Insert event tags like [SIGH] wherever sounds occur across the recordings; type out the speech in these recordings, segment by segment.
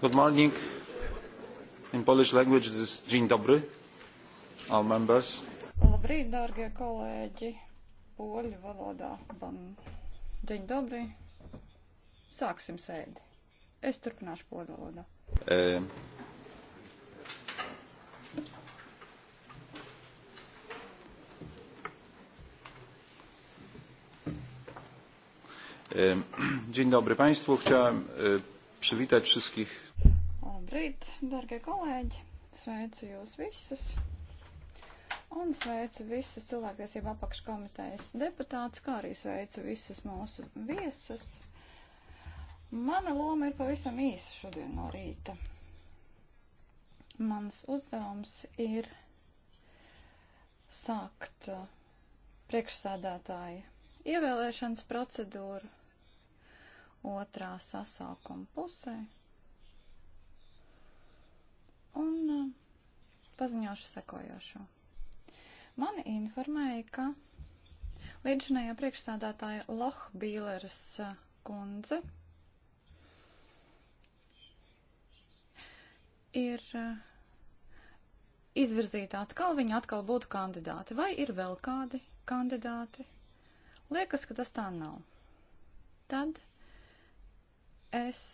Good morning. In Polish language this is dzień dobry. All members. Labrīt, dārgie kolēģi. Poļu valodā man dzień dobri. Sāksim sēdi. Es turpināšu poļu valodā. E... e [CLEARS THROAT] dzień dobry państwu chciałem e, przywitać wszystkich Labrīt, darbie kolēģi! Sveicu jūs visus! Un sveicu visus cilvēktiesību apakškomitejas deputātus, kā arī sveicu visus mūsu viesus. Mana loma ir pavisam īsa šodien no rīta. Mans uzdevums ir sākt uh, priekšsādātāju ievēlēšanas procedūru otrā sasaukuma pusē un eh, paziņošu sekojošo. Mani informēja, ka līdzinējā priekšstādātāja Lohbīleres eh, kundze ir eh, izvirzīta atkal, viņa atkal būtu kandidāti. Vai ir vēl kādi kandidāti? Liekas, ka tas tā nav. Tad es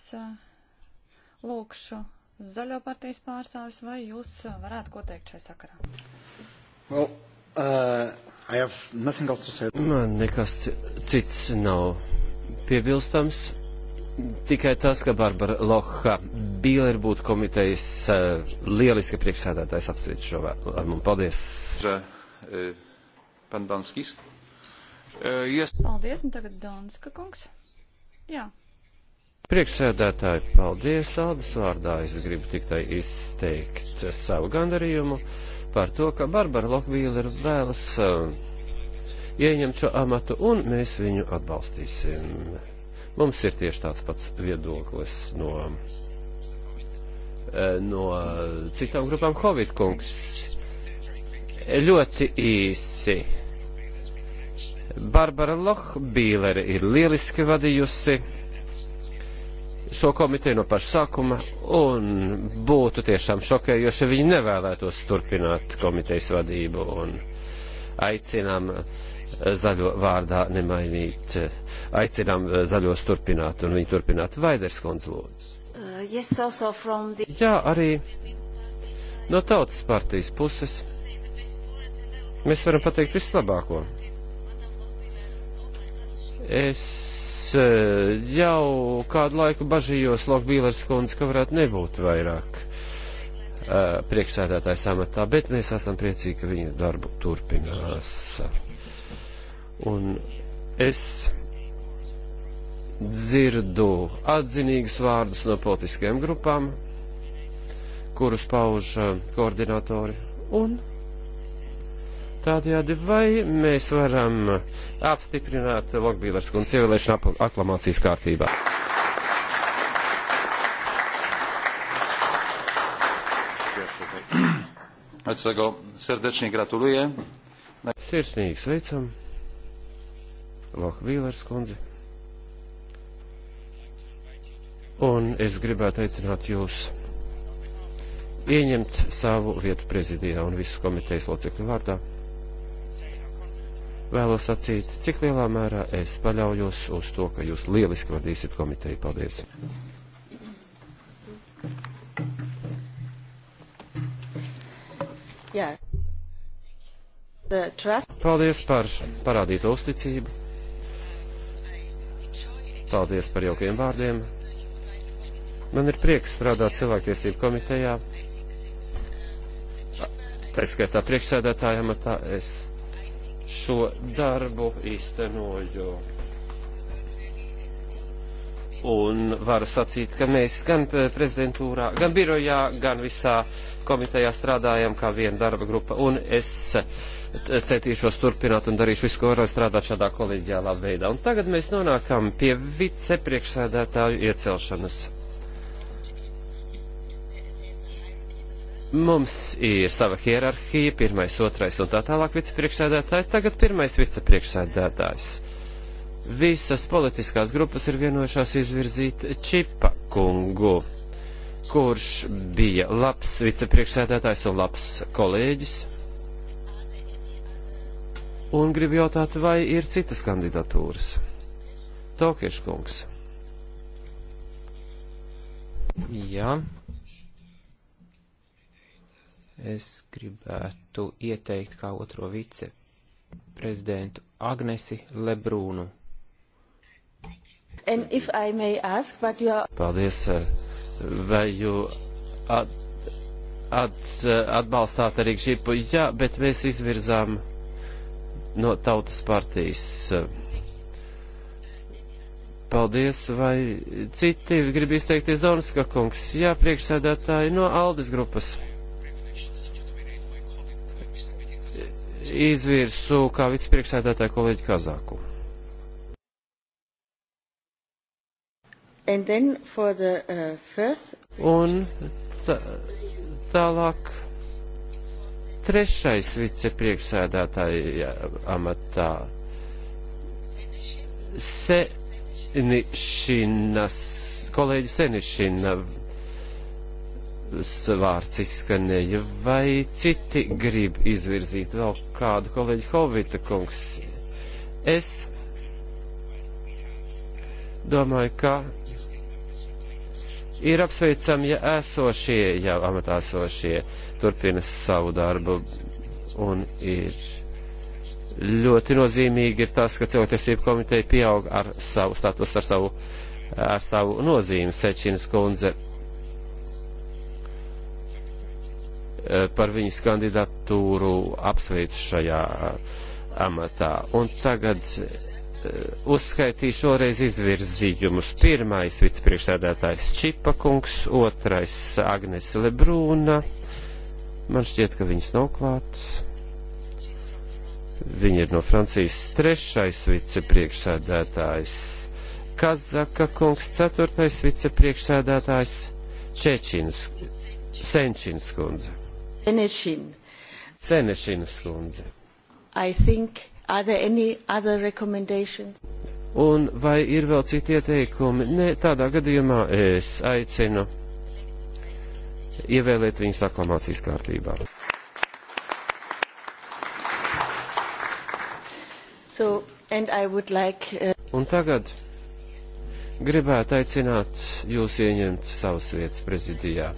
lūkšu zaļo partijas pārstāvis, vai jūs varētu ko teikt šai sakarā? Well, uh, I have nothing else to say. Man nekas cits nav piebilstams. Tikai tas, ka Barbara Loha bija ir būt komitejas uh, lieliska priekšsēdētājs apsveic šo vēlumu. Paldies. Uh, pan Danskis. Uh, yes. Paldies, un tagad Danska kungs. Jā. Yeah. Priekšsēdētāji, paldies! Aldas vārdā es gribu tikai izteikt savu gandarījumu par to, ka Barbara Lokvīlera vēlas uh, ieņemt šo amatu un mēs viņu atbalstīsim. Mums ir tieši tāds pats viedoklis no, uh, no citām grupām Hovid kungs. Ļoti īsi. Barbara Lohbīlere ir lieliski vadījusi šo komiteju no paša sākuma, un būtu tiešām šokējoši, ja viņi nevēlētos turpināt komitejas vadību, un aicinām eh, zaļo vārdā nemainīt, eh, aicinām eh, zaļos turpināt, un viņi turpināt Vaiders konzulūdzu. Uh, yes, the... Jā, arī no tautas partijas puses mēs varam pateikt vislabāko. Es Eh, jau kādu laiku bažījos Lokbīlers kundze, ka varētu nebūt vairāk uh, eh, priekšsēdētājs amatā, bet mēs esam priecīgi, ka viņa darbu turpinās. Un es dzirdu atzinīgus vārdus no politiskajām grupām, kurus pauž eh, koordinatori, un Tādējādi vai mēs varam apstiprināt Lokbīlers kundzi ievēlēšanu aklamācijas kārtībā? Atsako, serdečni gratuluję. Sirsnīgi sveicam. Lokbīlers kundzi. Un es gribētu aicināt jūs ieņemt savu vietu prezidijā un visu komitejas locekļu vārdā vēlos sacīt, cik lielā mērā es paļaujos uz to, ka jūs lieliski vadīsiet komiteju. Paldies! Jā. Paldies par parādīto uzticību. Paldies par jaukiem vārdiem. Man ir prieks strādāt cilvēktiesību komitejā. Tā skaitā priekšsēdētājā matā es šo darbu īstenoju. Un varu sacīt, ka mēs gan prezidentūrā, gan birojā, gan visā komitejā strādājam kā viena darba grupa. Un es centīšos turpināt un darīšu visu, ko varu strādāt šādā kolēģiālā veidā. Un tagad mēs nonākam pie vicepriekšsēdētāju iecelšanas. Mums ir sava hierarhija, pirmais, otrais un tā tālāk vicepriekšsēdētāji, tagad pirmais vicepriekšsēdētājs. Visas politiskās grupas ir vienojušās izvirzīt Čipa kungu, kurš bija labs vicepriekšsēdētājs un labs kolēģis. Un gribu jautāt, vai ir citas kandidatūras? Tokieškungs. Jā. Ja es gribētu ieteikt kā otro vice prezidentu Agnesi Lebrūnu. Ask, are... Paldies. Vai jūs at, at, atbalstāt arī Gžipu? Jā, bet mēs izvirzām no tautas partijas. Paldies, vai citi grib izteikties Donska kungs? Jā, priekšsēdētāji no Aldis grupas. izvirsu kā vicepriekšsēdētāju kolēģi Kazāku. The, uh, first... Un tā, tālāk trešais vicepriekšsēdētāja amatā. Senišinas, kolēģi Senišina vārds izskanēja, vai citi grib izvirzīt vēl kādu kolēģi Hovita kungs. Es domāju, ka ir apsveicami, ja esošie, ja amatāsošie turpina savu darbu un ir. Ļoti nozīmīgi ir tas, ka cilvēktiesību komiteja pieaug ar savu statusu, ar savu, ar savu nozīmi, Sečina skundze Eh, par viņas kandidatūru apsveicu šajā eh, amatā. Un tagad eh, uzskaitīšu šoreiz izvirzījumus. Pirmais vicepriekšsēdētājs Čipakungs, otrais Agnes Lebrūna. Man šķiet, ka viņas nav klāts. Viņa ir no Francijas trešais vicepriekšsēdētājs. Kazaka kungs, ceturtais vicepriekšsēdētājs Čečins, Senčins kundze. Senešin. Senešinas kundze. I think, are there any other recommendations? Un vai ir vēl citi ieteikumi? Nē, tādā gadījumā es aicinu ievēlēt viņas aklamācijas kārtībā. So, like, uh... Un tagad gribētu aicināt jūs ieņemt savas vietas prezidijā.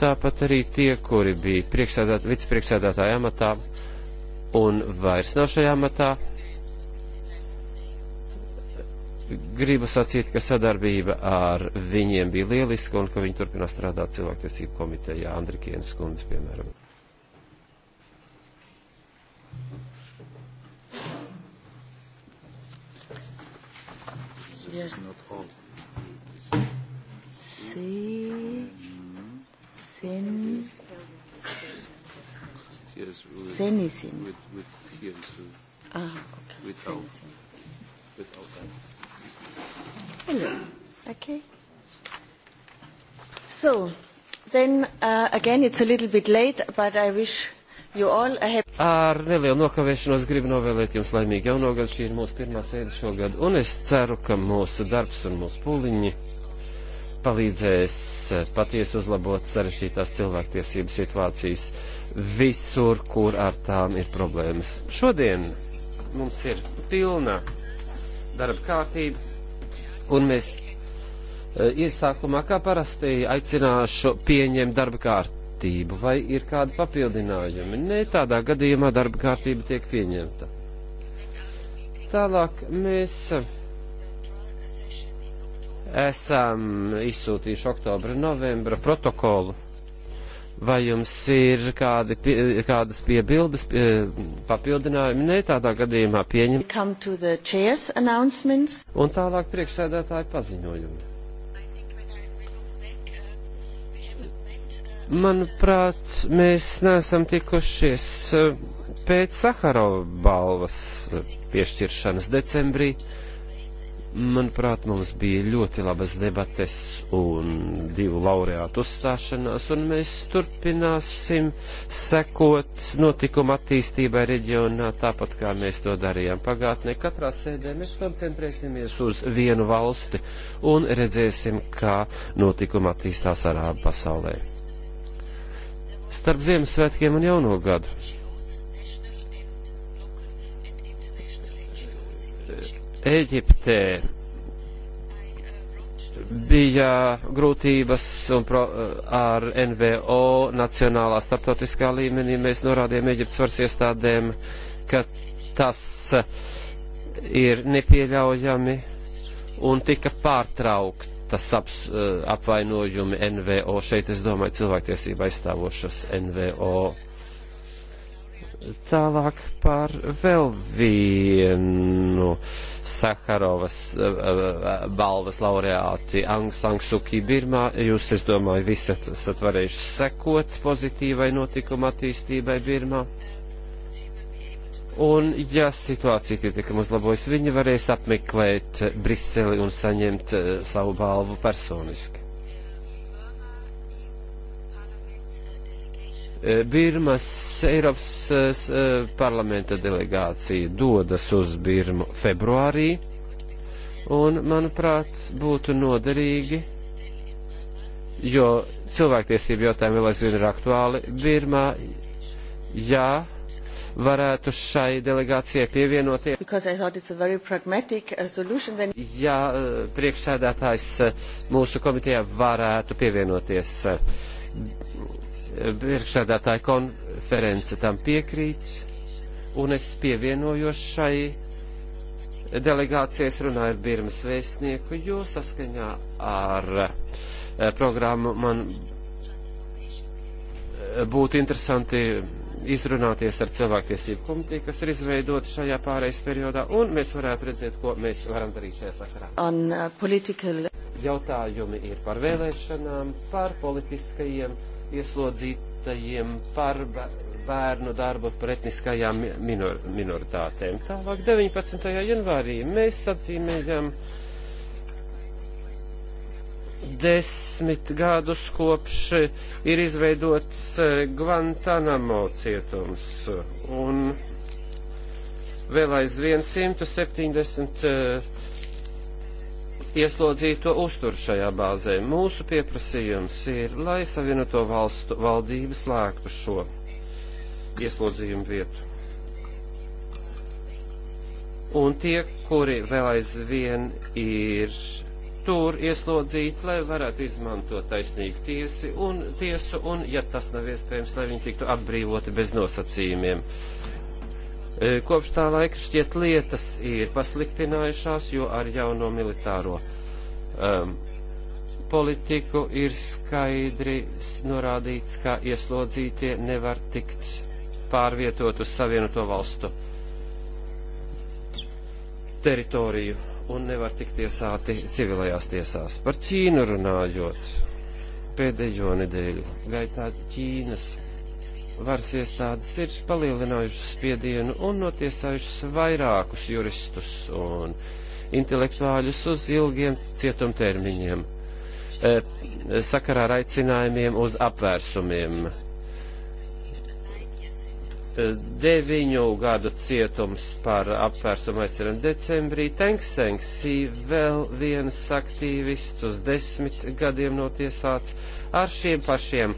Tāpat arī tie, kuri bija vicepriekšsēdētāja amatā un vairs nav šajā amatā, gribu sacīt, ka sadarbība ar viņiem bija lieliska un ka viņi turpina strādāt cilvēktiesību komitejā Andrikienas kundas, piemēram. Yeah. See? Sen... Yes, with, Senisin. With, with here, so ah, okay. Without. Senisin. Without that. Hello. Okay. So, then uh, again, it's a little bit late, but I wish Ar nelielu nokavēšanos gribu novēlēt jums laimīgu jauno gadu. Šī ir mūsu pirmā sēde šogad, un es ceru, ka mūsu darbs un mūsu puliņi palīdzēs eh, patiesi uzlabot sarežģītās cilvēktiesību situācijas visur, kur ar tām ir problēmas. Šodien mums ir pilna darba kārtība, un mēs eh, iesākumā, kā parasti, aicināšu pieņemt darba kārtību, vai ir kādi papildinājumi. Nē, tādā gadījumā darba kārtība tiek pieņemta. Tālāk mēs esam izsūtījuši oktobra, novembra protokolu. Vai jums ir kādi, pie, kādas piebildes, pie, papildinājumi? Nē, tādā gadījumā pieņem. Un tālāk priekšsēdētāju paziņojumi. Manuprāt, mēs neesam tikušies eh, pēc Saharova balvas piešķiršanas decembrī. Uh, Manuprāt, mums bija ļoti labas debates un divu laureātu uzstāšanās, un mēs turpināsim sekot notikuma attīstībai reģionā, tāpat kā mēs to darījām pagātnē. Katrā sēdē mēs koncentrēsimies uz vienu valsti un redzēsim, kā notikuma attīstās arābu pasaulē. Starp Ziemassvētkiem un Jauno gadu Eģiptē bija grūtības un pro, eh, ar NVO nacionālā starptautiskā līmenī. Mēs norādījām Eģiptes varas iestādēm, ka tas ir nepieļaujami un tika pārtrauktas ap, eh, apvainojumi NVO. Šeit es domāju cilvēktiesība aizstāvošas NVO. Tālāk par vēl vienu. Uh, Sakarovas eh, eh, balvas laureāti Ang Sangsuki Birmā. Jūs, es domāju, visi esat varējuši sekot pozitīvai notikuma attīstībai Birmā. Un, ja situācija pietiekami uzlabojas, viņi varēs apmeklēt Briseli un saņemt eh, savu balvu personiski. Eh, Birmas Eiropas eh, eh, parlamenta delegācija dodas uz Birmu februārī, un, manuprāt, būtu noderīgi, jo cilvēktiesību jautājumi vēl aizvien ir aktuāli Birmā, jā, varētu šai delegācijai pievienoties. Uh, then... Jā, priekšsēdētājs mūsu komitejā varētu pievienoties priekšsēdētāja konference tam piekrīt, un es pievienojos šai delegācijas runāju ar Birmas vēstnieku, jo saskaņā ar eh, programmu man eh, būtu interesanti izrunāties ar cilvēktiesību komiteju, kas ir izveidota šajā pārejas periodā, un mēs varētu redzēt, ko mēs varam darīt šajā sakarā. On, uh, political... Jautājumi ir par vēlēšanām, par politiskajiem ieslodzītajiem par bērnu darbu pretniskajām minor, minoritātēm. Tālāk 19. janvārī mēs sacīmējam desmit gadus kopš ir izveidots e, Guantanamo cietums un vēl aizvien 170 ieslodzīto uztur šajā bāzē. Mūsu pieprasījums ir, lai Savienoto valstu valdība slēgtu šo ieslodzījumu vietu. Un tie, kuri vēl aizvien ir tur ieslodzīti, lai varētu izmantot taisnīgu tiesi un tiesu, un, ja tas nav iespējams, lai viņi tiktu atbrīvoti bez nosacījumiem. Uh, E, kopš tā laika šķiet lietas ir pasliktinājušās, jo ar jauno militāro um, politiku ir skaidri norādīts, ka ieslodzītie nevar tikt pārvietot uz Savienoto valstu teritoriju un nevar tikt tiesāti civilajās tiesās. Par Ķīnu runājot, pēdējo nedēļu gaitā Ķīnas varas iestādes ir palielinājušas spiedienu un notiesājušas vairākus juristus un intelektuāļus uz ilgiem cietumtermiņiem, e, sakarā ar aicinājumiem uz apvērsumiem. Eh, deviņu gadu cietums par apvērsumu aicinājumu decembrī, Tenksengsī vēl viens aktīvists uz desmit gadiem notiesāts ar šiem pašiem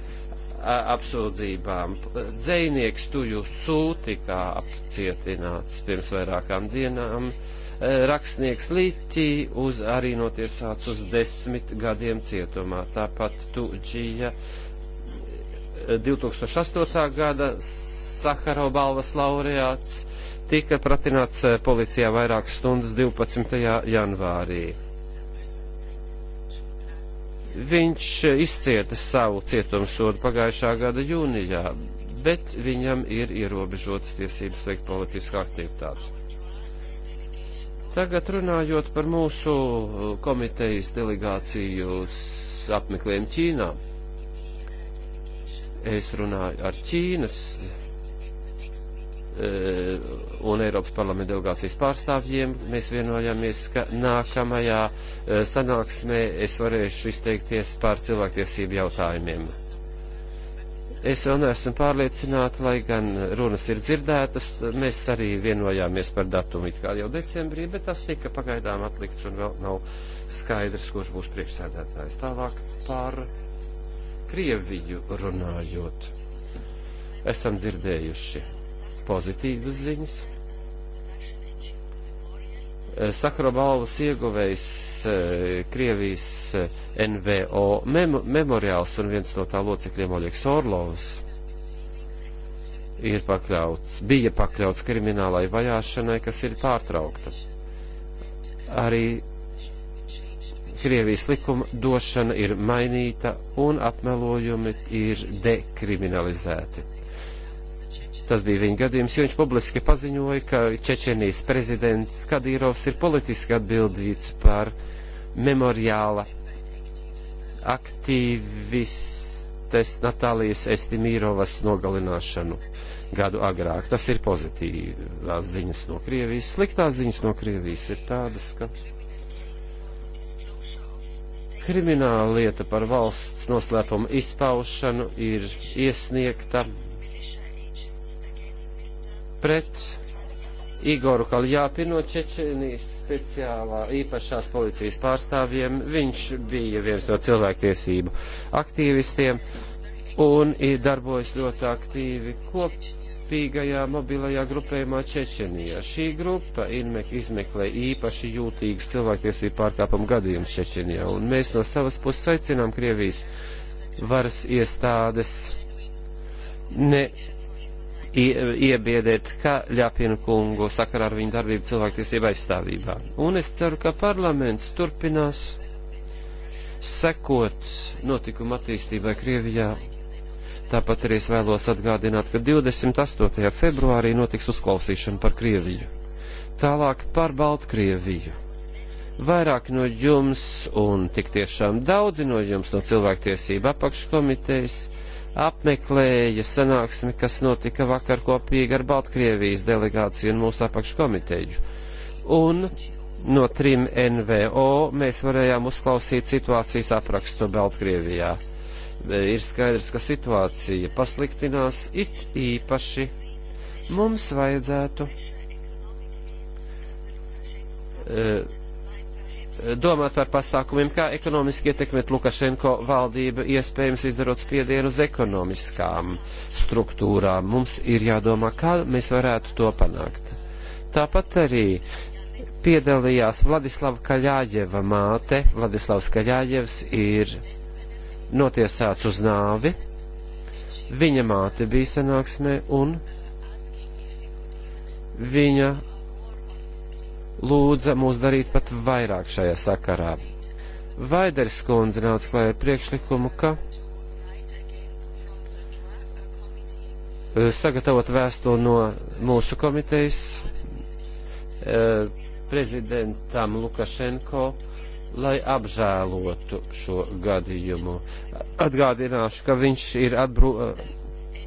apsūdzībām. Dzēnieks Tuju Sūti, kā apcietināts pirms vairākām dienām, e, rakstnieks Līķī uz arī notiesāts uz desmit gadiem cietumā. Tāpat Tuģija 2008. E, gada Sakaro balvas laureāts tika pratināts e, policijā vairākas stundas 12. janvārī. Viņš izcieta savu cietumsodu pagājušā gada jūnijā, bet viņam ir ierobežotas tiesības veikt politisku aktivitāti. Tagad runājot par mūsu komitejas delegāciju apmeklējumu Ķīnā. Es runāju ar Ķīnas Eh, un Eiropas parlamenta delegācijas pārstāvjiem mēs vienojāmies, ka nākamajā eh, sanāksmē es varēšu izteikties par cilvēktiesību jautājumiem. Es vēl neesmu pārliecināta, lai gan runas ir dzirdētas, mēs arī vienojāmies par datumu it kā jau decembrī, bet tas tika pagaidām atlikts un vēl nav skaidrs, kurš būs priekšsēdētājs. Tālāk par Krieviju runājot. Esam dzirdējuši pozitīvas ziņas. Eh, Sakrobalvas ieguvējs eh, Krievijas eh, NVO mem memoriāls un viens no tā locekļiem Oļeks Orlovs ir pakļauts, bija pakļauts kriminālai vajāšanai, kas ir pārtraukta. Arī Krievijas likuma došana ir mainīta un apmelojumi ir dekriminalizēti. Tas bija viņa gadījums, jo viņš publiski paziņoja, ka Čečenijas prezidents Kadīrovs ir politiski atbildīts par memoriāla aktīvistes Natālijas Estimīrovas nogalināšanu gadu agrāk. Tas ir pozitīvās ziņas no Krievijas. Sliktās ziņas no Krievijas ir tādas, ka krimināla lieta par valsts noslēpuma izpaušanu ir iesniegta pret Igoru Kaljāpino Čečenijas speciālā īpašās policijas pārstāvjiem. Viņš bija viens no cilvēktiesību aktīvistiem un ir darbojas ļoti aktīvi kopīgajā mobilajā grupējumā Čečenijā. Šī grupa izmeklē īpaši jūtīgus cilvēktiesību pārkāpumu gadījumus Čečenijā, un mēs no savas puses aicinām Krievijas varas iestādes ne iebiedēt Kaļapinu kungu sakarā ar viņu darbību cilvēktiesību aizstāvībā. Un es ceru, ka parlaments turpinās sekot notikuma attīstībai Krievijā. Tāpat arī es vēlos atgādināt, ka 28. februārī notiks uzklausīšana par Krieviju. Tālāk par Baltkrieviju. Vairāk no jums un tik tiešām daudzi no jums no cilvēktiesība apakškomitejas apmeklēja sanāksmi, kas notika vakar kopīgi ar Baltkrievijas delegāciju un mūsu apakškomiteju. Un no trim NVO mēs varējām uzklausīt situācijas aprakstu Baltkrievijā. Ir skaidrs, ka situācija pasliktinās it īpaši mums vajadzētu uh, domāt par pasākumiem, kā ekonomiski ietekmēt Lukašenko valdību, iespējams izdarot spiedienu uz ekonomiskām struktūrām. Mums ir jādomā, kā mēs varētu to panākt. Tāpat arī piedalījās Vladislava Kaļāģeva māte. Vladislavs Kaļāģevs ir notiesāts uz nāvi. Viņa māte bija sanāksmē un viņa lūdza mūs darīt pat vairāk šajā sakarā. Vaiders kundze nāca klāja ar priekšlikumu, ka eh, sagatavot vēstuli no mūsu komitejas eh, prezidentam Lukašenko, lai apžēlotu šo gadījumu. Atgādināšu, ka viņš ir atbru, eh,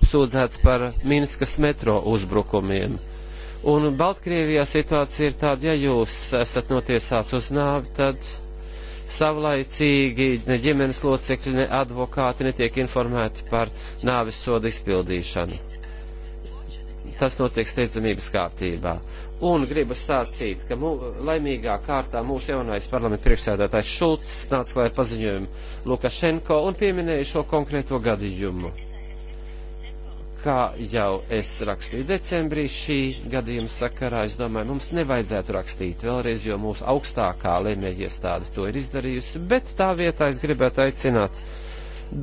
apsūdzēts par Minskas metro uzbrukumiem. Uh, Un Baltkrievijā situācija ir tāda, ja jūs esat notiesāts uz nāvi, tad savlaicīgi ne ģimenes locekļi, ne advokāti netiek informēti par nāvis sodu izpildīšanu. Tas notiek steidzamības kārtībā. Un gribu sācīt, ka mū, laimīgā kārtā mūsu jaunais parlamenta priekšsēdētājs Šulcs nāca klāja paziņojumu Lukašenko un pieminēja šo konkrēto gadījumu kā jau es rakstīju decembrī šī gadījuma sakarā, es domāju, mums nevajadzētu rakstīt vēlreiz, jo mūsu augstākā lemēja iestāde to ir izdarījusi, bet tā vietā es gribētu aicināt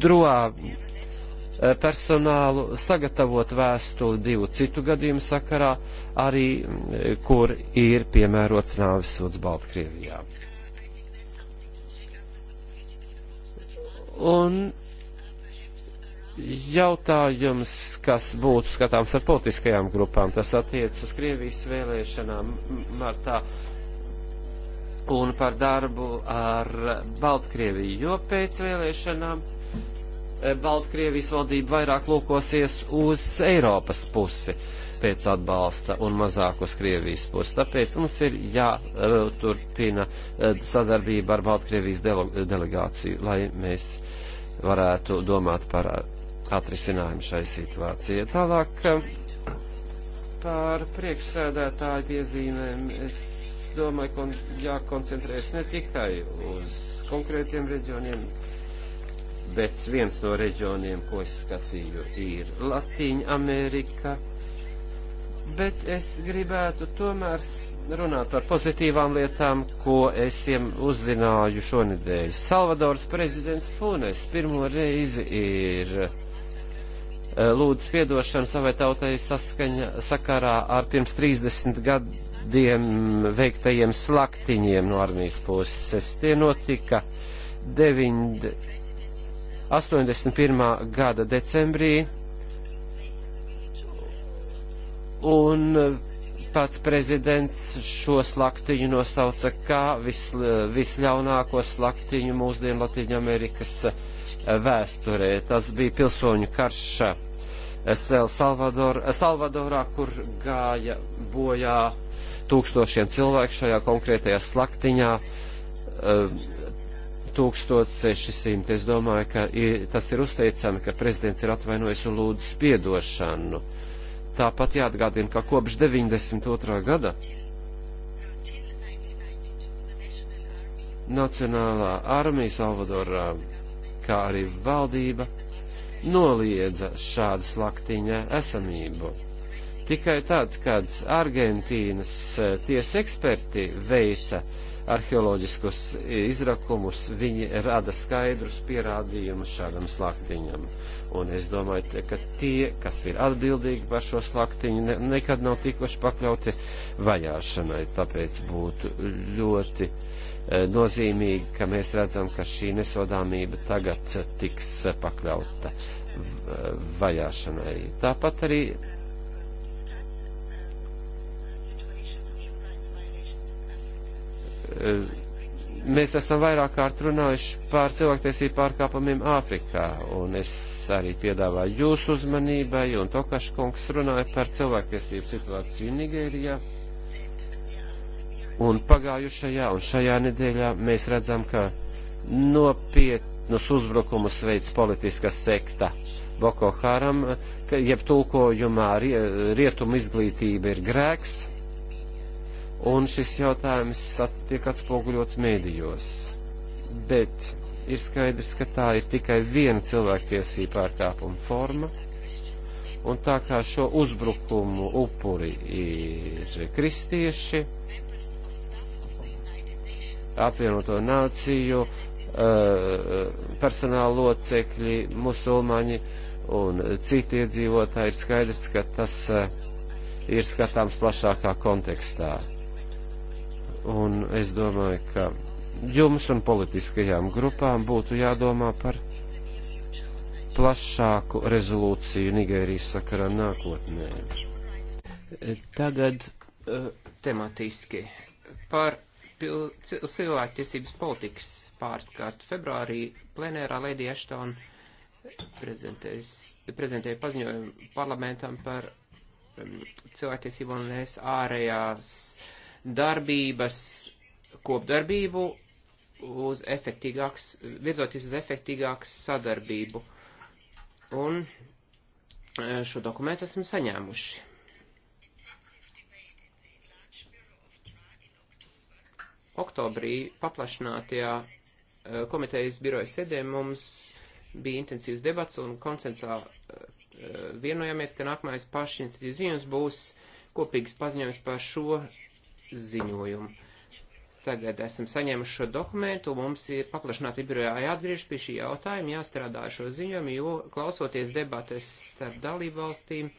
droā eh, personālu sagatavot vēstuli divu citu gadījumu sakarā, arī mm, kur ir piemērots nāvis sods Baltkrievijā. Un jautājums, kas būtu skatāms ar politiskajām grupām. Tas attiec uz Krievijas vēlēšanām martā un par darbu ar Baltkrieviju, jo pēc vēlēšanām eh, Baltkrievijas valdība vairāk lūkosies uz Eiropas pusi pēc atbalsta un mazāk uz Krievijas pusi. Tāpēc mums ir jāturpina eh, sadarbība ar Baltkrievijas delegāciju, lai mēs varētu domāt par atrisinājumu šai situācijai. Tālāk eh, par priekšsēdētāju piezīmēm es domāju, ka jākoncentrēs ne tikai uz konkrētiem reģioniem, bet viens no reģioniem, ko es skatīju, ir Latīņa Amerika. Bet es gribētu tomēr runāt par pozitīvām lietām, ko es uzzināju šonedēļ. Salvadors prezidents Funes pirmo reizi ir Eh, lūdz piedošanu savai tautai saskaņa, sakarā ar pirms 30 gadiem veiktajiem slaktiņiem no armijas puses. Tie notika 9, 81. gada decembrī, un eh, pats prezidents šo slaktiņu nosauca kā vis, eh, visļaunāko slaktiņu mūsdienu Latviju Amerikas vēsturē. Tas bija pilsoņu karša Salvador, eh, Salvadorā, kur gāja bojā tūkstošiem cilvēku šajā konkrētajā slaktiņā. 1600. Eh, es domāju, ka ir, tas ir uzteicami, ka prezidents ir atvainojis un lūdzu spiedošanu. Tāpat jāatgādina, ka kopš 92. gada Nacionālā armija Salvadorā, kā arī valdība, noliedza šāda slaktiņa esamību. Tikai tāds, kāds Argentīnas eh, tiesa eksperti veica arheoloģiskus izrakumus, viņi rada skaidrus pierādījumus šādam slaktiņam. Un es domāju, ka tie, kas ir atbildīgi par šo slaktiņu, ne, nekad nav tikuši pakļauti vajāšanai. Tāpēc būtu ļoti uh, Eh, nozīmīgi, ka mēs redzam, ka šī nesodāmība tagad eh, tiks eh, pakļauta vajāšanai. Tāpat arī mēs esam vairāk kārt runājuši par cilvēktiesību pārkāpumiem Āfrikā, un es arī piedāvāju jūsu uzmanībai, un Tokaškungs runāja par cilvēktiesību situāciju Nigērijā. Ja Un pagājušajā un šajā nedēļā mēs redzam, ka nopietnus uzbrukumus veids politiska sekta Boko Haram, ka jeb tulkojumā rietumu izglītība ir grēks, un šis jautājums at, tiek atspoguļots mēdījos. Bet ir skaidrs, ka tā ir tikai viena cilvēktiesība pārkāpuma forma, un tā kā šo uzbrukumu upuri ir kristieši, apvienoto nāciju eh, personāla locekļi, musulmaņi un citi iedzīvotāji, ir skaidrs, ka tas eh, ir skatāms plašākā kontekstā. Un es domāju, ka jums un politiskajām grupām būtu jādomā par plašāku rezolūciju Nigērijas sakarā nākotnē. Tagad uh, tematiski par pil, cilvēktiesības politikas pārskatu. Februārī plenērā Lady Ashton prezentēja paziņojumu parlamentam par um, cilvēktiesību un es ārējās darbības kopdarbību uz efektīgāks, virzoties uz efektīgāks sadarbību. Un eh, šo dokumentu esam saņēmuši. Oktobrī paplašinātajā eh, komitejas birojas sēdē mums bija intensīvs debats un konsensā eh, vienojāmies, ka nākamais pašinstitūcijas ziņojums būs kopīgs paziņojums par šo ziņojumu. Tagad esam saņēmuši šo dokumentu, mums ir paplašināti birojā jāatgriež pie šī jautājuma, jāstrādā šo ziņojumu, jo klausoties debates starp dalību valstīm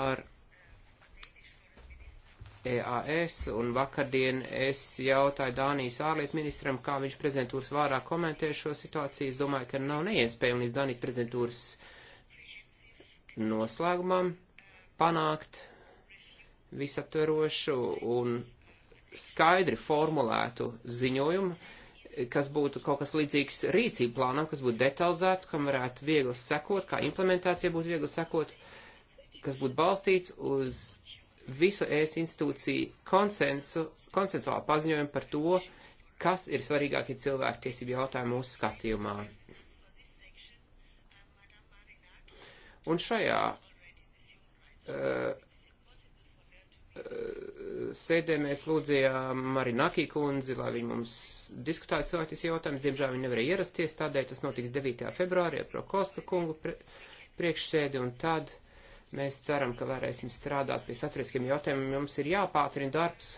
ar EAS, un vakardien es jautāju Dānijas ārlietu ministram, kā viņš prezidentūras vārā komentē šo situāciju. Es domāju, ka nav neiespējami līdz Dānijas prezidentūras noslēgumam panākt visaptverošu un skaidri formulētu ziņojumu, kas būtu kaut kas līdzīgs rīcību plānam, kas būtu detalizēts, kam varētu viegli sekot, kā implementācija būtu viegli sekot, kas būtu balstīts uz visu ES institūciju konsensu, konsensuālu paziņojumu par to, kas ir svarīgākie cilvēktiesību jautājumi mūsu skatījumā. Un šajā uh, uh sēdē mēs lūdzījām Marinaki kundzi, lai viņi mums diskutētu cilvēktis jautājums. Diemžēl viņi nevarēja ierasties, tādēļ tas notiks 9. februārī ar Prokoska kungu priekšsēdi, un tad Mēs ceram, ka varēsim strādāt pie saturiskiem jautājumiem. Mums ir jāpātrina darbs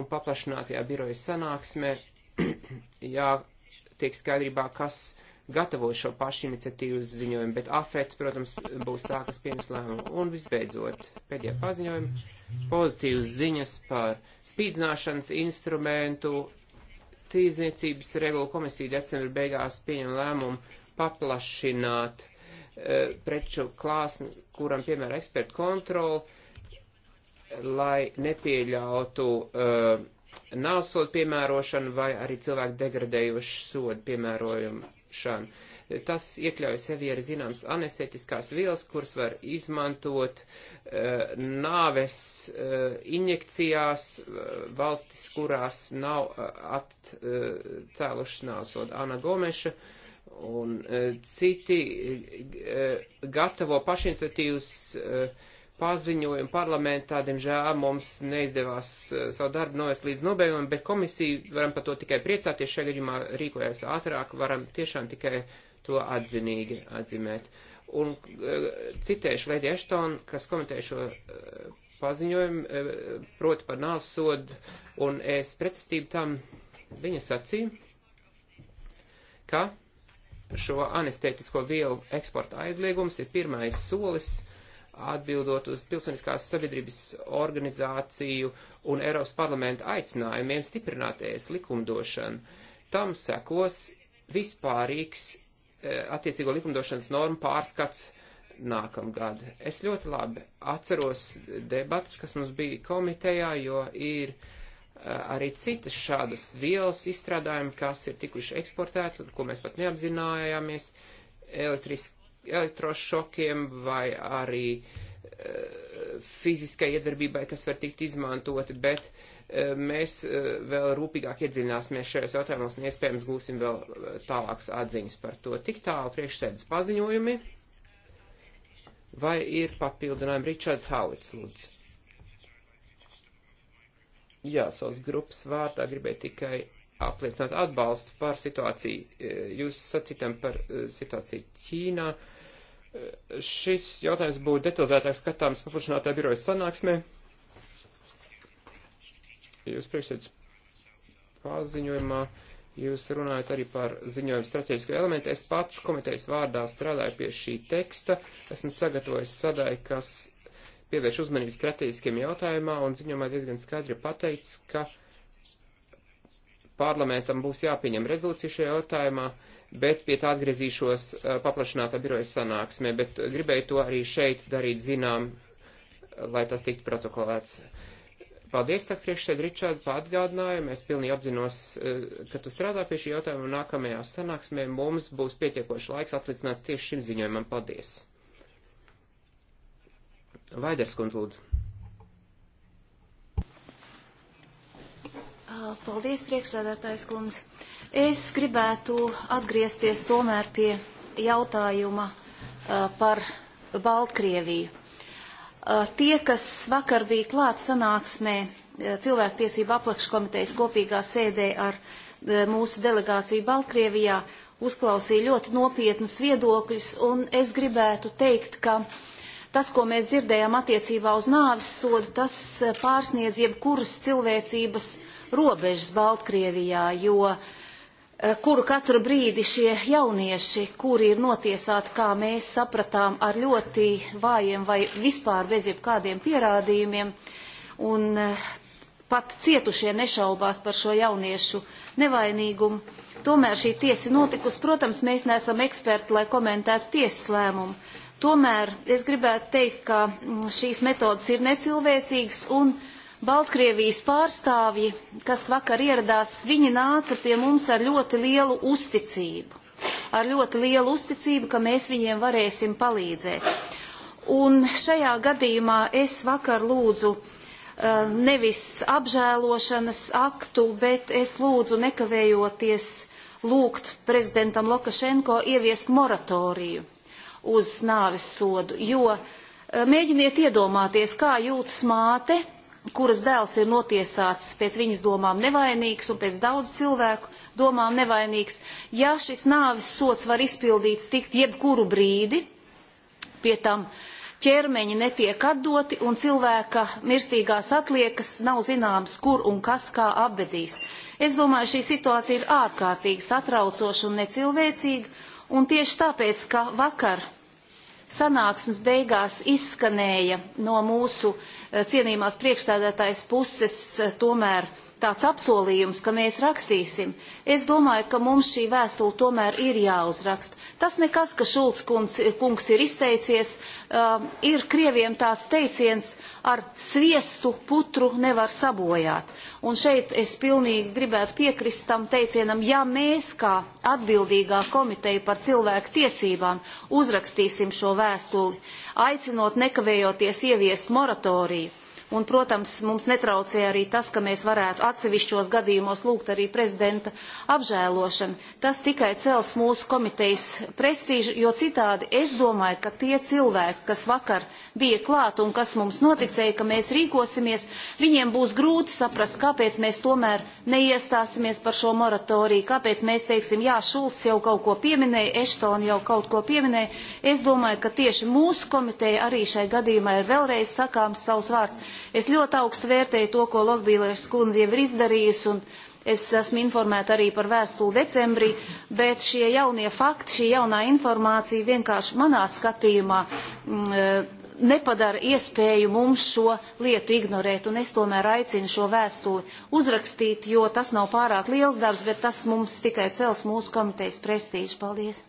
un paplašinātajā biroja sanāksmē [CLEARS THROAT] jātiek skaidrībā, kas gatavo šo pašu iniciatīvas ziņojumu, bet afet, protams, būs tā, kas pieņems lēmumu. Un visbeidzot, pēdējā paziņojuma, pozitīvas ziņas par spīdzināšanas instrumentu. Tīzniecības regula komisija decembra beigās pieņem lēmumu paplašināt preču klāsni, kuram piemēra ekspertu kontroli, lai nepieļautu uh, nāsodu piemērošanu vai arī cilvēku degradējošu sodu piemērošanu. Tas iekļauj sevi arī zināms anestetiskās vielas, kuras var izmantot uh, nāves uh, injekcijās uh, valstis, kurās nav uh, atcēlušas uh, nāsodu. Ana Gomeša uh, un e, citi e, gatavo pašiniciatīvas e, paziņojumu parlamentā, diemžēl mums neizdevās savu darbu novest līdz nobeigumam, bet komisija varam par to tikai priecāties, šajā gadījumā rīkojas ātrāk, varam tiešām tikai to atzinīgi atzīmēt. Un citēšu Lēdi Eštonu, kas komentēja šo paziņojumu, proti par nāves sodu, un es pretestību tam viņa sacīja, ka šo anestētisko vielu eksporta aizliegums ir pirmais solis atbildot uz pilsoniskās sabiedrības organizāciju un Eiropas parlamenta aicinājumiem stiprināt ES likumdošanu. Tam sekos vispārīgs eh, attiecīgo likumdošanas normu pārskats nākamgad. Es ļoti labi atceros debatas, kas mums bija komitejā, jo ir uh, Eh, arī citas šādas vielas izstrādājumi, kas ir tikuši eksportēti, un ko mēs pat neapzinājāmies, elektrošokiem vai arī eh, fiziskai iedarbībai, kas var tikt izmantoti, bet eh, mēs vēl rūpīgāk iedziļināsimies šajos jautājumos un iespējams gūsim vēl tālākas atziņas par to. Tik tālu priekšsēdus paziņojumi. Vai ir papildinājumi Ričards Hauits, lūdzu? Jā, savas grupas vārdā gribēju tikai apliecināt atbalstu par situāciju. E, jūs sacitam par e, situāciju Ķīnā. E, šis jautājums būtu detalizētāk skatāms paplašinātā biroja sanāksmē. Jūs priekšsēdus paziņojumā, jūs runājat arī par ziņojumu strateģisko elementu. Es pats komitejas vārdā strādāju pie šī teksta. Esmu sagatavojis sadai, kas pievērš uzmanību strateģiskiem jautājumā un ziņomā diezgan skaidri pateicis, ka parlamentam būs jāpieņem rezolūcija šajā jautājumā, bet pie tā atgriezīšos uh, paplašinātā biroja sanāksmē, bet gribēju to arī šeit darīt zinām, lai tas tiktu protokolēts. Paldies, tā priekšsēd Ričārdu, par atgādinājumu. Es pilnīgi apzinos, uh, ka tu strādā pie šī jautājuma un nākamajā sanāksmē mums būs pietiekoši laiks atlicināt tieši šim ziņojumam. Paldies! Vaiders kundz lūdzu. Paldies, priekšsēdētājs kundz. Es gribētu atgriezties tomēr pie jautājuma par Baltkrieviju. Tie, kas vakar bija klāt sanāksmē cilvēktiesību apakškomitejas kopīgā sēdē ar mūsu delegāciju Baltkrievijā, uzklausīja ļoti nopietnus viedokļus, un es gribētu teikt, ka uh, tas, ko mēs dzirdējām attiecībā uz nāvis sodu, tas eh, pārsniedz jebkuras cilvēcības robežas Baltkrievijā, jo eh, kuru katru brīdi šie jaunieši, kuri ir notiesāti, kā mēs sapratām, ar ļoti vājiem vai vispār bez jebkādiem pierādījumiem, un eh, pat cietušie nešaubās par šo jauniešu nevainīgumu. Tomēr šī tiesa notikusi, protams, mēs neesam eksperti, lai komentētu tiesas lēmumu, Tomēr es gribētu teikt, ka mm, šīs metodas ir necilvēcīgas un Baltkrievijas pārstāvji, kas vakar ieradās, viņi nāca pie mums ar ļoti lielu uzticību. Ar ļoti lielu uzticību, ka mēs viņiem varēsim palīdzēt. Un šajā gadījumā es vakar lūdzu eh, nevis apžēlošanas aktu, bet es lūdzu nekavējoties lūgt prezidentam Lukašenko ieviest moratoriju uz nāves sodu, jo eh, mēģiniet iedomāties, kā jūtas māte, kuras dēls ir notiesāts pēc viņas domām nevainīgs un pēc daudz cilvēku domām nevainīgs. Ja šis nāves sots var izpildīts tikt jebkuru brīdi, pie tam ķermeņi netiek atdoti un cilvēka mirstīgās atliekas nav zināms, kur un kas kā apbedīs. Es domāju, šī situācija ir ārkārtīgi satraucoša un necilvēcīga Un tieši tāpēc, ka vakar sanāksmes beigās izskanēja no mūsu eh, cienījumās priekšstādātājas puses eh, tomēr uh, tāds apsolījums, ka mēs rakstīsim. Es domāju, ka mums šī vēstule tomēr ir jāuzrakst. Tas nekas, ka Šulc kungs, kungs ir izteicies, um, ir Krieviem tās teiciens ar sviestu putru nevar sabojāt. Un šeit es pilnīgi gribētu piekrist tam teicienam, ja mēs kā atbildīgā komiteja par cilvēku tiesībām uzrakstīsim šo vēstuli, aicinot nekavējoties ieviest moratoriju, Un, protams, mums netraucēja arī tas, ka mēs varētu atsevišķos gadījumos lūgt arī prezidenta apžēlošanu. Tas tikai cels mūsu komitejas prestīžu, jo citādi es domāju, ka tie cilvēki, kas vakar bija klāt un kas mums noticēja, ka mēs rīkosimies, viņiem būs grūti saprast, kāpēc mēs tomēr neiestāsimies par šo moratoriju, kāpēc mēs teiksim, jā, Šulcs jau kaut ko pieminēja, Eštoni jau kaut ko pieminēja. Es domāju, ka tieši mūsu komiteja arī šai gadījumā ir vēlreiz sakāms savs vārds. Es ļoti augstu vērtēju to, ko Lokbīleres kundze jau ir izdarījusi, un Es esmu informēta arī par vēstuli decembrī, bet šie jaunie fakti, šī jaunā informācija vienkārši manā skatījumā m, mm, eh, nepadara iespēju mums šo lietu ignorēt, un es tomēr aicinu šo vēstuli uzrakstīt, jo tas nav pārāk liels darbs, bet tas mums tikai cels mūsu komitejas prestīžu. Paldies!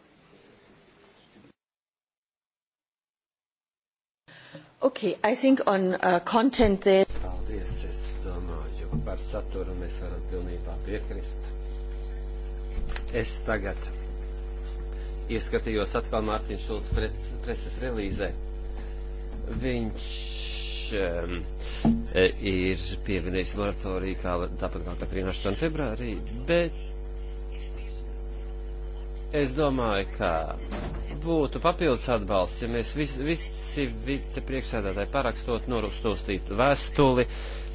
Okay, I think on uh, content there... Paldies, es domāju, par saturu mēs varam pilnībā piekrist. Es tagad ieskatījos atkal Mārtiņš Šulc preses relīzē. Viņš um, e, ir pievienojis moratoriju, kā, tāpat kā Katrīna 8. februārī, bet Es domāju, ka būtu papildus atbalsts, ja mēs vis, visi vicepriekšsēdētāji parakstot norūstītu vēstuli,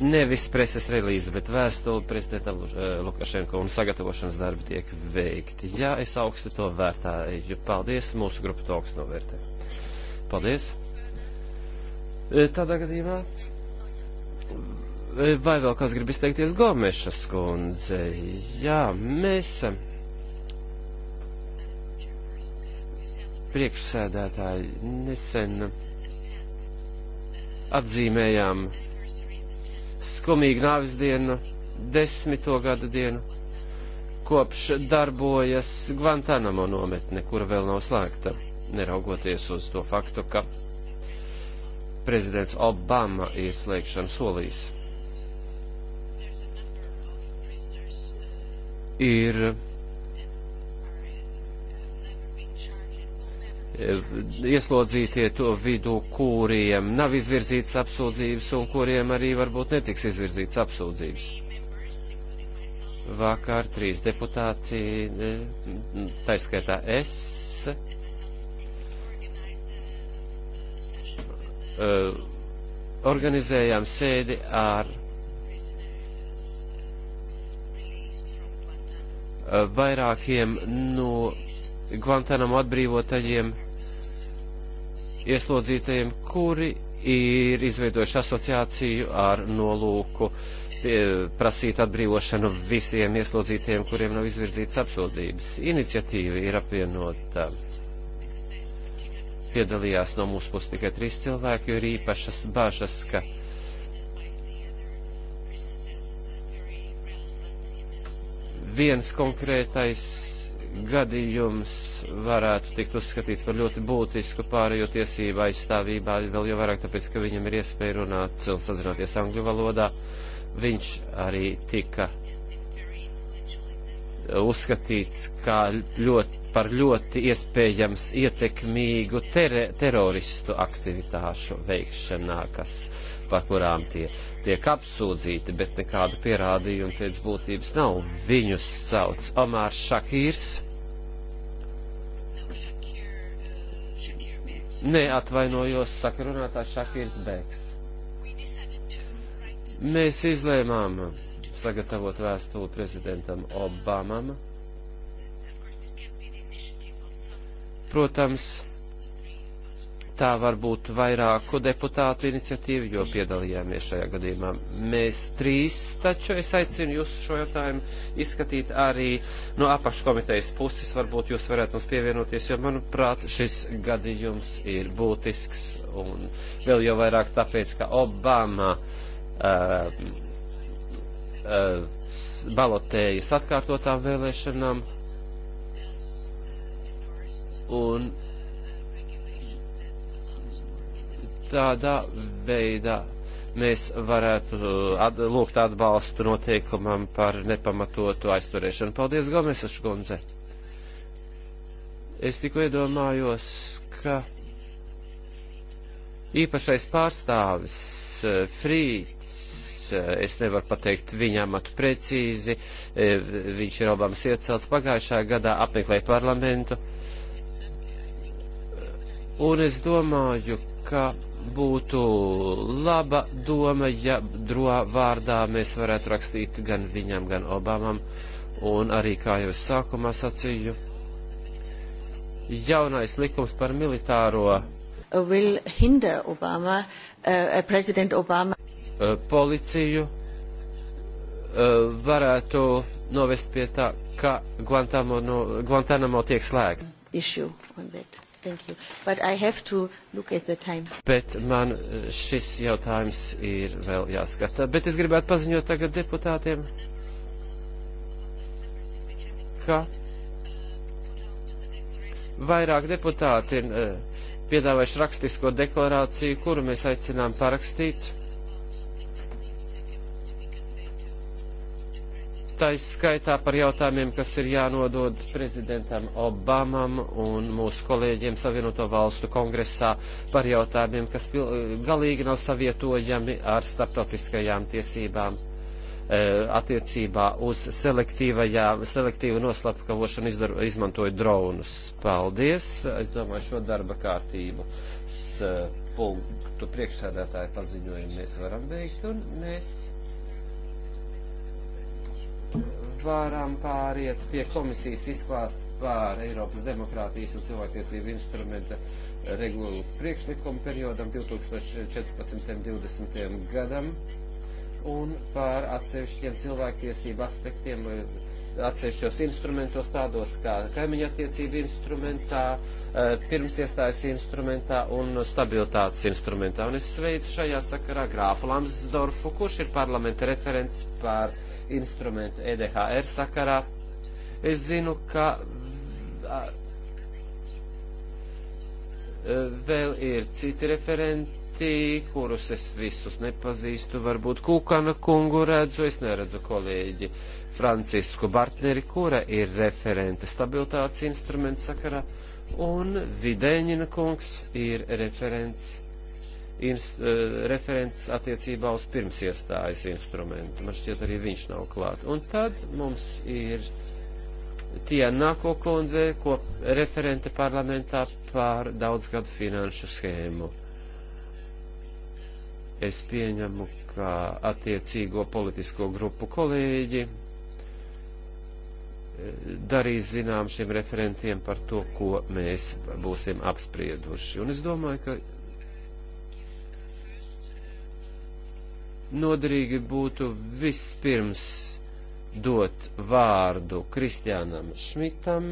nevis preses relīzi, bet vēstuli prezidentam eh, Lukašenko un sagatavošanas darbi tiek veikti. Jā, es augstu to vērtāju. Paldies, mūsu grupa to augstu novērtē. Paldies. Eh, tādā gadījumā. Eh, vai vēl kāds grib izteikties Gomešas kundze? Jā, mēs. priekšsēdētāji, nesen atzīmējām skumīgu nāvis dienu, desmito gada dienu, kopš darbojas Guantanamo nometne, kura vēl nav slēgta, neraugoties uz to faktu, ka prezidents Obama ir slēgšanu solījis. Ir Eh, ieslodzītie to vidu, kuriem nav izvirzītas apsūdzības un kuriem arī varbūt netiks izvirzītas apsūdzības. Vakar trīs deputāti, eh, taiskaitā es, eh, organizējām sēdi ar vairākiem no Guantanamo atbrīvotajiem ieslodzītajiem, kuri ir izveidojuši asociāciju ar nolūku eh, prasīt atbrīvošanu visiem ieslodzītiem, kuriem nav izvirzītas apsūdzības. Iniciatīva ir apvienota. Piedalījās no mūsu puses tikai trīs cilvēki, jo ir īpašas bažas, ka viens konkrētais gadījums varētu tikt uzskatīts par ļoti būtisku pārējo tiesību aizstāvībā, vēl jau vairāk tāpēc, ka viņam ir iespēja runāt un sazināties angļu valodā. Viņš arī tika uzskatīts kā ļoti, par ļoti iespējams ietekmīgu ter teroristu aktivitāšu veikšanā, kas uh, par kurām tie tiek apsūdzīti, bet nekādu pierādījumu pēc būtības nav. Viņus sauc Omārs Šakīrs. Nē, atvainojos, saka runātājs Šakīrs Bēks. Mēs izlēmām sagatavot vēstuli prezidentam Obamam. Protams, tā var būt vairāku deputātu iniciatīva, jo piedalījāmies šajā gadījumā mēs trīs, taču es aicinu jūs šo jautājumu izskatīt arī no apakškomitejas puses, varbūt jūs varētu mums pievienoties, jo manuprāt šis gadījums ir būtisks un vēl jau vairāk tāpēc, ka Obama uh, uh, balotējas atkārtotām vēlēšanām un tādā veidā mēs varētu uh, at, lūgt atbalstu noteikumam par nepamatotu aizturēšanu. Paldies, Gomesas kundze! Es tikko iedomājos, ka īpašais pārstāvis uh, Frīts, uh, es nevaru pateikt viņa amatu precīzi, viņš ir Obamas iecelts pagājušā gadā, apmeklēja parlamentu. Un es domāju, ka būtu laba doma, ja droā vārdā mēs varētu rakstīt gan viņam, gan Obamam, un arī, kā jau es sākumā sacīju, jaunais likums par militāro uh, will hinder Obama, uh, uh President Obama. Uh, policiju uh, varētu novest pie tā, ka Guantanamo, Guantanamo tiek slēgta. Issue on that. Thank you. But I have to look at the time. Bet man eh, šis jautājums ir vēl jāskata. Bet es gribētu paziņot tagad deputātiem, ka vairāk deputāti ir eh, piedāvājuši rakstisko deklarāciju, kuru mēs aicinām parakstīt taiskaitā par jautājumiem, kas ir jānodod prezidentam Obamam un mūsu kolēģiem Savienoto valstu kongresā par jautājumiem, kas galīgi nav savietojami ar starptautiskajām tiesībām e, attiecībā uz selektīvu noslapkavošanu izdar, izmantoju dronus. Paldies! Es domāju, šo darba kārtību e, punktu priekšsēdētāju paziņojumu mēs varam veikt un mēs varam pāriet pie komisijas izklāst par Eiropas demokrātijas un cilvēktiesību instrumenta regulas priekšlikumu periodam 2014-2020 gadam un par atsevišķiem cilvēktiesību aspektiem atsevišķos instrumentos, tādos kā kaimiņa attiecību instrumentā, eh, pirms iestājas instrumentā un stabilitātes instrumentā. Un es sveicu šajā sakarā grāfu Lamsdorfu, kurš ir parlamenta referents par uh, instrumentu EDHR sakarā. Es zinu, ka e, vēl ir citi referenti, kurus es visus nepazīstu. Varbūt Kūkana kungu redzu, es neredzu kolēģi Francisku Bartneri, kura ir referente stabilitātes instrumenta sakarā, un Vidēņina kungs ir referents ins, eh, referents attiecībā uz pirms iestājas instrumentu. Man šķiet, arī viņš nav klāt. Un tad mums ir Tienāko kundze, ko referente parlamentā par daudzgadu finanšu schēmu. Es pieņemu, ka attiecīgo politisko grupu kolēģi eh, darīs zinām šiem referentiem par to, ko mēs būsim apsprieduši. Un es domāju, ka noderīgi būtu vispirms dot vārdu Kristiānam Šmitam.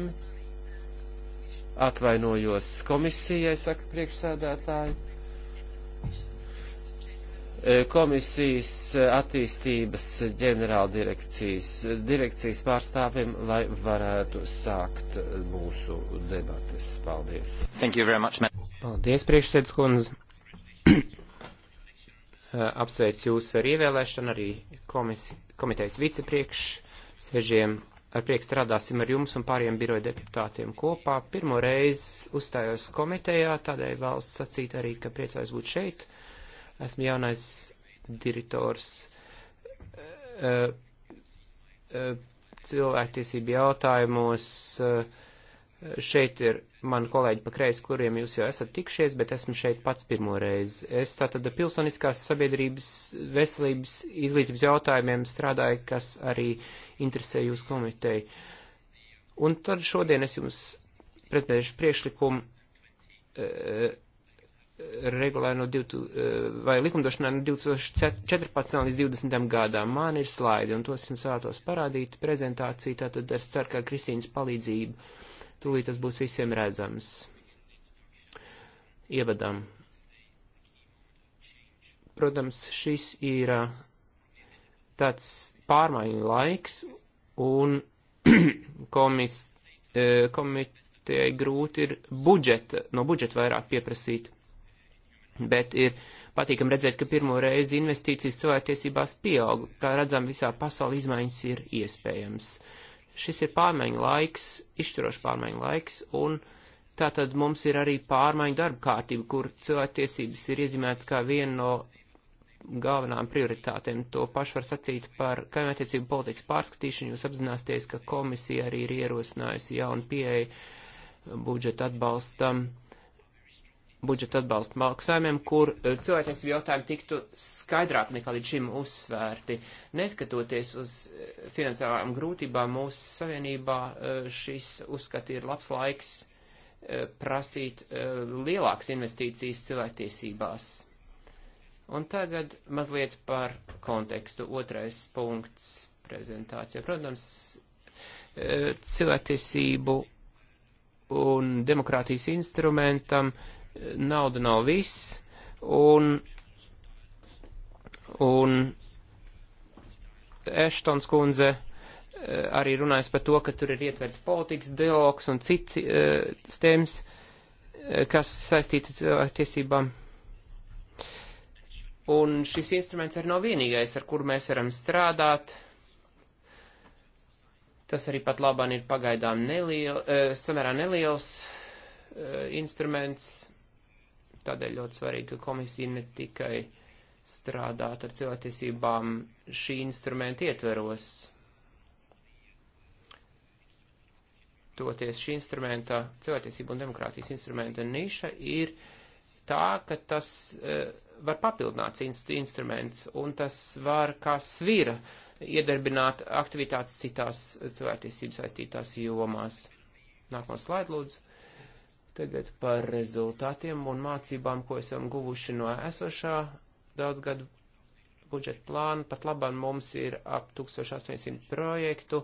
Atvainojos komisijai, saka priekšsēdētāji e, komisijas attīstības ģenerāldirekcijas direkcijas pārstāvim, lai varētu sākt mūsu debates. Paldies. Paldies, priekšsēdus kundze apsveic jūs ar ievēlēšanu, arī komis, komitejas vicepriekšsēžiem. Ar prieku strādāsim ar jums un pāriem biroja deputātiem kopā. Pirmo reizi uzstājos komitejā, tādēļ vēlos sacīt arī, ka priecājos būt šeit. Esmu jaunais direktors uh, uh, cilvēktiesību jautājumos. Uh, šeit ir mani kolēģi pa kreisi, kuriem jūs jau esat tikšies, bet esmu šeit pats pirmo reizi. Es tātad pilsoniskās sabiedrības veselības izglītības jautājumiem strādāju, kas arī interesē jūs komiteju. Un tad šodien es jums pretendēšu priekšlikumu e, e, regulē no 2000, e, vai likumdošanā no 2014 līdz 2020 gadām. Man ir slaidi, un tos jums vēlētos parādīt prezentāciju, tātad es ceru, ka Kristīnas palīdzību Tūlīt tas būs visiem redzams. Ievadam. Protams, šis ir uh, tāds pārmaiņu laiks, un [CLEARS THROAT] komis, e, komitejai grūti ir budžeta, no budžeta vairāk pieprasīt. Bet ir patīkam redzēt, ka pirmo reizi investīcijas cilvēktiesībās pieaug. Kā redzam, visā pasaulē izmaiņas ir iespējams. Uh, Šis ir pārmaiņu laiks, izšķirošs pārmaiņu laiks, un tātad mums ir arī pārmaiņu darba kārtība, kur cilvēktiesības ir iezīmētas kā viena no galvenām prioritātēm. To pašu var sacīt par kaimiņattiecību politikas pārskatīšanu. Jūs apzināsieties, ka komisija arī ir ierosinājusi jaunu pieeju budžeta atbalstam. Uh, budžeta atbalsta maksājumiem, kur eh, cilvēktiesību jautājumi tiktu skaidrāk nekā līdz šim uzsvērti. Neskatoties uz eh, finansiālām grūtībām mūsu savienībā, eh, šis uzskat ir labs laiks prasīt lielākas investīcijas cilvēktiesībās. Un tagad mazliet par kontekstu. Otrais punkts prezentācijā. Protams, cilvēktiesību un demokrātijas instrumentam uh, nauda nav viss, un, un Eštons kundze eh, arī runājas par to, ka tur ir ietverts politikas dialogs un cits uh, eh, stēms, eh, kas saistīti cilvēku tiesībām. Un šis instruments arī nav vienīgais, ar kuru mēs varam strādāt. Tas arī pat labāk ir pagaidām neliel, uh, samērā neliels uh, instruments, Tādēļ ļoti svarīgi, ka komisija ne tikai strādāt ar cilvēktiesībām šī instrumenta ietveros. Toties šī instrumenta, cilvēktiesību un demokrātijas instrumenta niša ir tā, ka tas uh, var papildināt inst instruments un tas var kā svira iedarbināt aktivitātes citās cilvēktiesības saistītās jomās. Nākamā slaida, lūdzu. Tagad par rezultātiem un mācībām, ko esam guvuši no esošā daudzgadu budžeta plāna. Pat labāk mums ir ap 1800 projektu,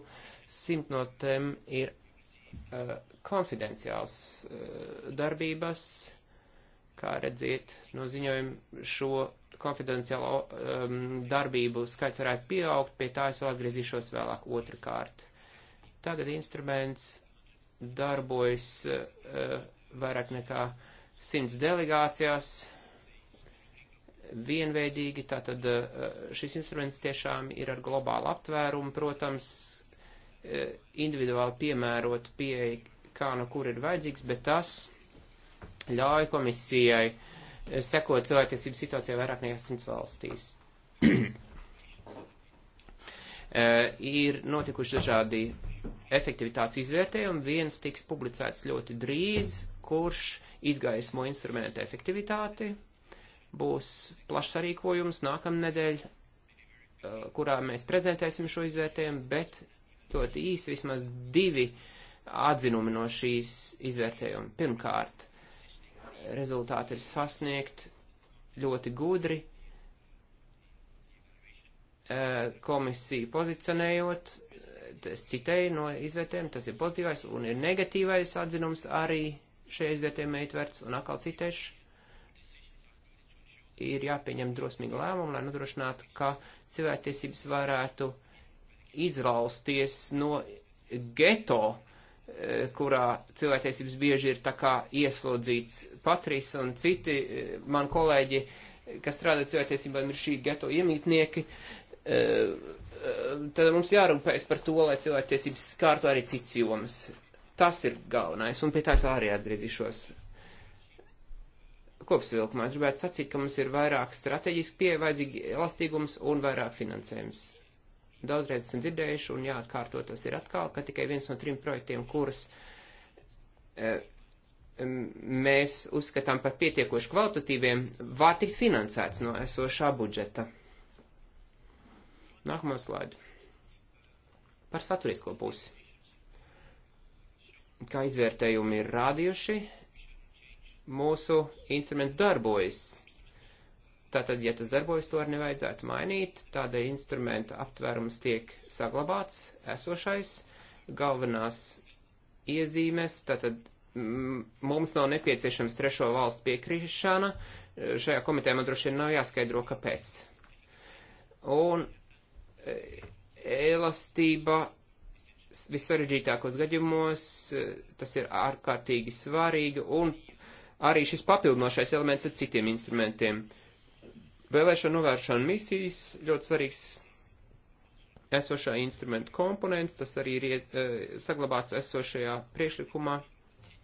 simt no tiem ir uh, konfidenciāls uh, darbības, kā redziet, no ziņojuma šo konfidenciālo um, darbību skaits varētu pieaugt, pie tā es vēl atgriezīšos vēlāk otrkārt. Tagad instruments darbojas uh, vairāk nekā simts delegācijās vienveidīgi, tātad eh, šis instruments tiešām ir ar globālu aptvērumu, protams, eh, individuāli piemērot pieeja, kā no nu kur ir vajadzīgs, bet tas ļauj komisijai eh, sekot cilvēktiesību situācijā vairāk nekā simts valstīs. [CLEARS THROAT] ir notikuši dažādi efektivitātes izvērtējumi, viens tiks publicēts ļoti drīz, kurš izgaismo instrumentu efektivitāti. Būs plašs arīkojums nākamnedēļ, eh, kurā mēs prezentēsim šo izvērtējumu, bet ļoti īsi vismaz divi atzinumi no šīs izvērtējuma. Pirmkārt, rezultāti ir sasniegt ļoti gudri, eh, komisiju pozicionējot, es citēju no izvērtējuma, tas ir pozitīvais un ir negatīvais atzinums arī šajā izvērtējumā ietverts, un atkal citēšu, ir jāpieņem drosmīgi lēmumi, lai nodrošinātu, ka cilvēktiesības varētu izrausties no geto, eh, kurā cilvēktiesības bieži ir tā kā ieslodzīts Patris un citi eh, man kolēģi, kas strādā cilvēktiesībām, ir šī geto iemītnieki. Eh, tad mums jārūpējas par to, lai cilvēktiesības skārtu arī cits jomas. Tas ir galvenais, un pie tā es arī atgriezīšos. Kopsvilkumā es gribētu sacīt, ka mums ir vairāk strateģiski pieeja, vajadzīgi elastīgums un vairāk finansējums. Daudzreiz esam dzirdējuši, un jāatkārto tas ir atkal, ka tikai viens no trim projektiem, kurus e, mēs uzskatām par pietiekoši kvalitatīviem, var tikt finansēts no esošā budžeta. Nākamā slaida. Par saturisko pusi kā izvērtējumi ir rādījuši, mūsu instruments darbojas. Tātad, ja tas darbojas, to arī nevajadzētu mainīt. Tādēļ instrumenta aptvērums tiek saglabāts, esošais, galvenās iezīmes, tātad mums nav nepieciešams trešo valstu piekrišana. Šajā komitē man droši vien nav jāskaidro, kāpēc. Un e, elastība vissarežģītākos gadījumos tas ir ārkārtīgi svarīgi un arī šis papildinošais elements ar citiem instrumentiem. Vēlēšana novēršana misijas ļoti svarīgs esošā instrumenta komponents, tas arī ir iet, eh, e, saglabāts esošajā priekšlikumā,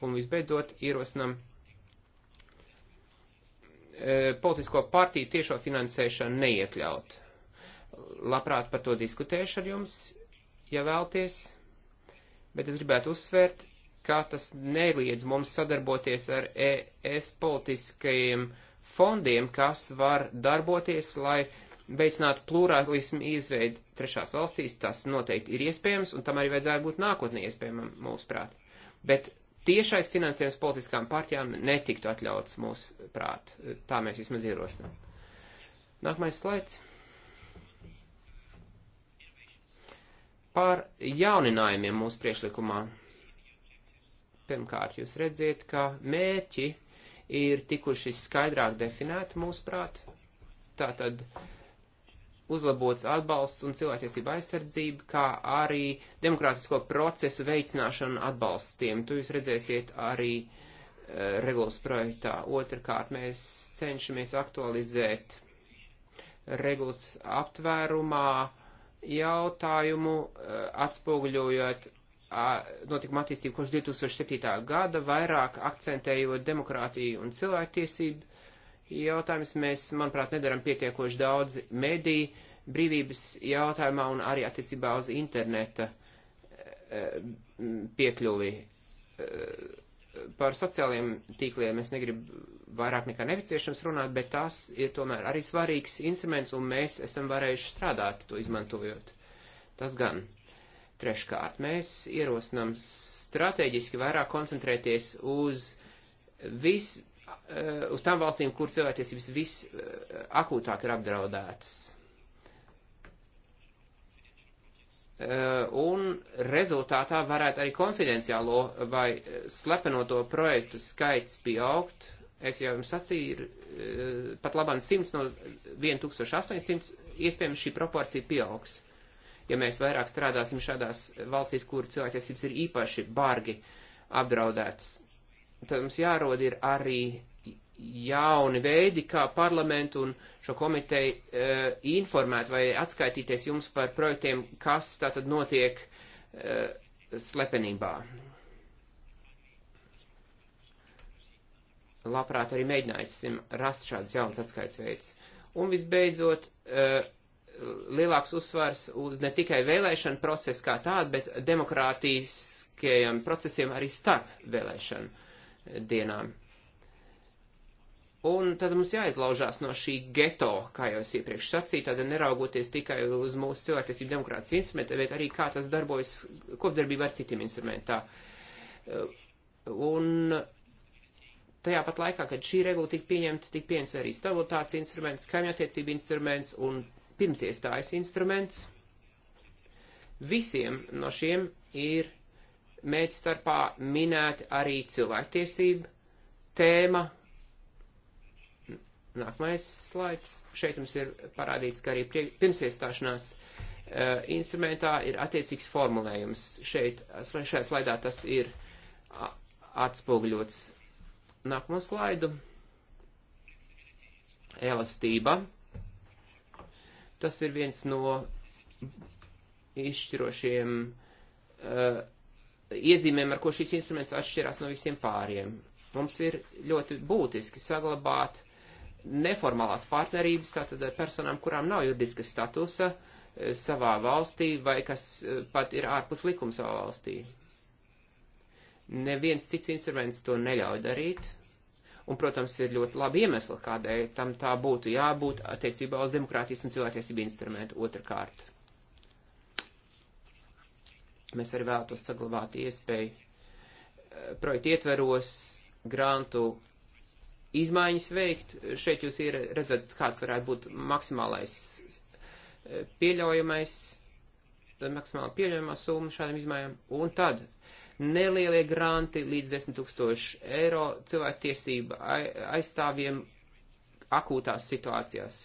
un visbeidzot ierosinam e, politisko partiju tiešo finansēšanu neiekļaut. Labprāt par to diskutēšu ar jums, ja vēlties bet es gribētu uzsvērt, ka tas neliedz mums sadarboties ar ES politiskajiem fondiem, kas var darboties, lai veicinātu plurālismu izveidu trešās valstīs. Tas noteikti ir iespējams, un tam arī vajadzētu būt nākotnē iespējamam, mūsuprāt. Bet tiešais finansējums politiskām partijām netiktu atļauts mūsuprāt. Tā mēs vismaz ierosinām. Nākamais slaids. par jauninājumiem mūsu priešlikumā. Pirmkārt, jūs redziet, ka mērķi ir tikuši skaidrāk definēti mūsuprāt. Tātad uzlabots atbalsts un cilvēktiesība aizsardzība, kā arī demokrātisko procesu veicināšanu atbalstiem. Tu jūs redzēsiet arī e, regulas projektā. Otrakārt, mēs cenšamies aktualizēt regulas aptvērumā jautājumu, eh, atspoguļojot notikuma attīstību kopš 2007. gada, vairāk akcentējot demokrātiju un cilvēktiesību jautājumus. Mēs, manuprāt, nedaram pietiekoši daudz mediju brīvības jautājumā un arī attiecībā uz interneta eh, piekļuvi eh, par sociāliem tīkliem es negribu vairāk nekā nepieciešams runāt, bet tas ir tomēr arī svarīgs instruments, un mēs esam varējuši strādāt to izmantojot. Tas gan. Treškārt, mēs ierosinām strateģiski vairāk koncentrēties uz, vis, eh, uz tām valstīm, kur cilvēktiesības visakūtāk eh, ir apdraudētas. Eh, un rezultātā varētu arī konfidenciālo vai eh, slepenoto projektu skaits pieaugt. Es jau jums sacīju, ir eh, pat labāk 100 no 1800, iespējams šī proporcija pieaugs. Ja mēs vairāk strādāsim šādās valstīs, kur cilvēktiesības ir īpaši bargi apdraudētas, tad mums jārod ir arī jauni veidi, kā parlamentu un šo komiteju e, informēt vai atskaitīties jums par projektiem, kas tātad notiek e, slepenībā. Labprāt arī mēģināsim rast šādas jaunas atskaits veids. Un visbeidzot, e, lielāks uzsvars uz ne tikai vēlēšanu procesu kā tādu, bet demokrātīskajiem procesiem arī starp vēlēšanu dienām Un tad mums jāizlaužās no šī geto, kā jau es iepriekš sacīju, tāda neraugoties tikai uz mūsu cilvēktiesību demokrātijas instrumentu, bet arī kā tas darbojas kopdarbībā ar citiem instrumentā. Un tajā pat laikā, kad šī regula tika pieņemta, tika pieņemts arī stabilitātes instruments, kaimiņattiecību instruments un pirms iestājas instruments. Visiem no šiem ir mēģi starpā minēti arī cilvēktiesība tēma Nākamais slaids. Šeit mums ir parādīts, ka arī pirmsiestāšanās uh, instrumentā ir attiecīgs formulējums. Šeit, šajā slaidā tas ir atspoguļots. Nākamo slaidu. Elastība. Tas ir viens no izšķirošiem uh, iezīmēm, ar ko šis instruments atšķirās no visiem pāriem. Mums ir ļoti būtiski saglabāt neformālās partnerības, tātad personām, kurām nav juridiska statusa eh, savā valstī vai kas eh, pat ir ārpus likuma savā valstī. Neviens cits instruments to neļauj darīt. Un, protams, ir ļoti labi iemesli, kādēļ tam tā būtu jābūt attiecībā uz demokrātijas un cilvēktiesību instrumentu otrkārt. Mēs arī vēlētos saglabāt iespēju eh, projektu ietveros grantu izmaiņas veikt. Šeit jūs redzat, kāds varētu būt maksimālais eh, pieļaujamais, maksimāli pieļaujamā summa šādām izmaiņām. Un tad nelielie granti līdz 10 tūkstoši eiro cilvēktiesība aizstāvjiem akūtās situācijās.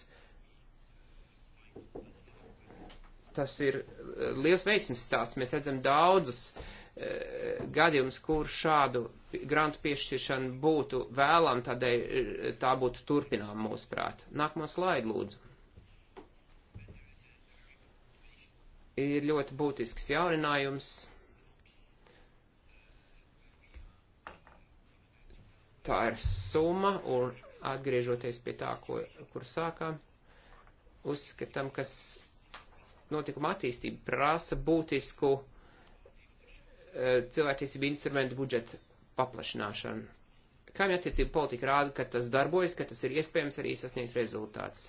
Tas ir eh, liels veiksmes stāsts. Mēs redzam daudzus uh, Eh, gadījums, kur šādu grantu piešķiršanu būtu vēlam, tādēļ eh, tā būtu turpinām mūsuprāt. Nākamo slaidu lūdzu. Ir ļoti būtisks jauninājums. Tā ir summa, un atgriežoties pie tā, ko, kur sākām, uzskatām, kas notikuma attīstība prasa būtisku uh, Eh, cilvēktiesību instrumentu budžeta paplašināšanu. Kaimiņu attiecību politika rāda, ka tas darbojas, ka tas ir iespējams arī sasniegt rezultāts.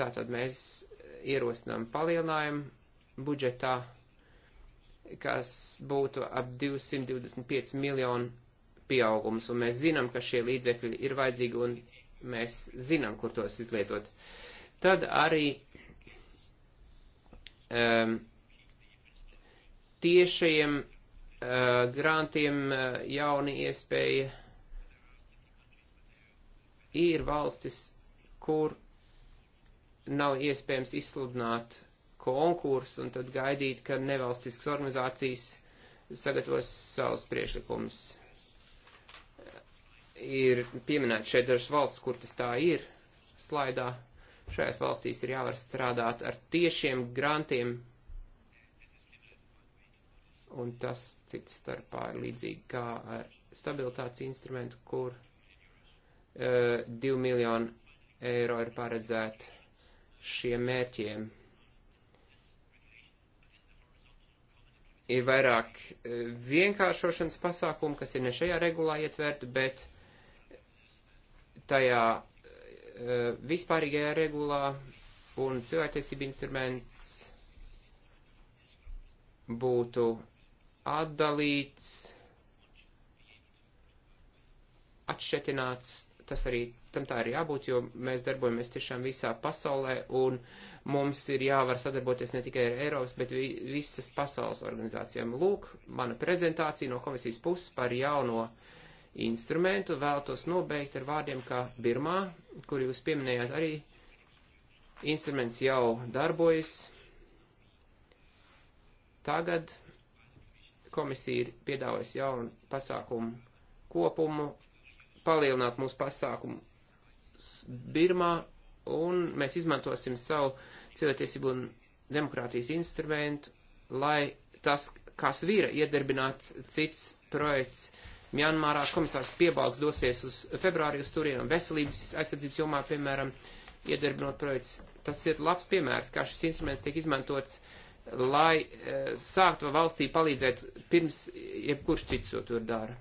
Tātad mēs ierosinām palielinājumu budžetā, kas būtu ap 225 miljonu pieaugums, un mēs zinām, ka šie līdzekļi ir vajadzīgi, un mēs zinām, kur tos izlietot. Tad arī um, tiešajiem uh, grantiem uh, jauni iespēja. Ir valstis, kur nav iespējams izsludināt konkursu un tad gaidīt, ka nevalstiskas organizācijas sagatavos savus priešlikumus. Ir pieminēts šeit dažas valsts, kur tas tā ir, slaidā. Šajās valstīs ir jāvar strādāt ar tiešiem grantiem, un tas cits starpā ir līdzīgi kā ar stabilitātes instrumentu, kur e, uh, 2 miljonu eiro ir paredzēti šiem mērķiem. Ir vairāk uh, vienkāršošanas pasākumu, kas ir ne šajā regulā ietverti, bet tajā uh, vispārīgajā regulā un cilvēktiesība instruments būtu atdalīts, atšķetināts, tas arī, tam tā arī jābūt, jo mēs darbojamies tiešām visā pasaulē un mums ir jāvar sadarboties ne tikai ar Eiropas, bet vi, visas pasaules organizācijām. Lūk, mana prezentācija no komisijas puses par jauno instrumentu vēlētos nobeigt ar vārdiem kā Birmā, kur jūs pieminējāt arī. Instruments jau darbojas. Tagad Komisija ir piedāvājusi jaunu pasākumu kopumu, palielināt mūsu pasākumu Birmā, un mēs izmantosim savu cilvēktiesību un demokrātijas instrumentu, lai tas, kas vīra iedarbināts cits projekts, Mjanmārā komisārs piebalgs dosies uz februāri uz turienu veselības aizsardzības jomā, piemēram, iedarbinot projekts. Tas ir labs piemērs, kā šis instruments tiek izmantots uh, lai eh, sāktu valstī palīdzēt pirms jebkurš cits to tur dara.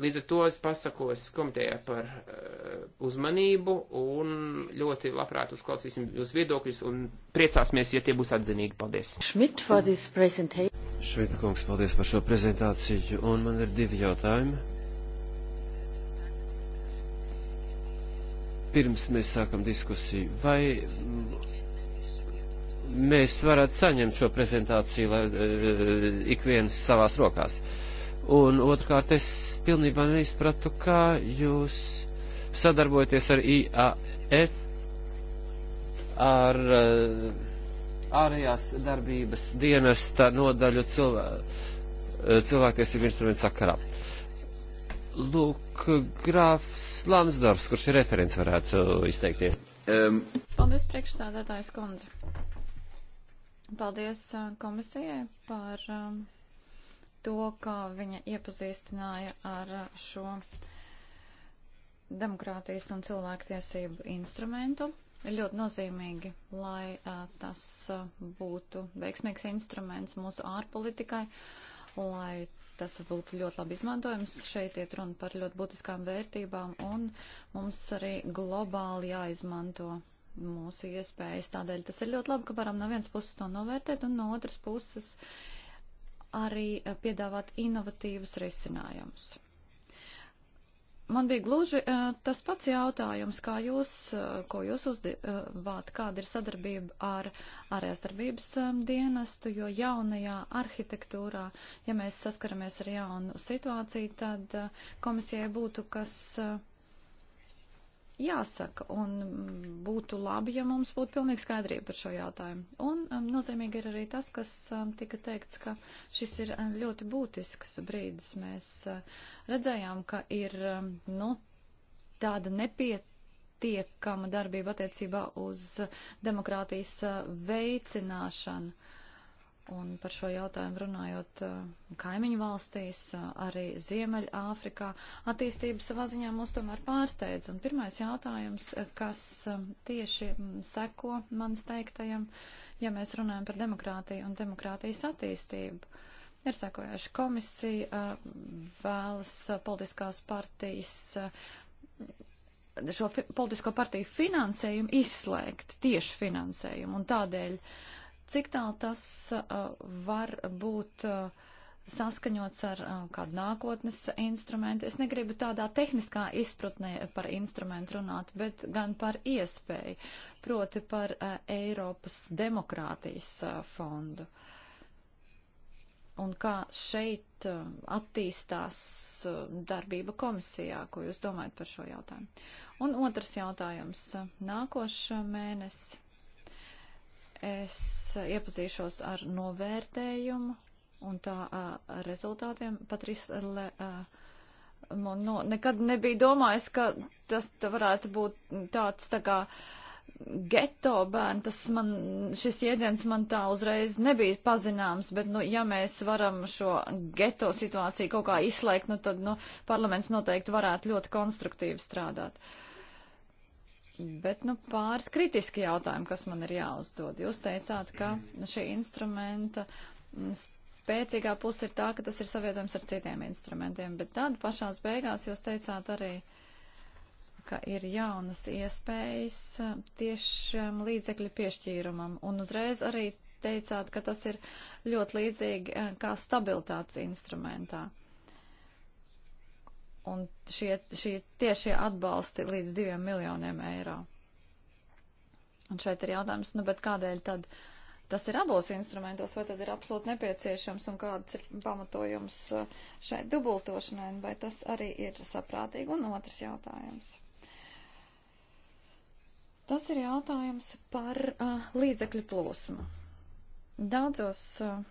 Līdz ar to es pasakos komitejā par eh, uzmanību un ļoti labprāt uzklausīsim jūs viedokļus un priecāsimies, ja tie būs atzinīgi. Paldies! Švita kungs, paldies par šo prezentāciju un man ir divi jautājumi. Pirms mēs sākam diskusiju, vai mēs varētu saņemt šo prezentāciju, lai e, ik viens savās rokās. Un otrkārt, es pilnībā neizpratu, kā jūs sadarbojaties ar IAF, ar e, ārējās darbības dienesta nodaļu cilvē, eh, cilvēktiesību instrumentu sakarā. Lūk, grāfs Lamsdors, kurš ir referents, varētu izteikties. Um. Paldies, priekšsādātājs Kondze. Paldies uh, komisijai par um, to, kā viņa iepazīstināja ar uh, šo demokrātijas un cilvēktiesību instrumentu. Ir ļoti nozīmīgi, lai uh, tas uh, būtu veiksmīgs instruments mūsu ārpolitikai, lai tas būtu ļoti labi izmantojams. Šeit iet runa par ļoti būtiskām vērtībām, un mums arī globāli jāizmanto mūsu iespējas. Tādēļ tas ir ļoti labi, ka varam no vienas puses to novērtēt un no otras puses arī eh, piedāvāt inovatīvus risinājumus. Man bija gluži eh, tas pats jautājums, kā jūs, eh, ko jūs uzdevāt, kāda ir sadarbība ar ārējās darbības dienestu, jo jaunajā arhitektūrā, ja mēs saskaramies ar jaunu situāciju, tad komisijai būtu kas uh, jāsaka, un būtu labi, ja mums būtu pilnīgi skaidrība par šo jautājumu. Un um, nozīmīgi ir arī tas, kas um, tika teikts, ka šis ir um, ļoti būtisks brīdis. Mēs uh, redzējām, ka ir um, nu, tāda nepietiekama darbība attiecībā uz uh, demokrātijas uh, veicināšanu. Un par šo jautājumu runājot eh, kaimiņu valstīs, eh, arī Ziemeļāfrikā, attīstība savā ziņā mūs tomēr pārsteidz. Un pirmais jautājums, eh, kas tieši mm, seko manis teiktajam, ja mēs runājam par demokrātiju un demokrātijas attīstību, ir sekojoši komisija, vēlas politiskās partijas šo fi, politisko partiju finansējumu izslēgt, tieši finansējumu, un tādēļ uh, Cik tālu tas var būt saskaņots ar kādu nākotnes instrumentu? Es negribu tādā tehniskā izpratnē par instrumentu runāt, bet gan par iespēju, proti par Eiropas demokrātijas fondu. Un kā šeit attīstās darbība komisijā, ko jūs domājat par šo jautājumu? Un otrs jautājums. Nākošais mēnesis Es iepazīšos ar novērtējumu un tā uh, rezultātiem. Patris Le, uh, man no, nekad nebija domājis, ka tas varētu būt tāds tā kā geto bērni. Tas man, šis jēdziens man tā uzreiz nebija pazināms, bet, nu, ja mēs varam šo geto situāciju kaut kā izslēgt, nu, tad, nu, parlaments noteikti varētu ļoti konstruktīvi strādāt. Uh, Bet nu, pāris kritiski jautājumi, kas man ir jāuzdod. Jūs teicāt, ka šī instrumenta mm, spēcīgā puse ir tā, ka tas ir savietojams ar citiem instrumentiem, bet tad pašās beigās jūs teicāt arī, ka ir jaunas iespējas tiešām līdzekļu piešķīrumam. Un uzreiz arī teicāt, ka tas ir ļoti līdzīgi kā stabilitātes instrumentā un šie, šie tiešie atbalsti līdz diviem miljoniem eiro. Un šeit ir jautājums, nu, bet kādēļ tad tas ir abos instrumentos, vai tad ir absolūti nepieciešams un kāds ir pamatojums uh, šai dubultošanai, vai tas arī ir saprātīgi? Un otrs jautājums. Tas ir jautājums par uh, līdzekļu plūsmu. Daudzos uh,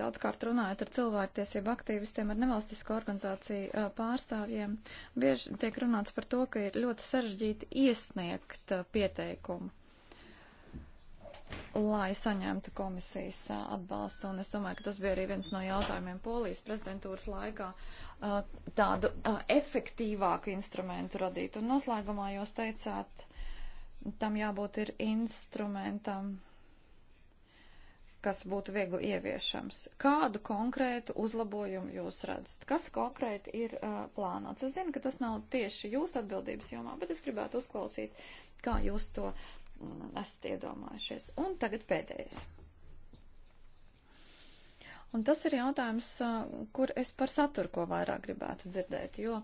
Daudzkārt runājot ar cilvēktiesību aktīvistiem, ar nevalstisko organizāciju pārstāvjiem, bieži tiek runāts par to, ka ir ļoti sarežģīti iesniegt pieteikumu, lai saņemtu komisijas atbalstu. Un es domāju, ka tas bija arī viens no jautājumiem polijas prezidentūras laikā tādu efektīvāku instrumentu radīt. Un noslēgumā jūs teicāt, tam jābūt ir instrumentam kas būtu viegli ieviešams. Kādu konkrētu uzlabojumu jūs redzat? Kas konkrēti ir uh, plānots? Es zinu, ka tas nav tieši jūsu atbildības jomā, bet es gribētu uzklausīt, kā jūs to mm, esat iedomājušies. Un tagad pēdējais. Un tas ir jautājums, kur es par saturu ko vairāk gribētu dzirdēt, jo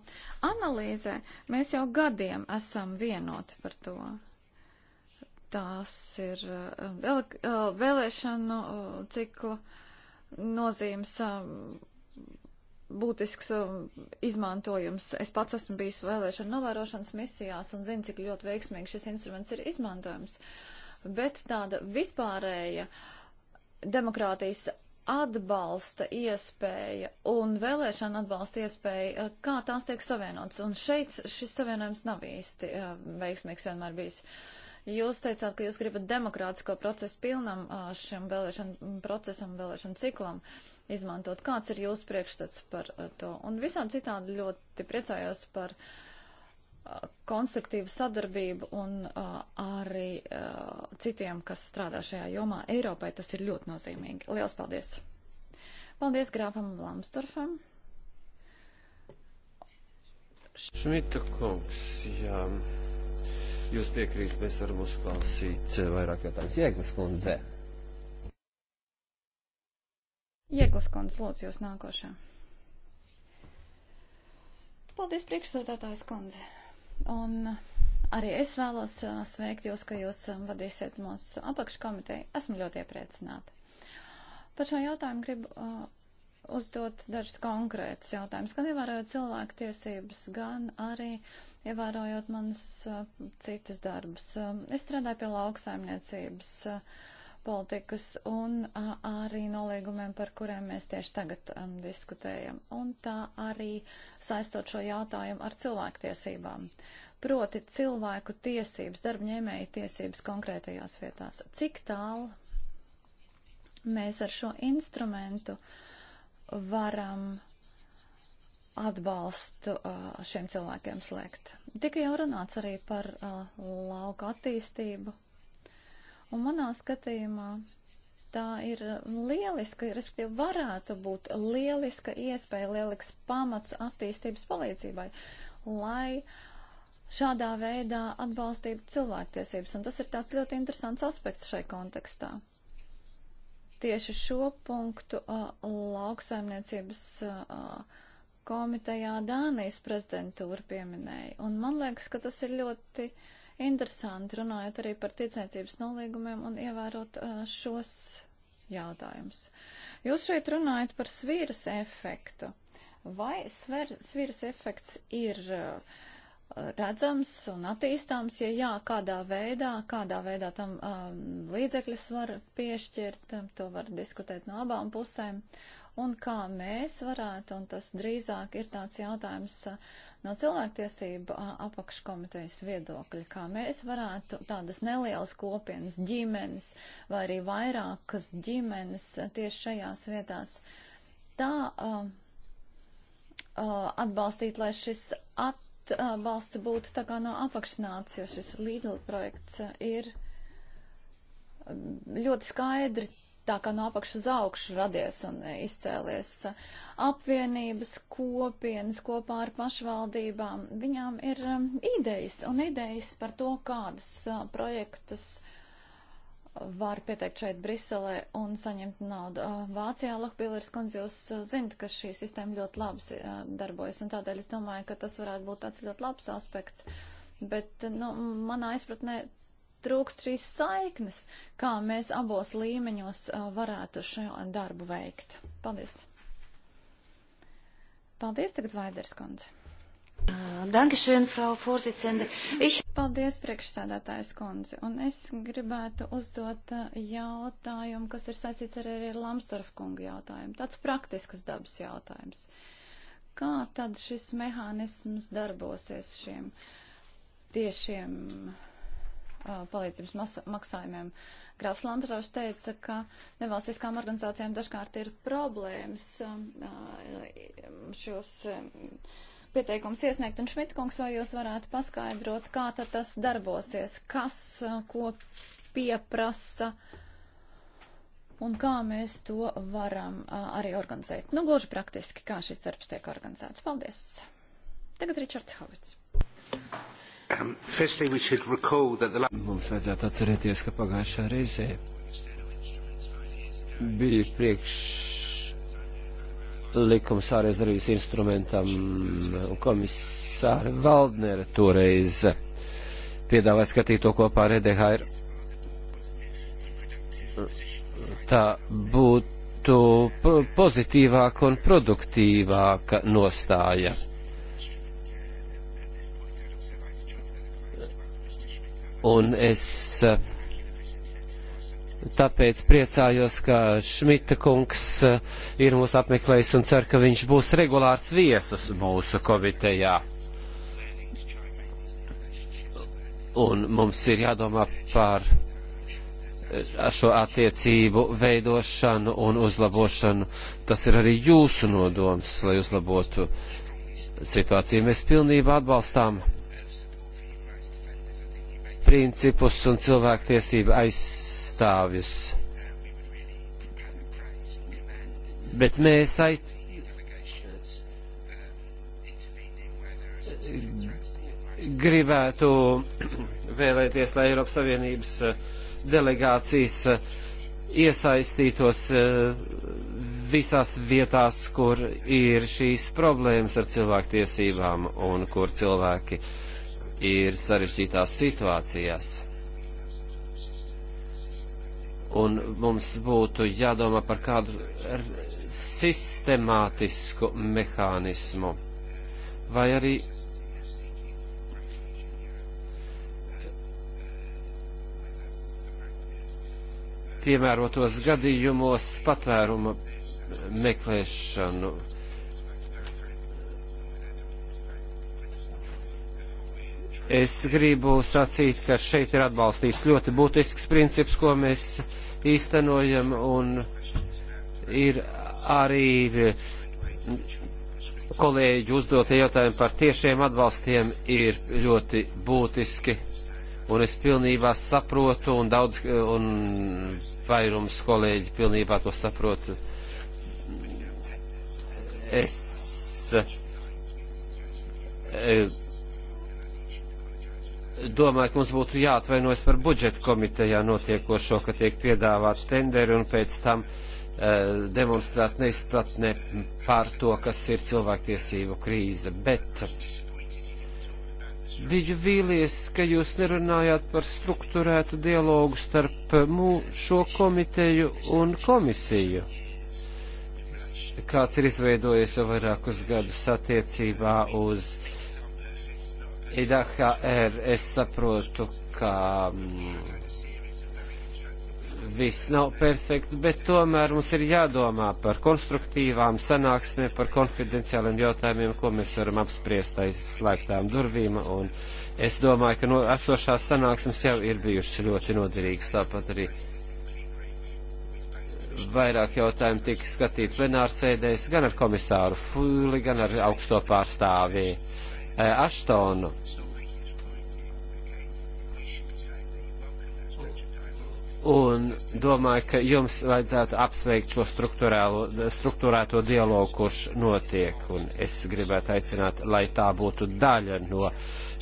analīzē mēs jau gadiem esam vienoti par to, Tās ir eh, eh, vēlēšanu eh, cikla nozīmes būtisks izmantojums. Es pats esmu bijis vēlēšana novērošanas misijās un zinu, cik ļoti veiksmīgi šis instruments ir izmantojams. Bet tāda vispārēja demokrātijas atbalsta iespēja un vēlēšana atbalsta iespēja, kā tās tiek savienotas. Un šeit šis savienojums nav īsti veiksmīgs vienmēr bijis. Uh, Jūs teicāt, ka jūs gribat demokrātisko procesu pilnam šim vēlēšanu procesam, vēlēšanu ciklam izmantot. Kāds ir jūsu priekšstats par to? Un visādi citādi ļoti priecājos par konstruktīvu sadarbību un uh, arī uh, citiem, kas strādā šajā jomā. Eiropai tas ir ļoti nozīmīgi. Lielas paldies! Paldies grāfam Lamstorfam! Šmita kungs, jā jūs piekrītat, mēs varam uzklausīt eh, vairāk jautājumus. Jēglas kundze. Jēglas kundze, lūdzu, jūs nākošā. Paldies, priekšstādātājs kundze. Un arī es vēlos eh, sveikt jūs, ka jūs eh, vadīsiet mūsu apakškomiteju. Esmu ļoti iepriecināta. Par šo jautājumu gribu uh, uzdot dažus konkrētus jautājumus, gan ievērojot cilvēku tiesības, gan arī uh, ievērojot manas citas darbus. Es strādāju pie lauksaimniecības politikas un arī nolīgumiem, par kuriem mēs tieši tagad um, diskutējam. Un tā arī saistot šo jautājumu ar cilvēktiesībām. Proti cilvēku tiesības, darbņēmēja tiesības konkrētajās vietās. Cik tālu mēs ar šo instrumentu varam atbalstu šiem cilvēkiem slēgt. Tika jau runāts arī par lauka attīstību. Un manā skatījumā tā ir lieliska, respektīvi varētu būt lieliska iespēja, lielisks pamats attīstības palīdzībai, lai šādā veidā atbalstītu cilvēktiesības. Un tas ir tāds ļoti interesants aspekts šai kontekstā. Tieši šo punktu uh, lauksaimniecības uh, komitejā Dānijas prezidentūra pieminēja. Un man liekas, ka tas ir ļoti interesanti runājot arī par ticēcības nolīgumiem un ievērot uh, šos jautājumus. Jūs šeit runājat par svīras efektu. Vai sver, svīras efekts ir uh, redzams un attīstāms, ja jā, kādā veidā, kādā veidā tam um, līdzekļus var piešķirt, to var diskutēt no abām pusēm. Uh, un kā mēs varētu, un tas drīzāk ir tāds jautājums no cilvēktiesību apakškomitejas viedokļa, kā mēs varētu tādas nelielas kopienas, ģimenes vai arī vairākas ģimenes tieši šajās vietās tā uh, uh, atbalstīt, lai šis atbalsts būtu tā kā no apakšnāts, jo šis Lidl projekts ir ļoti skaidri tā kā no apakšas uz augšu radies un izcēlies apvienības kopienas kopā ar pašvaldībām. Viņām ir um, idejas un idejas par to, kādus uh, projektus uh, var pieteikt šeit Briselē un saņemt naudu. Uh, Vācijā Lohbīlers kundze jūs zinat, ka šī sistēma ļoti labi darbojas un tādēļ es domāju, ka tas varētu būt tāds ļoti labs aspekts. Bet, nu, manā izpratnē trūkst šīs saiknes, kā mēs abos līmeņos varētu šo darbu veikt. Paldies! Paldies tagad Vaiders kundze. Dankeschön, Frau Vorsitzende. Ich... Paldies, priekšsēdētājs kundze. Un es gribētu uzdot jautājumu, kas ir saistīts arī ar Lamstorf kungu jautājumu. Tāds praktisks dabas jautājums. Kā tad šis mehānisms darbosies šiem tiešiem palīdzības maksājumiem. Grāfs Lambertovs teica, ka nevalstiskām organizācijām dažkārt ir problēmas šos pieteikums iesniegt, un Šmitkungs, vai jūs varētu paskaidrot, kā tad tas darbosies, kas, ko pieprasa, un kā mēs to varam arī organizēt. Nu, gluži praktiski, kā šis darbs tiek organizēts. Paldies! Tagad Ričards Hovits. Um, firstly, we should recall that the... Mums vajadzētu atcerēties, ka pagājušā reizē bija priekš likums ārēs darījus instrumentam komisāra Valdnera toreiz piedāvāja skatīt to kopā ar EDHR. Tā būtu pozitīvāka un produktīvāka nostāja. Un es eh, tāpēc priecājos, ka Šmita kungs eh, ir mūs apmeklējis un ceru, ka viņš būs regulārs viesus mūsu komitejā. Un mums ir jādomā par eh, šo attiecību veidošanu un uzlabošanu. Tas ir arī jūsu nodoms, lai uzlabotu situāciju. Mēs pilnībā atbalstām principus un cilvēktiesību aizstāvjus. Bet mēs ai... gribētu vēlēties, lai Eiropas Savienības eh, delegācijas eh, iesaistītos eh, visās vietās, kur ir šīs problēmas ar cilvēktiesībām un kur cilvēki uh, ir sarežģītās situācijās. Un mums būtu jādomā par kādu sistemātisku mehānismu. Vai arī piemērotos gadījumos patvēruma meklēšanu Es gribu sacīt, ka šeit ir atbalstīts ļoti būtisks princips, ko mēs īstenojam, un ir arī kolēģi uzdotie jautājumi par tiešiem atbalstiem ir ļoti būtiski, un es pilnībā saprotu, un daudz, un vairums kolēģi pilnībā to saprotu. Es, es eh, domāju, ka mums būtu jāatvainojas par budžeta komitejā notiekošo, ka tiek piedāvāts tenderi un pēc tam uh, demonstrēt neizpratne pār to, kas ir cilvēktiesību krīze. Bet biju vīlies, ka jūs nerunājāt par struktūrētu dialogu starp mū, šo komiteju un komisiju kāds ir izveidojies jau vairākus gadus attiecībā uz uh, IDHR es saprotu, ka mm, viss nav perfekts, bet tomēr mums ir jādomā par konstruktīvām sanāksmēm, par konfidenciāliem jautājumiem, ko mēs varam apspriest aiz slēgtām durvīm. Un es domāju, ka no esošās sanāksmes jau ir bijušas ļoti noderīgas, tāpat arī vairāk jautājumu tika skatīt plenārsēdēs gan ar komisāru Fūli, gan ar augsto pārstāvību Eh, Aštonu. Un domāju, ka jums vajadzētu apsveikt šo struktūrēto dialogu, kurš notiek. Un es gribētu aicināt, lai tā būtu daļa no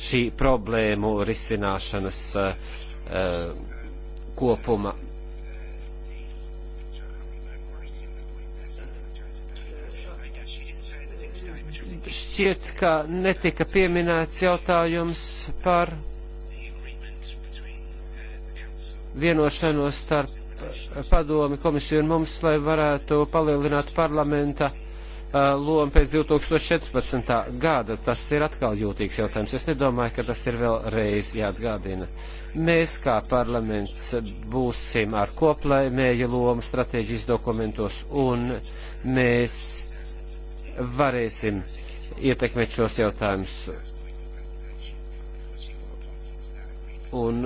šī problēmu risināšanas uh, kopuma šķiet, ka netika pieminēts jautājums par vienošanos starp eh, padomi komisiju un mums, lai varētu palielināt parlamenta eh, lomu pēc 2014. gada. Tas ir atkal jūtīgs jautājums. Es nedomāju, ka tas ir vēlreiz jāatgādina. Mēs kā parlaments būsim ar koplēmēju lomu stratēģijas dokumentos un mēs varēsim uh, ietekmēt šos jautājumus. Un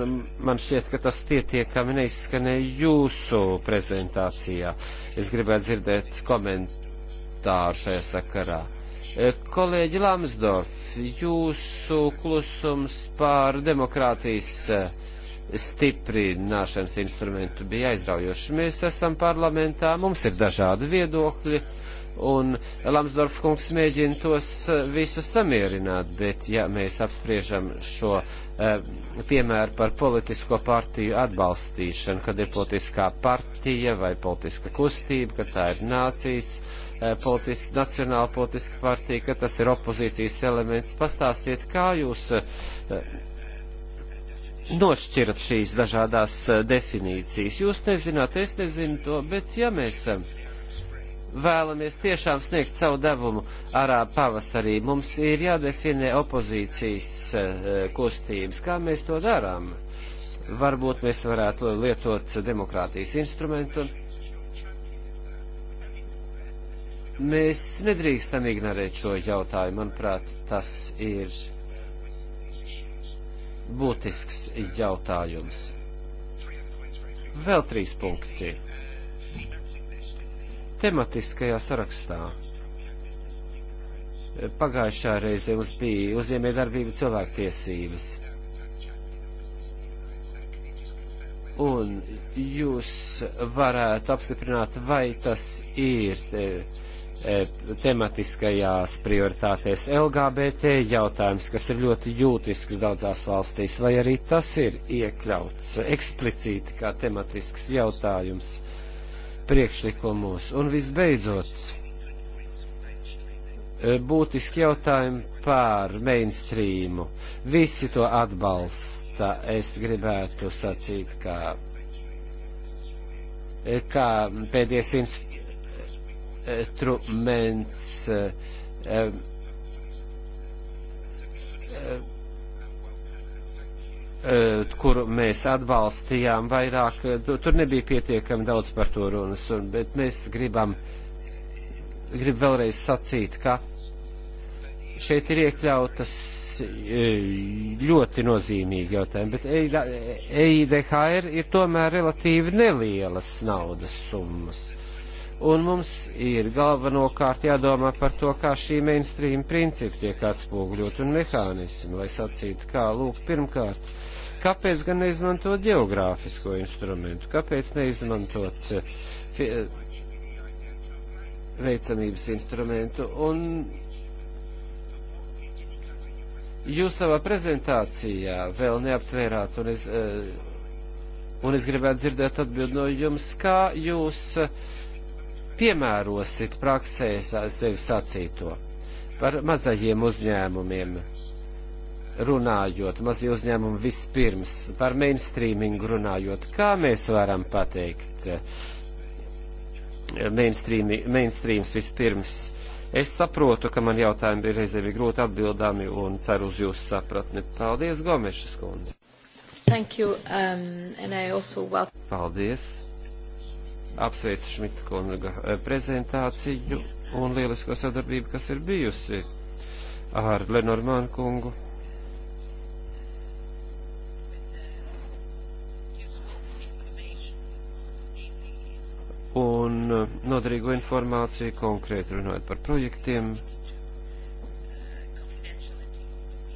man šķiet, ka tas pietiekami neizskanēja jūsu prezentācijā. Es gribētu dzirdēt komentāru šajā sakarā. E, kolēģi Lamsdorf, jūsu klusums pār demokrātijas e, stiprināšanas instrumentu bija aizraujoši. Mēs esam parlamentā, mums ir dažādi viedokļi un Lamsdorf kungs mēģina tos eh, visus samierināt, bet ja mēs apspriežam šo eh, piemēru par politisko partiju atbalstīšanu, kad ir politiskā partija vai politiska kustība, ka tā ir nācijas eh, politis, nacionāla politiska partija, ka tas ir opozīcijas elements, pastāstiet, kā jūs eh, nošķirat šīs dažādās eh, definīcijas. Jūs nezināt, es nezinu to, bet ja mēs eh, vēlamies tiešām sniegt savu devumu arābu pavasarī, mums ir jādefinē opozīcijas eh, kustības, kā mēs to darām. Varbūt mēs varētu lietot demokrātijas instrumentu. Mēs nedrīkstam ignorēt šo jautājumu. Manuprāt, tas ir būtisks jautājums. Vēl trīs punkti tematiskajā sarakstā. Pagājušā reize mums bija uzņēmējdarbība cilvēktiesības. Un jūs varētu apstiprināt, vai tas ir te, e, tematiskajās prioritātēs LGBT jautājums, kas ir ļoti jūtisks daudzās valstīs, vai arī tas ir iekļauts eksplicīti kā tematisks jautājums priekšlikumus. Un visbeidzot, e, būtiski jautājumi pār mainstreamu. Visi to atbalsta, es gribētu sacīt, kā, e, kā pēdējais instruments. Uh, uh, uh, Eh, kuru mēs atbalstījām vairāk, eh, tur nebija pietiekami daudz par to runas, un, bet mēs gribam, grib vēlreiz sacīt, ka šeit ir iekļautas eh, ļoti nozīmīgi jautājumi, bet EIDHR e ir tomēr relatīvi nelielas naudas summas. Un mums ir galvenokārt jādomā par to, kā šī mainstream principi tiek atspūgļot un mehānismi, lai sacītu, kā, lūk, pirmkārt, kāpēc gan neizmantot geogrāfisko instrumentu, kāpēc neizmantot eh, eh, veicamības instrumentu un jūs savā prezentācijā vēl neaptvērāt, un es, eh, un es gribētu dzirdēt atbildi no jums, kā jūs piemērosit praksē sevi sacīto par mazajiem uzņēmumiem runājot, mazie uzņēmumi vispirms, par mainstreamingu runājot, kā mēs varam pateikt eh, mainstream, mainstreams vispirms. Es saprotu, ka man jautājumi bija reizē bija grūti atbildami un ceru uz jūsu sapratni. Paldies, Gomešas kundze. Thank you, um, and I also welcome. Paldies. Apsveicu Šmita kunga eh, prezentāciju un lielisko sadarbību, kas ir bijusi ar Lenormānu kungu un eh, noderīgu informāciju, konkrēti runājot par projektiem,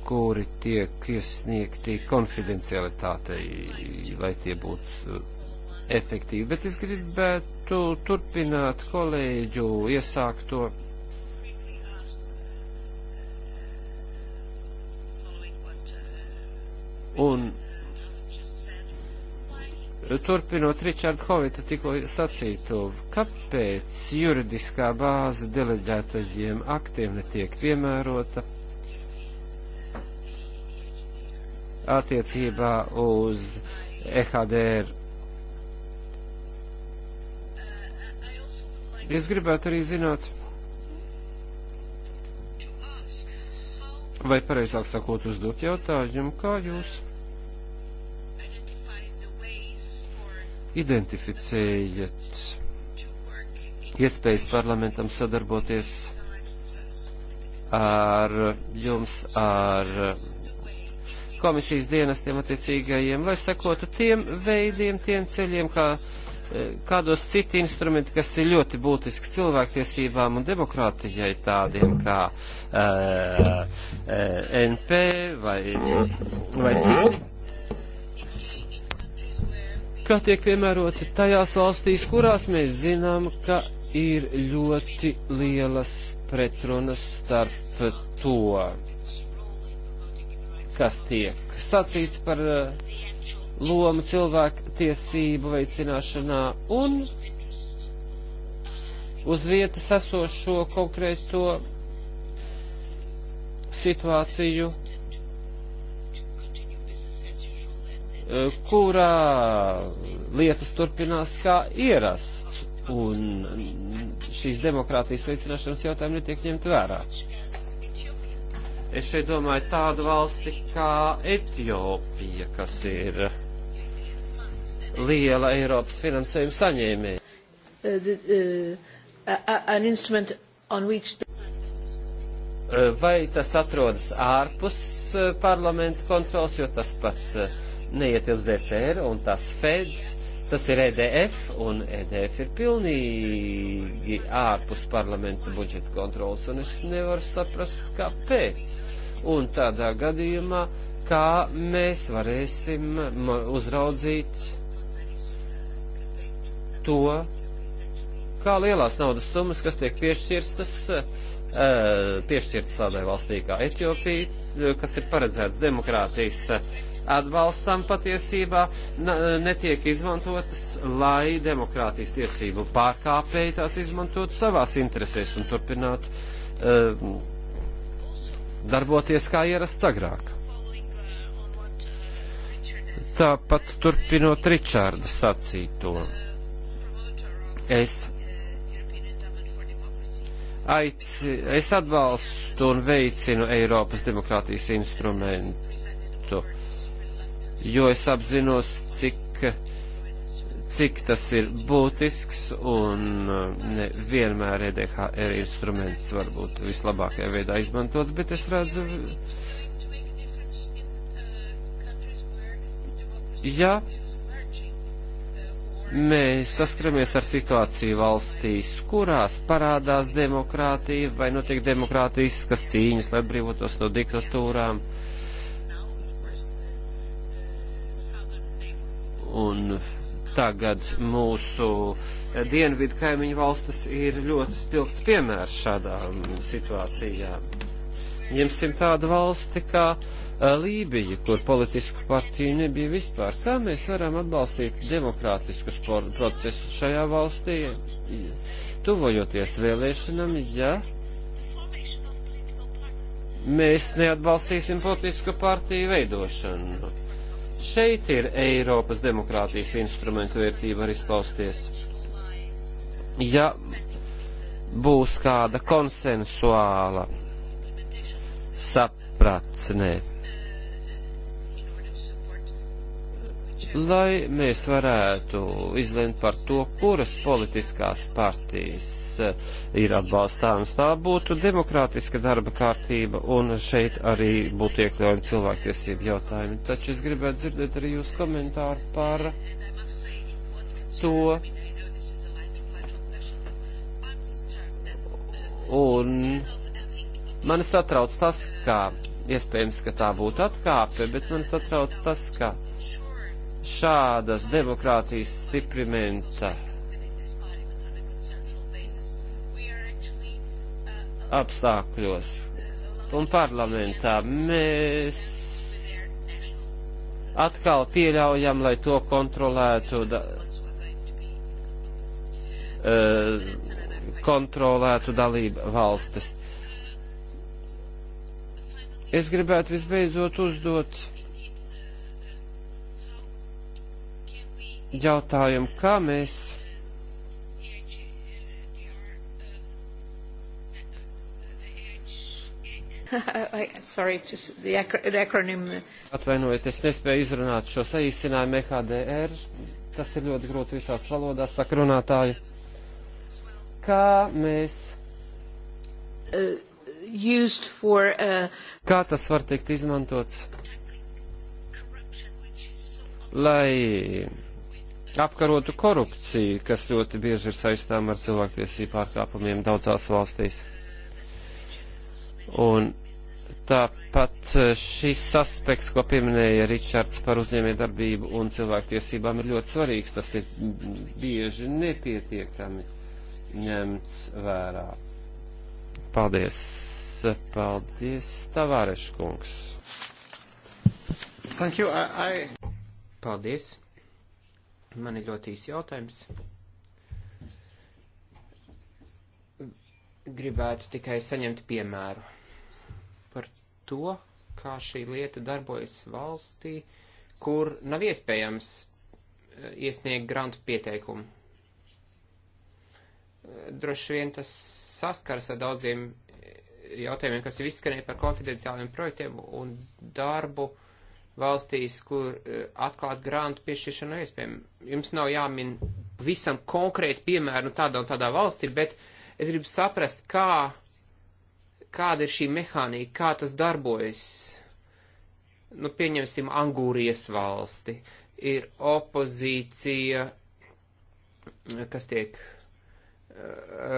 kuri tiek iesniegti konfidencialitātei, lai tie būtu eh, efektīvi. Bet es gribētu turpināt kolēģu iesākto. Un Nu, turpinot Ričarda Hovita tikko sacīto, kāpēc juridiskā bāze deleģētajiem aktiem netiek piemērota attiecībā uz EHDR? Es gribētu arī zināt, vai pareizāk sakot uzdot jautājumu, kā jūs identificējat iespējas parlamentam sadarboties ar jums, ar komisijas dienestiem attiecīgajiem, lai sekotu tiem veidiem, tiem ceļiem, kā, kādos citi instrumenti, kas ir ļoti būtiski cilvēktiesībām un demokrātijai, tādiem kā uh, eh, uh, eh, NP vai, vai citi ka tiek piemēroti tajās valstīs, kurās mēs zinām, ka ir ļoti lielas pretrunas starp to, kas tiek sacīts par eh, lomu cilvēku tiesību veicināšanā un uz vietas esošo konkrēto situāciju Eh, kurā lietas turpinās kā ierasts, un šīs demokrātijas veicināšanas jautājumi netiek ņemt vērā. Es šeit domāju tādu valsti kā Etiopija, kas ir liela Eiropas finansējuma saņēmēja. Uh, uh, eh, vai tas atrodas ārpus eh, parlamenta kontrols, jo tas pats neietilps DCR un tas FED, tas ir EDF, un EDF ir pilnīgi ārpus parlamenta budžeta kontrols, un es nevaru saprast, kāpēc. Un tādā gadījumā, kā mēs varēsim uzraudzīt to, kā lielās naudas summas, kas tiek piešķirstas, eh, piešķirtas tādai valstī kā Etiopija, kas ir paredzēts demokrātijas eh, atbalstam patiesībā netiek izmantotas, lai demokrātijas tiesību pārkāpēji tās izmantotu savās interesēs un turpinātu uh, darboties kā ierasts agrāk. Tāpat turpinot Ričārda sacīto, es aici, es atbalstu un veicinu Eiropas demokrātijas instrumentu jo es apzinos, cik, cik tas ir būtisks un eh, ne vienmēr EDHR instruments varbūt vislabākajā veidā izmantots, bet es redzu, ja mēs saskaramies ar situāciju valstīs, kurās parādās demokrātija vai notiek demokrātiskas cīņas, lai brīvotos no diktatūrām, Un tagad mūsu dienvidu kaimiņu valstis ir ļoti spilgts piemērs šādām um, situācijām. Ņemsim tādu valsti kā uh, Lībija, kur politisku partiju nebija vispār. Kā mēs varam atbalstīt demokrātiskus procesus šajā valstī, tuvojoties vēlēšanām, ja mēs neatbalstīsim politisku partiju veidošanu? Šeit ir Eiropas demokrātijas instrumentu vērtība var izpausties. Ja būs kāda konsensuāla sapratne lai mēs varētu izlemt par to, kuras politiskās partijas eh, ir atbalstāmas. Tā būtu demokrātiska darba kārtība, un šeit arī būtu iekļaujami cilvēktiesību jautājumi. Taču es gribētu dzirdēt arī jūs komentāru par to. Un mani satrauc tas, ka iespējams, ka tā būtu atkāpe, bet mani satrauc tas, ka šādas demokrātijas stiprimenta apstākļos un parlamentā mēs atkal pieļaujam, lai to kontrolētu da, uh, kontrolētu dalība valstis. Es gribētu visbeidzot uzdot jautājumu, kā mēs [LAUGHS] Sorry, just the acronym. Atvainojiet, es nespēju izrunāt šo saīsinājumu EHDR. Tas ir ļoti grūts visās valodās, saka runātāji. Kā mēs. Uh, for, uh, kā tas var tikt izmantots? Lai apkarotu korupciju, kas ļoti bieži ir saistām ar cilvēktiesību pārkāpumiem daudzās valstīs. Un tāpat e, šis aspekts, ko pieminēja Ričards par uzņēmējdarbību un cilvēktiesībām, ir ļoti svarīgs. Tas ir bieži nepietiekami ņemts vērā. Paldies! Paldies, Tavāreškungs! Thank you, I, I... Paldies! Man ir ļoti īsi jautājums. Gribētu tikai saņemt piemēru par to, kā šī lieta darbojas valstī, kur nav iespējams eh, iesniegt grantu pieteikumu. Droši vien tas saskars ar daudziem eh, jautājumiem, kas jau izskanēja par konfidenciāliem projektiem un darbu uh, valstīs, kur eh, atklāt grāntu piešķiršanu iespējami. Jums nav jāmin visam konkrēti piemēru nu, tādā un tādā valstī, bet es gribu saprast, kā, kāda ir šī mehānika, kā tas darbojas. Nu, pieņemsim Angūrijas valsti. Ir opozīcija, kas tiek eh, eh,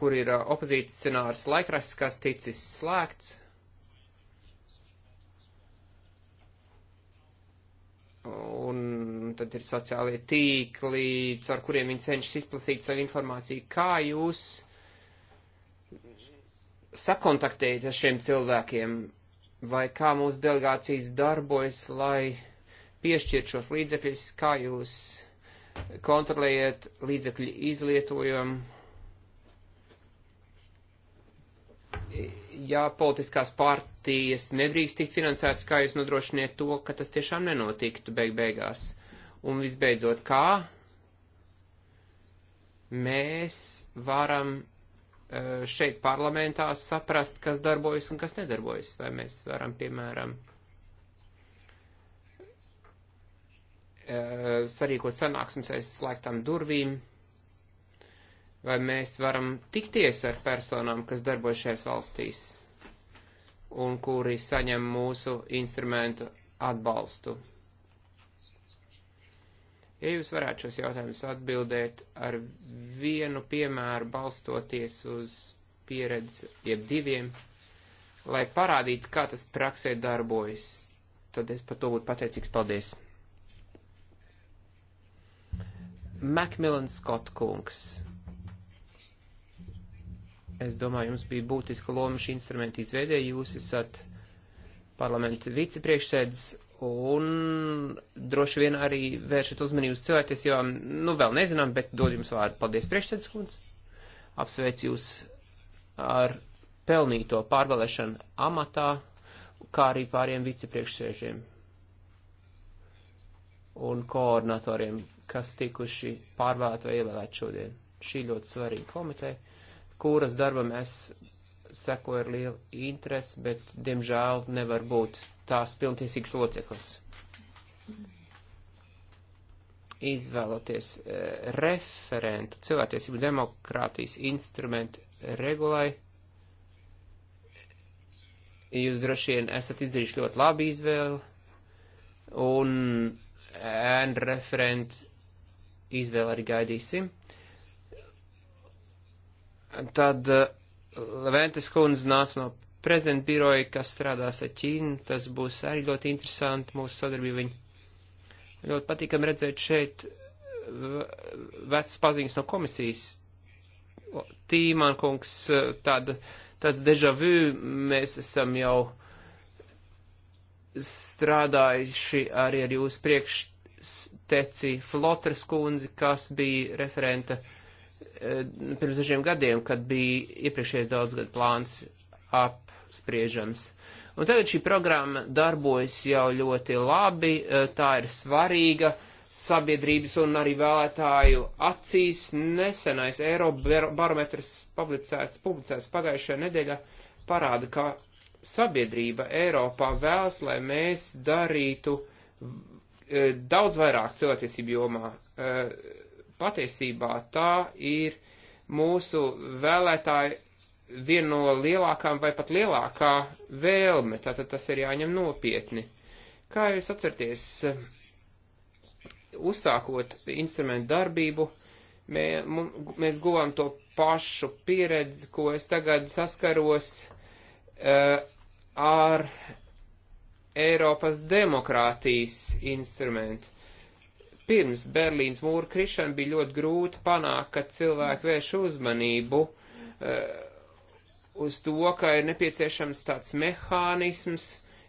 kur ir opozīcionārs laikrasts, kas ticis slēgts, un tad ir sociālie tīkli, caur kuriem viņi cenšas izplatīt savu informāciju. Kā jūs sakontaktējat ar šiem cilvēkiem, vai kā mūsu delegācijas darbojas, lai piešķirt šos līdzekļus, kā jūs kontrolējat līdzekļu izlietojumu? ja politiskās partijas nedrīkst tikt finansētas, kā jūs nodrošiniet to, ka tas tiešām nenotiktu beig beigās? Un visbeidzot, kā mēs varam eh, šeit parlamentā saprast, kas darbojas un kas nedarbojas? Vai mēs varam, piemēram, eh, sarīkot sanāksmes aiz slēgtām durvīm? vai mēs varam tikties ar personām, kas darbojas šajās valstīs un kuri saņem mūsu instrumentu atbalstu. Ja jūs varētu šos jautājumus atbildēt ar vienu piemēru balstoties uz pieredzi, jeb diviem, lai parādītu, kā tas praksē darbojas, tad es par to būtu pateicīgs. Paldies! Macmillan Scott kungs. Es domāju, jums bija būtiska loma šī instrumenta izveidē. Jūs esat parlamenta vicepriekšsēdis un droši vien arī vēršat uzmanību uz cilvēktiesībām. Nu, vēl nezinām, bet dod jums vārdu. Paldies, priekšsēdis kundze. Apsveic jūs ar pelnīto pārvēlēšanu amatā, kā arī pāriem vicepriekšsēžiem un koordinatoriem, kas tikuši pārvēlēti vai ievēlēti šodien. Šī ļoti svarīga komiteja kuras darbam es sekoju ar lielu interesi, bet, diemžēl, nevar būt tās pilntiesīgs loceklis. Izvēloties e, referentu cilvēktiesību demokrātijas instrumentu regulai, jūs droši vien esat izdarījuši ļoti labu izvēli, un ēnu referentu izvēli arī gaidīsim. Uh, Tad eh, Leventes kundze nāca no prezidenta biroja, kas strādās ar Ķīnu. Tas būs arī ļoti interesanti mūsu sadarbība viņu. Ļoti patīkam redzēt šeit eh, vecas paziņas no komisijas. Tīman kungs, eh, tāda, tāds deja vu, mēs esam jau strādājuši arī ar jūsu priekšteci Flotras kundzi, kas bija referenta uh, Eh, pirms dažiem gadiem, kad bija iepriekšējais daudzgad plāns apspriežams. Un tagad šī programma darbojas jau ļoti labi, eh, tā ir svarīga sabiedrības un arī vēlētāju acīs. Nesenais Eirobarometrs publicēts, publicēts pagājušajā nedēļā parāda, ka sabiedrība Eiropā vēlas, lai mēs darītu eh, daudz vairāk cilvēktiesību jomā patiesībā tā ir mūsu vēlētāju viena no lielākām vai pat lielākā vēlme, tātad tas ir jāņem nopietni. Kā jūs atcerties, uzsākot instrumentu darbību, mē, mēs guvām to pašu pieredzi, ko es tagad saskaros uh, ar Eiropas demokrātijas instrumentu pirms Berlīnas mūra krišana bija ļoti grūti panākt, ka cilvēki vērš uzmanību uh, uz to, ka ir nepieciešams tāds mehānisms,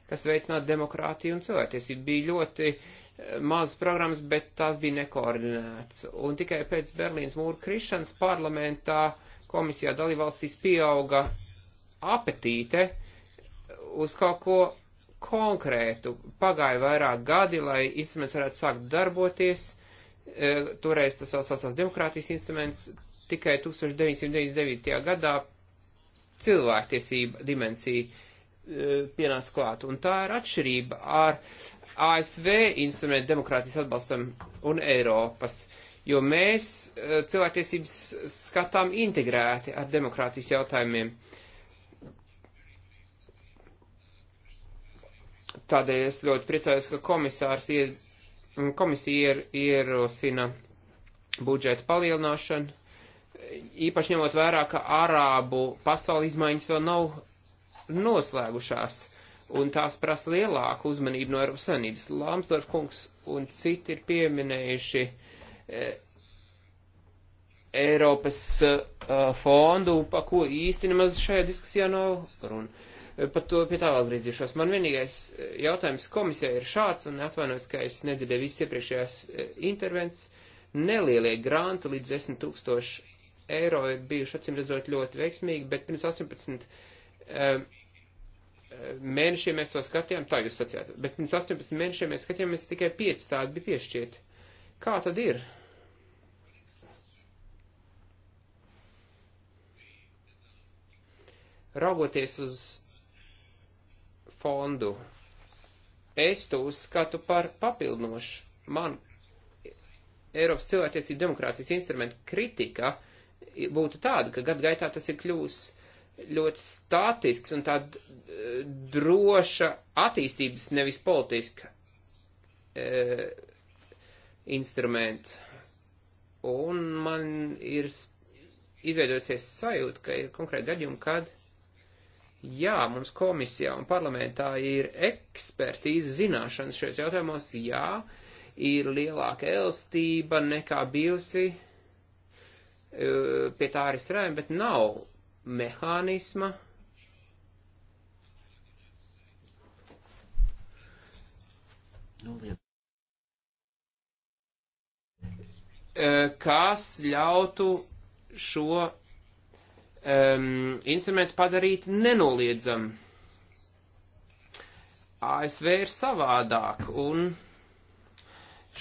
kas veicinātu demokrātiju un cilvēktiesību. Bija ļoti uh, eh, mazas programmas, bet tās bija nekoordinētas. Un tikai pēc Berlīnas mūra krišanas parlamentā komisijā dalībvalstīs pieauga apetīte uz kaut ko konkrētu. Pagāja vairāk gadi, lai instruments varētu sākt darboties. E, toreiz tas vēl saucās demokrātijas instruments. Tikai 1999. gadā cilvēktiesība dimensija e, pienāca klāt. Un tā ir atšķirība ar ASV instrumentu demokrātijas atbalstam un Eiropas. Jo mēs e, cilvēktiesības skatām integrēti ar demokrātijas jautājumiem. Uh, Tādēļ es ļoti priecājos, ka komisārs ied, komisija ier, ierosina budžeta palielināšanu, īpaši ņemot vērā, ka ārābu pasauli izmaiņas vēl nav noslēgušās, un tās prasa lielāku uzmanību no Eiropas Savienības. Lāmsdorf kungs un citi ir pieminējuši e, Eiropas e, fondu, pa ko īsti nemaz šajā diskusijā nav runa Par to pie tā vēl griezīšos. Man vienīgais eh, jautājums komisijai ir šāds, un atvainojos, ka es nedzirdēju visas iepriekšējās eh, intervences. Nelielie granti līdz 10 tūkstoši eiro ir bijuši acīm redzot ļoti veiksmīgi, bet pirms 18 um, eh, mēnešiem mēs to skatījām, tā jūs sacījāt, bet pirms 18 mēnešiem mēs skatījāmies tikai 5 tādi bija piešķieti. Kā tad ir? Raugoties uz fondu. Es to uzskatu par papildinošu man Eiropas cilvēktiesību demokrātijas instrumentu kritika būtu tāda, ka gadu gaitā tas ir kļūs ļoti statisks un tāda eh, droša attīstības, nevis politiska e, eh, instrumenta. Un man ir izveidojusies sajūta, ka ir konkrēti gadījumi, kad Jā, mums komisijā un parlamentā ir ekspertīze zināšanas šajos jautājumos, jā, ir lielāka elstība nekā bijusi, pie tā arī strādājam, bet nav mehānisma, nu, kas ļautu šo um, instrumentu padarīt nenoliedzam. ASV ir savādāk, un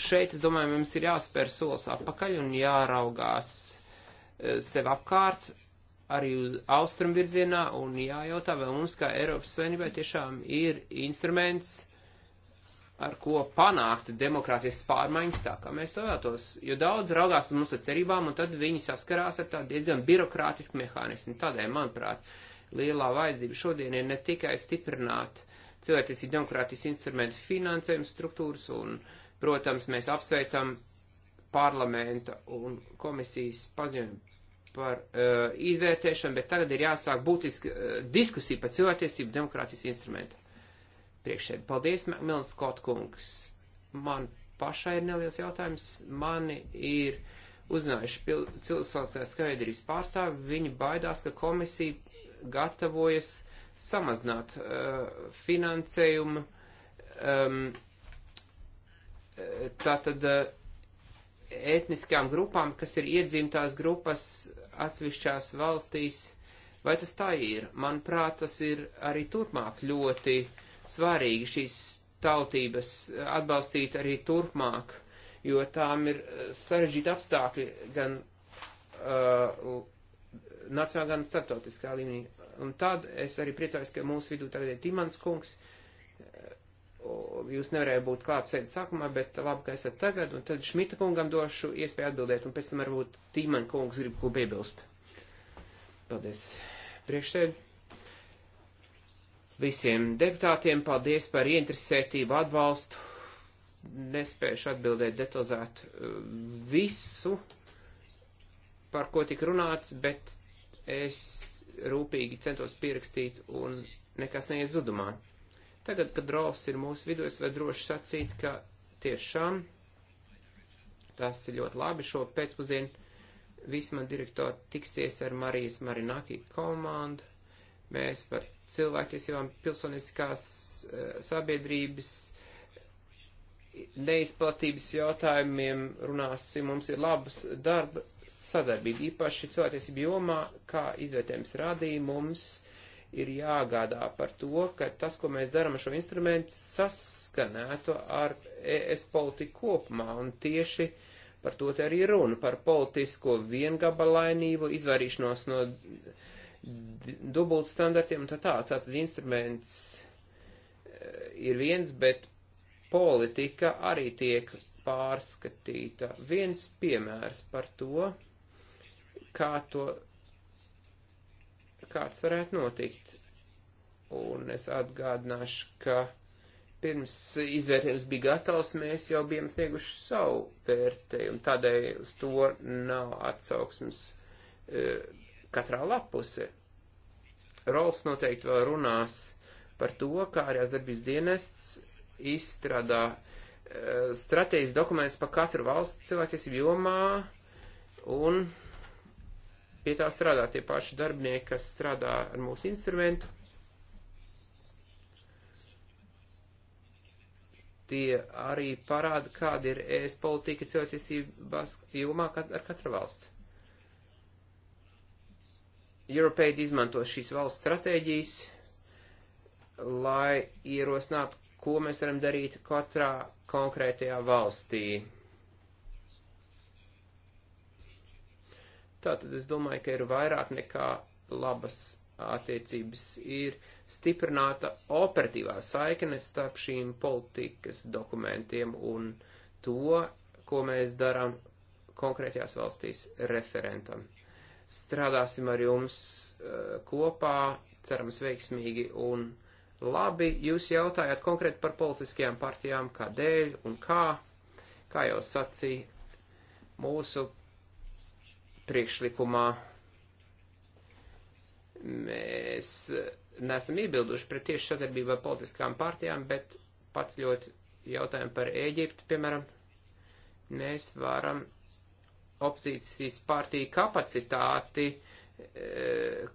šeit, es domāju, mums ir jāspēr solis apakaļ un jāraugās uh, sev apkārt, arī uz austrumu virzienā un jājautā, vai mums kā Eiropas Savienībai tiešām ir instruments, ar ko panākt demokrātijas pārmaiņas tā, kā mēs to vēlētos. Jo daudz raugās uz mūsu cerībām, un tad viņi saskarās ar tādu diezgan birokrātisku mehānismu. Tādēļ, manuprāt, lielā vajadzība šodien ir ne tikai stiprināt cilvēktiesību demokrātijas instrumentu finansējumu struktūras, un, protams, mēs apsveicam parlamenta un komisijas paziņojumu par uh, izvērtēšanu, bet tagad ir jāsāk būtiski uh, diskusija par cilvēktiesību demokrātijas instrumentu priekšēd. Paldies, Milns Kotkungs. Man pašai ir neliels jautājums. Mani ir uzzinājuši cilvēciskās skaidrības pārstāvi. Viņi baidās, ka komisija gatavojas samazināt uh, finansējumu. Um, uh, tātad uh, etniskām grupām, kas ir iedzimtās grupas atsevišķās valstīs. Vai tas tā ir? Manuprāt, tas ir arī turpmāk ļoti uh, svarīgi šīs tautības atbalstīt arī turpmāk, jo tām ir eh, sarežģīti apstākļi gan uh, nacionālā, gan starptautiskā līmenī. Un tad es arī priecājos, ka mūsu vidū tagad ir Timans kungs. Jūs nevarējāt būt klāt sēdē sākumā, bet labi, ka esat tagad, un tad Šmita kungam došu iespēju atbildēt, un pēc tam varbūt Tīman kungs grib ko piebilst. Paldies. Priekšsēdē visiem deputātiem. Paldies par ieinteresētību, atbalstu. Nespējuši atbildēt detalizēt eh, visu, par ko tik runāts, bet es rūpīgi centos pierakstīt un nekas neies zudumā. Tagad, kad Rolfs ir mūsu vidū, es varu droši sacīt, ka tiešām tas ir ļoti labi šo pēcpusdienu. Visma direktori tiksies ar Marijas Marinaki komandu Mēs par cilvēktiesībām pilsoniskās eh, sabiedrības neizplatības jautājumiem runāsim. Mums ir labas darba sadarbība, īpaši cilvēktiesību jomā, kā izvērtējums rādīja mums ir jāgādā par to, ka tas, ko mēs darām ar šo instrumentu, saskanētu ar ES politiku kopumā, un tieši par to te arī runa, par politisko viengabalainību, izvairīšanos no uh, dubultstandartiem un tā tā. Tātad instruments eh, ir viens, bet politika arī tiek pārskatīta. Viens piemērs par to, kā to, kāds varētu notikt. Un es atgādināšu, ka pirms izvērtējums bija gatavs, mēs jau bijām snieguši savu vērtējumu, tādēļ uz to nav atsauksmes. E, katrā lapuse. Rols noteikti vēl runās par to, kā arī darbības dienests izstrādā e, stratēģijas dokumentus par katru valstu cilvēktiesību jomā un pie tā strādā tie paši darbinieki, kas strādā ar mūsu instrumentu. Tie arī parāda, kāda ir ēst politika cilvēktiesībās jomā ar katru valstu. Europeid izmanto šīs valsts stratēģijas, lai ierosinātu, ko mēs varam darīt katrā konkrētajā valstī. Tātad es domāju, ka ir vairāk nekā labas attiecības, ir stiprināta operatīvā saikne starp šīm politikas dokumentiem un to, ko mēs darām konkrētajās valstīs referentam strādāsim ar jums eh, kopā, cerams veiksmīgi un labi. Jūs jautājat konkrēti par politiskajām partijām, kādēļ un kā. Kā jau sacīja, mūsu priekšlikumā mēs neesam iebilduši pret tieši sadarbību ar politiskām partijām, bet pats ļoti jautājumu par Ēģiptu, piemēram, mēs varam opozīcijas partiju kapacitāti e,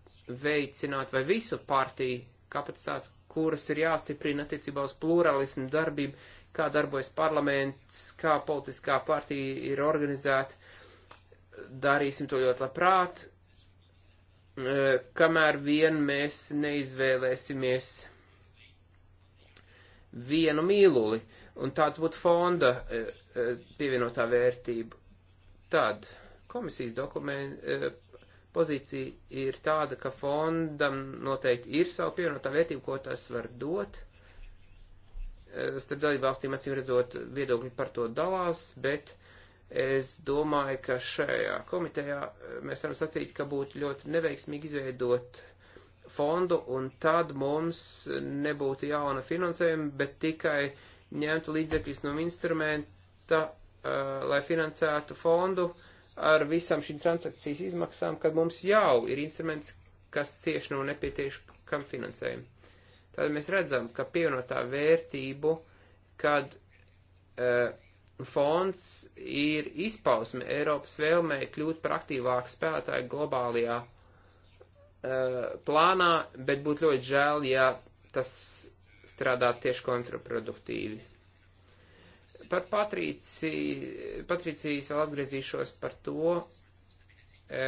veicināt vai visu partiju kapacitāti, kuras ir jāstiprina attiecībā uz pluralismu darbību, kā darbojas parlaments, kā politiskā partija ir organizēta. Darīsim to ļoti labprāt, e, kamēr vien mēs neizvēlēsimies vienu mīluli, un tāds būtu fonda e, pievienotā vērtība Tad komisijas dokumentu eh, pozīcija ir tāda, ka fondam noteikti ir savu pievienotā vērtību, ko tas var dot. Eh, starp dalībvalstīm acīm redzot viedokļi par to dalās, bet es domāju, ka šajā komitejā eh, mēs varam sacīt, ka būtu ļoti neveiksmīgi izveidot fondu un tad mums nebūtu jauna finansējuma, bet tikai ņemtu līdzekļus no instrumenta, Uh, lai finansētu fondu ar visām šīm transakcijas izmaksām, kad mums jau ir instruments, kas cieši no nepietiekam finansējuma. Tad mēs redzam, ka pievienotā vērtību, kad uh, fonds ir izpausme Eiropas vēlmē kļūt par aktīvāku spēlētāju globālajā uh, plānā, bet būtu ļoti žēl, ja tas strādā tieši kontraproduktīvi. Par Patrīciju, Patrīcijas vēl atgriezīšos par to, e,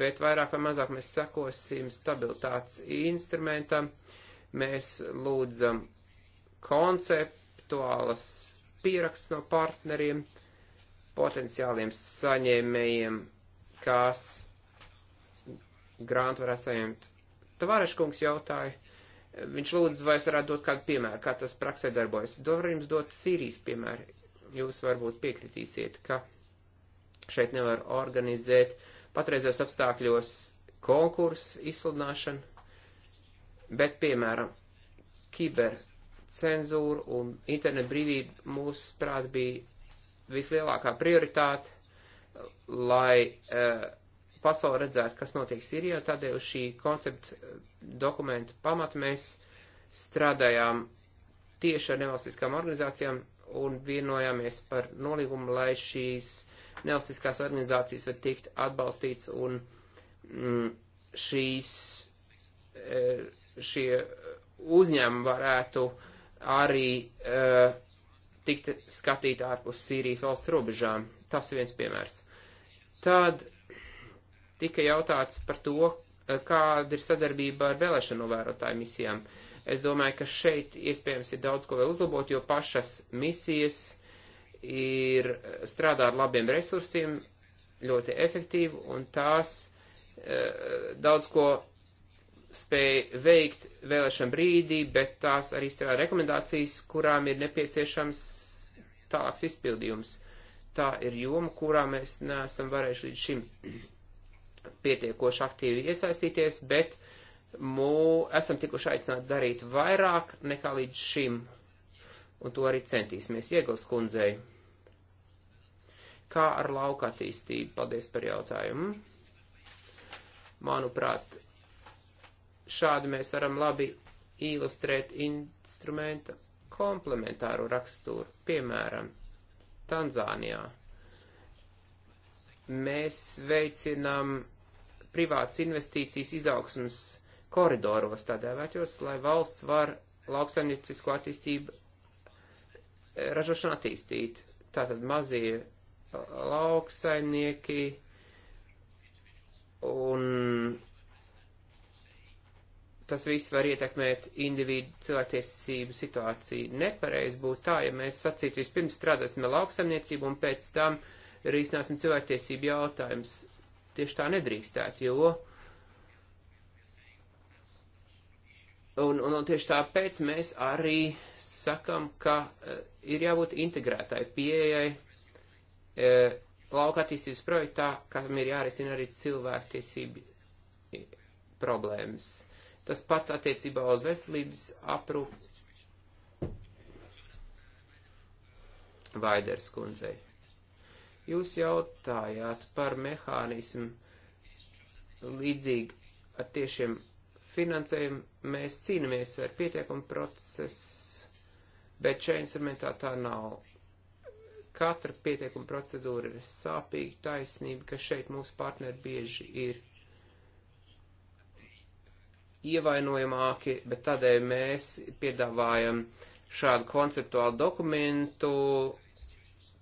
bet vairāk vai mazāk mēs sekosim stabilitātes instrumentam. Mēs lūdzam konceptuālas pieraksts no partneriem, potenciāliem saņēmējiem, kas grantu varētu saņemt. Tavāreškungs jautāja Viņš lūdz, vai es varētu dot kādu piemēru, kā tas praksē darbojas. Dovaru jums dot Sīrijas piemēru. Jūs varbūt piekritīsiet, ka šeit nevar organizēt patreizējos apstākļos konkursu izsludināšanu, bet, piemēram, kibercenzūra un internet brīvība mūs prāt bija vislielākā prioritāte, lai uh, pasauli redzētu, kas notiek Sīrijā, tādēļ uz šī koncepta eh, dokumentu pamatu mēs strādājām tieši ar nevalstiskām organizācijām un vienojāmies par nolīgumu, lai šīs nevalstiskās organizācijas var tikt atbalstīts un mm, šīs, eh, šie uzņēmumi varētu arī uh, tikt skatīti ārpus Sīrijas valsts robežām. Tas ir viens piemērs. Tad tika jautāts par to, eh, kāda ir sadarbība ar vēlēšanu novērotāju misijām. Es domāju, ka šeit iespējams ir daudz ko vēl uzlabot, jo pašas misijas ir eh, strādā ar labiem resursiem, ļoti efektīvi, un tās e, daudz ko spēja veikt vēlēšana brīdī, bet tās arī strādā rekomendācijas, kurām ir nepieciešams tālāks izpildījums. Tā ir joma, kurā mēs neesam varējuši līdz šim pietiekoši aktīvi iesaistīties, bet mū, esam tikuši aicināti darīt vairāk nekā līdz šim, un to arī centīsimies ieglas kundzei. Kā ar lauka attīstību? Paldies par jautājumu. Manuprāt, šādi mēs varam labi ilustrēt instrumenta komplementāru raksturu, piemēram, Tanzānijā. Mēs veicinām privātas investīcijas izaugsmas koridoros tādā vēķos, lai valsts var lauksaimniecisko attīstību eh, ražošanu attīstīt. Tātad mazie eh, lauksaimnieki un tas viss var ietekmēt individu cilvēktiesību situāciju. Nepareiz būtu tā, ja mēs sacītu, vispirms strādāsim ar lauksaimniecību un pēc tam risināsim cilvēktiesību jautājumus tieši tā nedrīkstētu, jo. Un, un, un tieši tāpēc mēs arī sakam, ka uh, ir jābūt integrētai pieejai uh, lauka attīstības projektā, kam ir jārisina arī cilvēktiesību e, problēmas. Tas pats attiecībā uz veselības aprūpi Vaiders kundzei. Jūs jautājāt par mehānismu līdzīgi ar tiešiem finansējumu. Mēs cīnāmies ar pieteikumu procesu, bet šajā instrumentā tā nav. Katra pieteikuma procedūra ir sāpīga taisnība, ka šeit mūsu partneri bieži ir ievainojamāki, bet tādēļ mēs piedāvājam šādu konceptuālu dokumentu,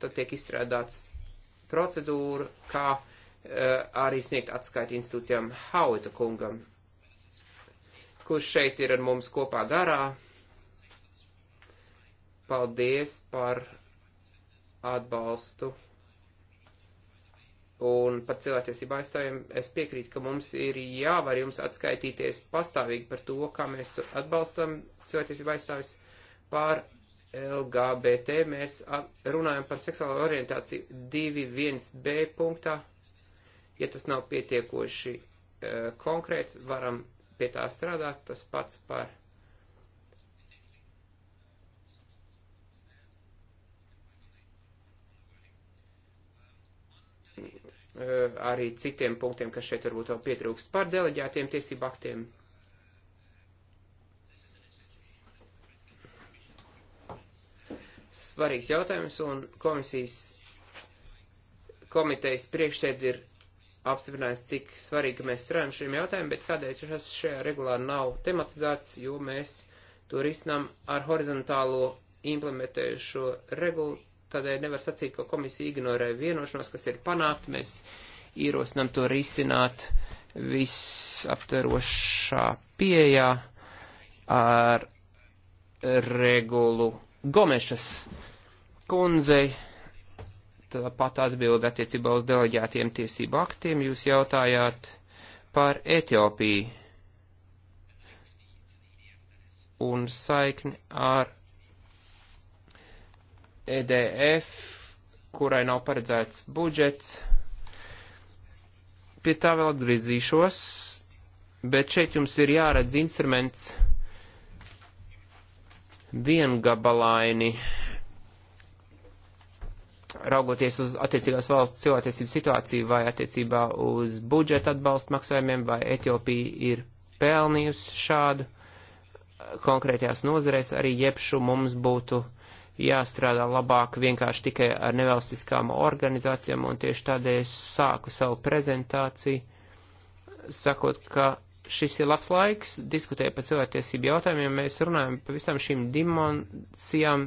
tad tiek izstrādāts procedūru, kā uh, arī sniegt atskaiti institūcijām Hauita kungam, kurš šeit ir ar mums kopā garā. Paldies par atbalstu. Un par cilvēktiesību aizstāvjiem es piekrītu, ka mums ir jāvar jums atskaitīties pastāvīgi par to, kā mēs atbalstam cilvēktiesību aizstāvis pār LGBT mēs runājam par seksuālo orientāciju 2.1b punktā. Ja tas nav pietiekoši e, konkrēti, varam pie tā strādāt. Tas pats par. E, arī citiem punktiem, kas šeit varbūt vēl pietrūkst par deleģētiem tiesību aktiem. svarīgs jautājums, un komisijas komitejas priekšsēd ir apstiprinājis, cik svarīgi mēs strādājam šiem jautājumiem, bet kādēļ šis šajā regulā nav tematizēts, jo mēs to risinām ar horizontālo implementējušo regulu, tādēļ nevar sacīt, ka komisija ignorē vienošanos, kas ir panākt, mēs ierosinām to risināt visaptverošā pieejā ar regulu Gomešas kundzei tāpat atbild attiecībā uz deleģētiem tiesību aktiem. Jūs jautājāt par Etiopiju un saikni ar EDF, kurai nav paredzēts budžets. Pie tā vēl atgriezīšos, bet šeit jums ir jāredz instruments viengabalaini raugoties uz attiecīgās valsts cilvēktiesību situāciju vai attiecībā uz budžeta atbalstu maksājumiem, vai Etiopija ir pelnījusi šādu konkrētajās nozarēs, arī jebšu mums būtu jāstrādā labāk vienkārši tikai ar nevalstiskām organizācijām, un tieši tādēļ es sāku savu prezentāciju, sakot, ka šis ir labs laiks diskutēt par cilvēktiesību jautājumiem. Mēs runājam par visām šīm dimensijām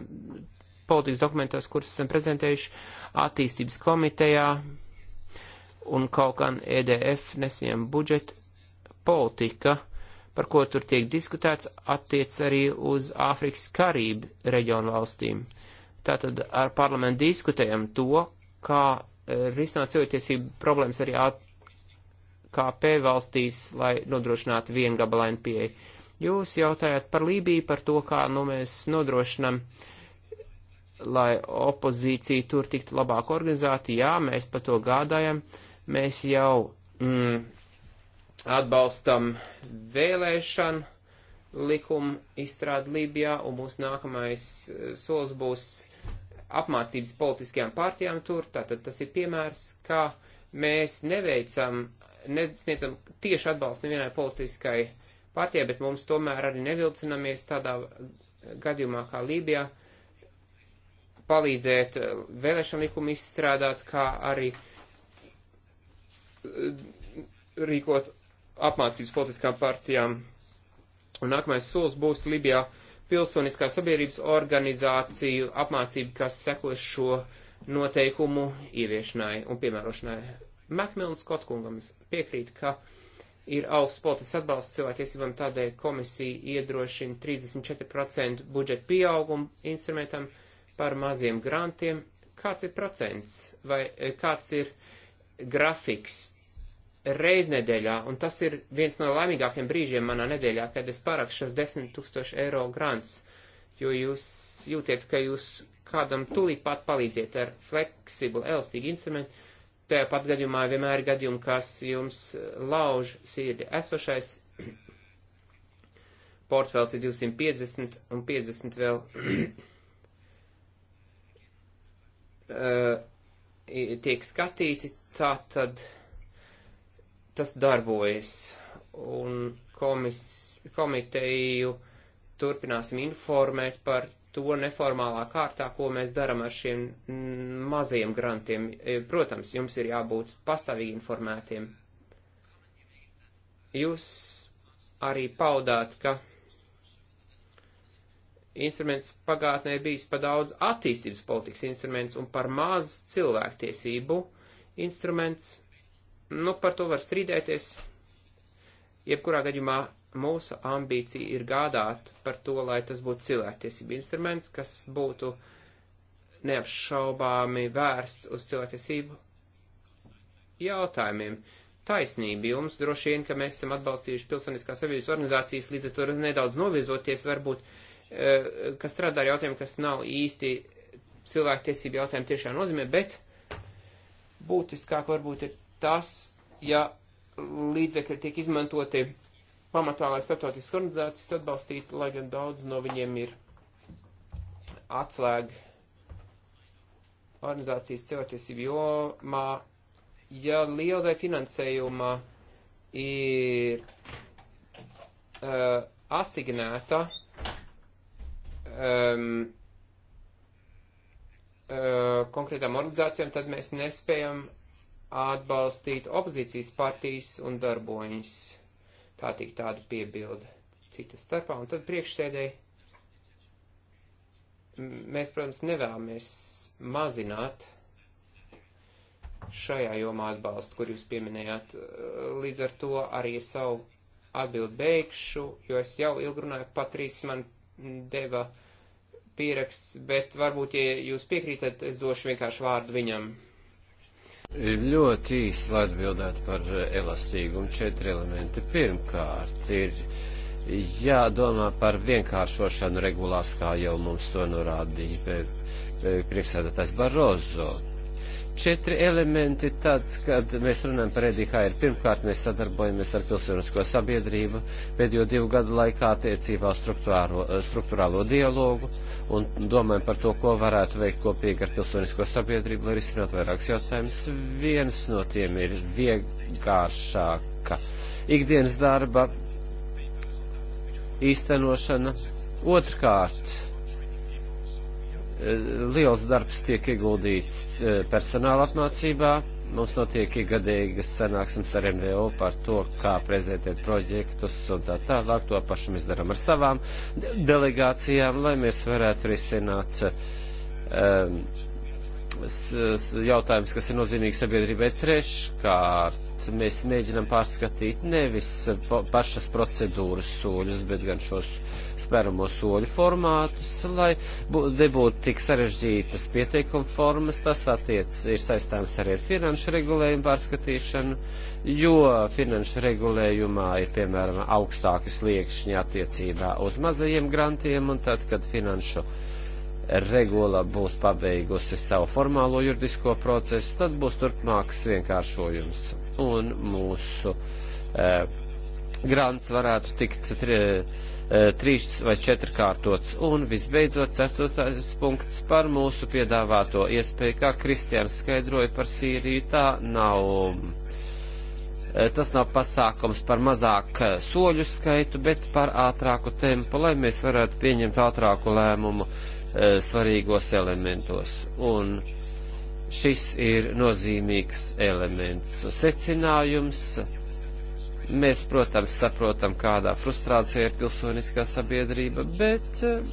politikas dokumentos, kurus esam prezentējuši attīstības komitejā un kaut kā EDF nesiem budžeta politika, par ko tur tiek diskutēts, attiec arī uz Āfrikas Karību reģionu valstīm. Tātad ar parlamentu diskutējam to, kā eh, risināt cilvēktiesību problēmas arī KP valstīs, lai nodrošinātu viengabalainu pieeju. Jūs jautājat par Lībiju, par to, kā nu, mēs nodrošinam, lai opozīcija tur tiktu labāk organizēta. Jā, mēs par to gādājam. Mēs jau mm, atbalstam vēlēšanu likumu izstrādi Lībijā, un mūsu nākamais eh, solis būs apmācības politiskajām partijām tur. Tātad tas ir piemērs, kā mēs neveicam nesniedzam tieši atbalstu nevienai politiskai partijai, bet mums tomēr arī nevilcinamies tādā gadījumā kā Lībijā palīdzēt eh, vēlēšanu likumu izstrādāt, kā arī eh, rīkot apmācības politiskām partijām. Un nākamais solis būs Libijā pilsoniskā sabiedrības organizāciju apmācība, kas sekos šo noteikumu ieviešanai un piemērošanai. Makmilns Kotkungam piekrīt, ka ir augsts politisks atbalsts cilvēktiesībām, tādēļ komisija iedrošina 34% budžeta pieaugumu instrumentam par maziem grantiem. Kāds ir procents vai eh, kāds ir grafiks reiz nedēļā, un tas ir viens no laimīgākiem brīžiem manā nedēļā, kad es parakšu šos 10 tūkstoši eiro grants, jo jūs jūtiet, ka jūs kādam tūlīt pat palīdziet ar fleksiblu, elastīgu instrumentu, Tajā pat gadījumā vienmēr ir gadījumi, kas jums lauž sirdi. Esošais [CLEARS THROAT] portfels ir 250 un 50 vēl [CLEARS THROAT] eh, tiek skatīti, tā tad tas darbojas. Un komis, komiteju turpināsim informēt par to neformālā kārtā, ko mēs darām ar šiem mazajiem grantiem. E, protams, jums ir jābūt pastāvīgi informētiem. Jūs arī paudāt, ka instruments pagātnē bijis pa daudz attīstības politikas instruments un par maz cilvēktiesību instruments. Nu, par to var strīdēties. Jebkurā gadījumā mūsu ambīcija ir gādāt par to, lai tas būtu cilvēktiesība instruments, kas būtu neapšaubāmi vērsts uz cilvēktiesību jautājumiem. Taisnība jums droši vien, ka mēs esam atbalstījuši pilsoniskās sabiedrības organizācijas, līdz ar to nedaudz novirzoties varbūt, e, kas strādā ar jautājumiem, kas nav īsti cilvēktiesību jautājumi tiešā nozīmē, bet būtiskāk varbūt ir tas, ja līdzekļi tiek izmantoti uh, pamatā, lai starptautiskas organizācijas atbalstītu, lai gan daudz no viņiem ir atslēga organizācijas cilvēktiesību jomā, ja lielai finansējumā ir uh, asignēta um, uh, konkrētām organizācijām, tad mēs nespējam atbalstīt opozīcijas partijas un darboņus. Uh, Tā tik tāda piebilda citas starpā. Un tad priekšsēdēji mēs, protams, nevēlamies mazināt šajā jomā atbalstu, kur jūs pieminējāt. Līdz ar to arī savu atbildi beigšu, jo es jau ilgrunāju, Patrīs man deva pieraksts, bet varbūt, ja jūs piekrītat, es došu vienkārši vārdu viņam. Ļoti īsi, lai atbildētu par eh, elastīgumu, četri elementi. Pirmkārt, ir jādomā par vienkāršošanu regulās, kā jau mums to norādīja eh, eh, priekšsēdētājs Barozo četri elementi tad, kad mēs runājam par EDHR. Pirmkārt, mēs sadarbojamies ar pilsonisko sabiedrību pēdējo divu gadu laikā attiecībā eh, struktūrālo dialogu un domājam par to, ko varētu veikt kopīgi ar pilsonisko sabiedrību, lai risinātu vairākus jautājumus. Viens no tiem ir vienkāršāka ikdienas darba īstenošana. Otrkārt, Eh, liels darbs tiek ieguldīts eh, personāla apmācībā. Mums notiek ikgadīgas sanāksmes ar NVO par to, kā prezentēt projektus un tā tālāk. To pašu mēs darām ar savām delegācijām, lai mēs varētu risināt um, eh, jautājums, kas ir nozīmīgs sabiedrībai treškārt. Mēs mēģinam pārskatīt nevis pašas procedūras soļus, bet gan šos spēramo soļu formātus, lai nebūtu tik sarežģītas pieteikuma formas. Tas attiec ir saistāms arī ar finanšu regulējumu pārskatīšanu, jo finanšu regulējumā ir, piemēram, augstāki sliekšņi attiecībā uz mazajiem grantiem, un tad, kad finanšu regula būs pabeigusi savu formālo juridisko procesu, tad būs turpmāks vienkāršojums. Un mūsu eh, grants varētu tikt tri, Eh, trīs vai četrkārtots. Un visbeidzot, ceturtais punkts par mūsu piedāvāto iespēju, kā Kristians skaidroja par Sīriju, tā nav. Eh, tas nav pasākums par mazāk eh, soļu skaitu, bet par ātrāku tempu, lai mēs varētu pieņemt ātrāku lēmumu svarīgos elementos. Un šis ir nozīmīgs elements. Secinājums Mēs, protams, saprotam, kādā frustrācijā ir pilsoniskā sabiedrība, bet eh,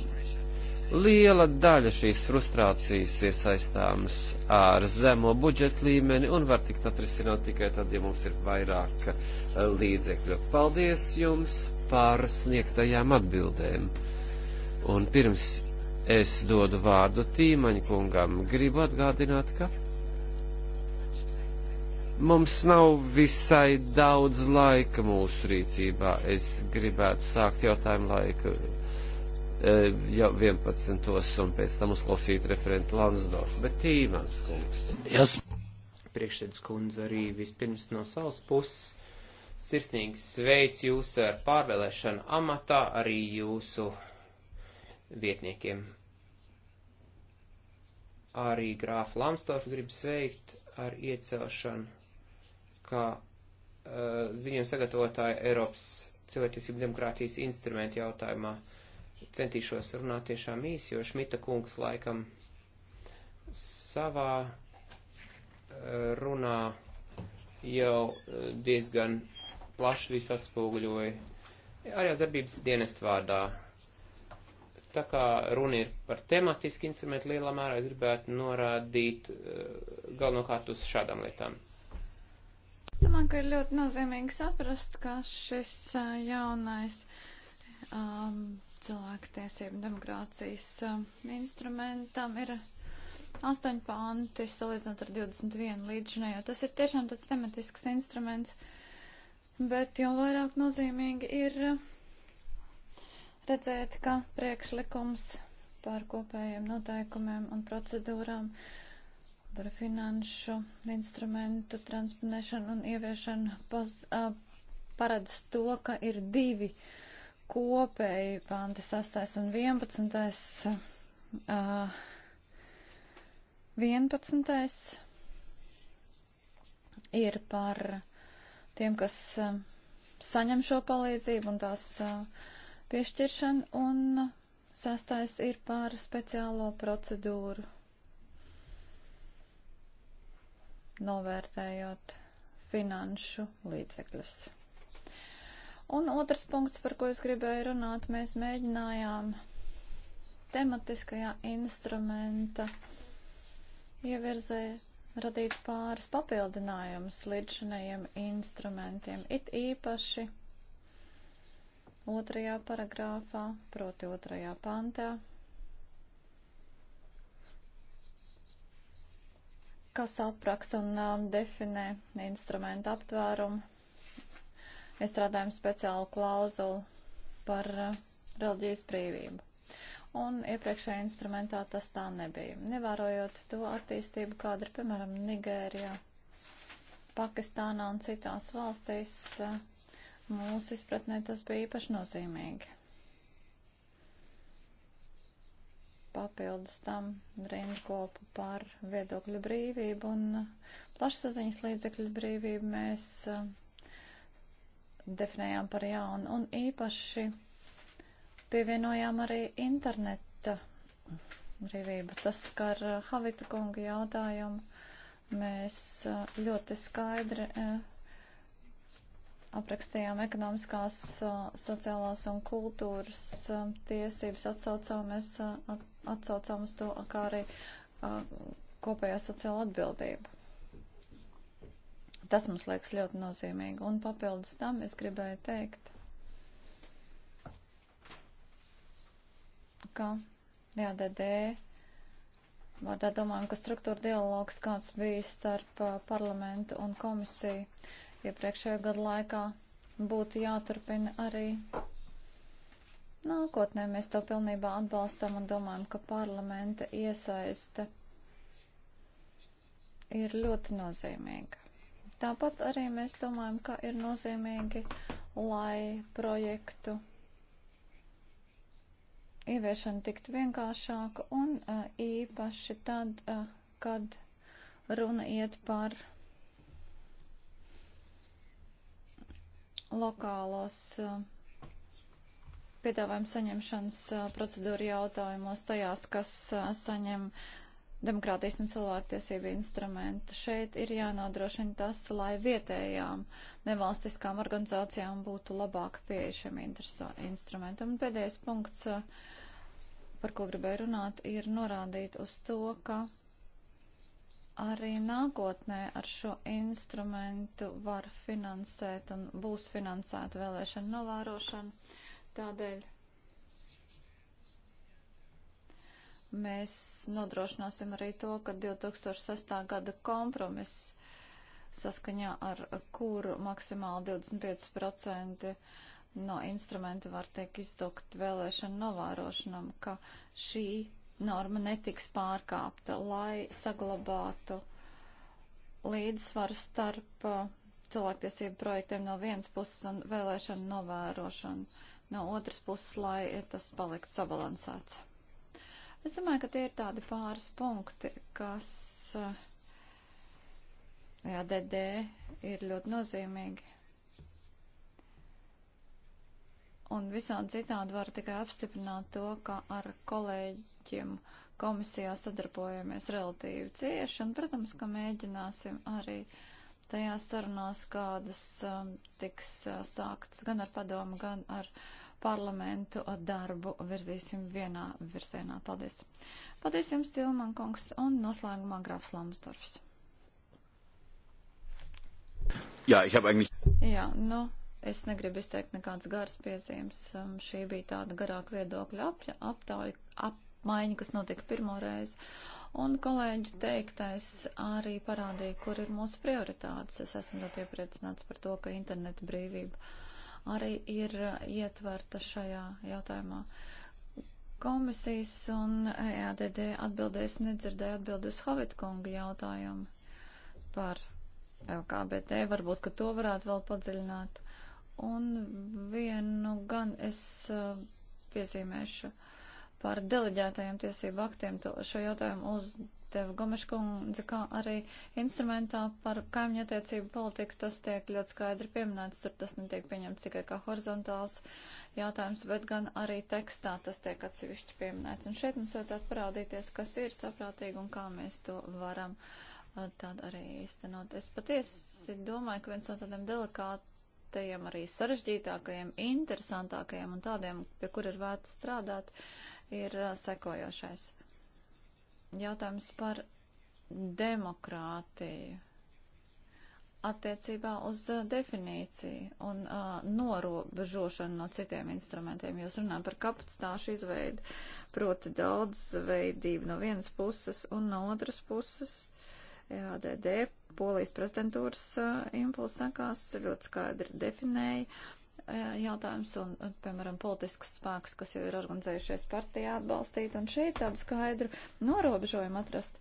liela daļa šīs frustrācijas ir saistāmas ar zemo budžetu līmeni un var tikt atrisināt tikai tad, ja mums ir vairāk eh, līdzekļu. Paldies jums par sniegtajām atbildēm. Un pirms es dodu vārdu Tīmaņkungam, gribu atgādināt, ka Mums nav visai daudz laika mūsu rīcībā. Es gribētu sākt jautājumu laiku e, jau 11. un pēc tam uzklausīt referentu Lansdorfu, bet Tīmans kungs. Yes. Priekšsēdus kundze arī vispirms no savas puses sirsnīgi sveic jūs ar pārvēlēšanu amatā arī jūsu vietniekiem. Arī grāfu Lamstorfu grib sveikt ar iecelšanu kā uh, e, ziņojuma sagatavotāja Eiropas cilvēktiesību demokrātijas instrumentu jautājumā. Centīšos runāt tiešām īsi, jo Šmita kungs laikam savā uh, runā jau uh, diezgan plaši visu atspoguļoja ārējās darbības dienestu vārdā. Tā kā runa ir par tematisku instrumentu lielā mērā, es gribētu norādīt uh, galvenokārt uz šādām lietām. Uh, Es domāju, ka ir ļoti nozīmīgi saprast, ka šis jaunais um, cilvēktiesību demokrācijas um, instrumentam ir 8 panti, salīdzinot ar 21 līdzinējo. Tas ir tiešām tāds tematisks instruments, bet jau vairāk nozīmīgi ir redzēt, ka priekšlikums par kopējiem noteikumiem un procedūrām uh, par finanšu instrumentu transponēšanu un ieviešanu paz, a, paredz to, ka ir divi kopēji panti 6 un 11. A, 11. ir par tiem, kas a, saņem šo palīdzību un tās a, piešķiršanu, un 6. ir par speciālo procedūru novērtējot finanšu līdzekļus. Un otrs punkts, par ko es gribēju runāt, mēs mēģinājām tematiskajā instrumenta ievirzē radīt pāris papildinājumus līdzšinējiem instrumentiem, it īpaši otrajā paragrāfā, proti otrajā pantā, kas apraksta un uh, definē instrumentu aptvērumu. Iestrādājam speciālu klauzulu par uh, reliģijas brīvību. Un iepriekšējā instrumentā tas tā nebija. Nevērojot to attīstību, kāda ir, piemēram, Nigērijā, Pakistānā un citās valstīs, uh, mūsu izpratnē tas bija īpaši nozīmīgi. papildus tam rindkopu par viedokļu brīvību un plašsaziņas līdzekļu brīvību mēs eh, definējām par jaunu un īpaši pievienojām arī interneta brīvību. Tas skar eh, Havita kunga jautājumu. Mēs eh, ļoti skaidri aprakstījām ekonomiskās, sociālās un kultūras tiesības, atsaucāmies at atsaucām uz to, kā arī uh, kopējā sociāla atbildība. Tas mums liekas ļoti nozīmīgi. Un papildus tam es gribēju teikt, ka JDD vārdā domājam, ka struktūra dialogs kāds bija starp parlamentu un komisiju iepriekšējo gadu laikā būtu jāturpina arī Nākotnē mēs to pilnībā atbalstam un domājam, ka parlamenta iesaiste ir ļoti nozīmīga. Tāpat arī mēs domājam, ka ir nozīmīgi, lai projektu ieviešana tiktu vienkāršāka un īpaši tad, kad runa iet par lokālos uh, piedāvājuma saņemšanas procedūra jautājumos tajās, kas saņem demokrātijas un cilvēktiesību instrumentu. Šeit ir jānodrošina tas, lai vietējām nevalstiskām organizācijām būtu labāka pieeja šiem instrumentam. Un pēdējais punkts, par ko gribēju runāt, ir norādīt uz to, ka arī nākotnē ar šo instrumentu var finansēt un būs finansēta vēlēšana novērošana Tādēļ mēs nodrošināsim arī to, ka 2006. gada kompromiss saskaņā ar kuru maksimāli 25% no instrumenta var tiek izdokt vēlēšanu novērošanam, ka šī norma netiks pārkāpta, lai saglabātu līdzsvaru starp uh, cilvēktiesību projektiem no vienas puses un vēlēšanu novērošanu no otras puses, lai tas palikt sabalansēts. Es domāju, ka tie ir tādi pāris punkti, kas eh, jā, DD ir ļoti nozīmīgi. Un visādi citādi var tikai apstiprināt to, ka ar kolēģiem komisijā sadarbojamies relatīvi cieši, un, protams, ka mēģināsim arī uh, tajās sarunās, kādas um, tiks uh, sāktas gan ar padomu, gan ar parlamentu darbu, virzīsim vienā virzienā. Paldies! Paldies jums, Tilman kungs, un noslēgumā Grafs Lamsdorfs. Jā, ich habe eigentlich. Jā, nu, es negribu izteikt nekādas garas piezīmes. Um, šī bija tāda garāka viedokļa aptauja, ap, apmaiņa, kas notika pirmoreiz. Un kolēģu teiktais arī parādīja, kur ir mūsu prioritātes. Es esmu ļoti iepriecināts par to, ka interneta brīvība arī ir ietverta šajā jautājumā. Komisijas un EADD atbildēs nedzirdēja atbildi uz Havitkonga jautājumu par LKBT. Varbūt, ka to varētu vēl padziļināt. Un vienu gan es uh, piezīmēšu. Uh, par deleģētajiem tiesību aktiem. To, šo jautājumu uzdeva Gomeškundze, kā arī instrumentā par kaimiņu attiecību politiku. Tas tiek ļoti skaidri pieminēts, tur tas netiek pieņemts tikai kā horizontāls jautājums, bet gan arī tekstā tas tiek atsevišķi pieminēts. Un šeit mums vajadzētu parādīties, kas ir saprātīgi un kā mēs to varam tad arī īstenot. Es patiesi domāju, ka viens no tādiem delikātajiem, arī sarežģītākajiem, interesantākajiem un tādiem, pie kur ir vērts strādāt, uh, ir sekojošais. Jautājums par demokrātiju attiecībā uz definīciju un uh, norobežošanu no citiem instrumentiem. Jūs runājat par kapacitāšu izveidu, proti daudzveidību no vienas puses un no otras puses. EADD, Polijas prezidentūras uh, impulsakās, ļoti skaidri definēja E, jautājums un, un, piemēram, politisks spēks, kas jau ir organizējušies partijā atbalstīt un šeit tādu skaidru norobežojumu atrast.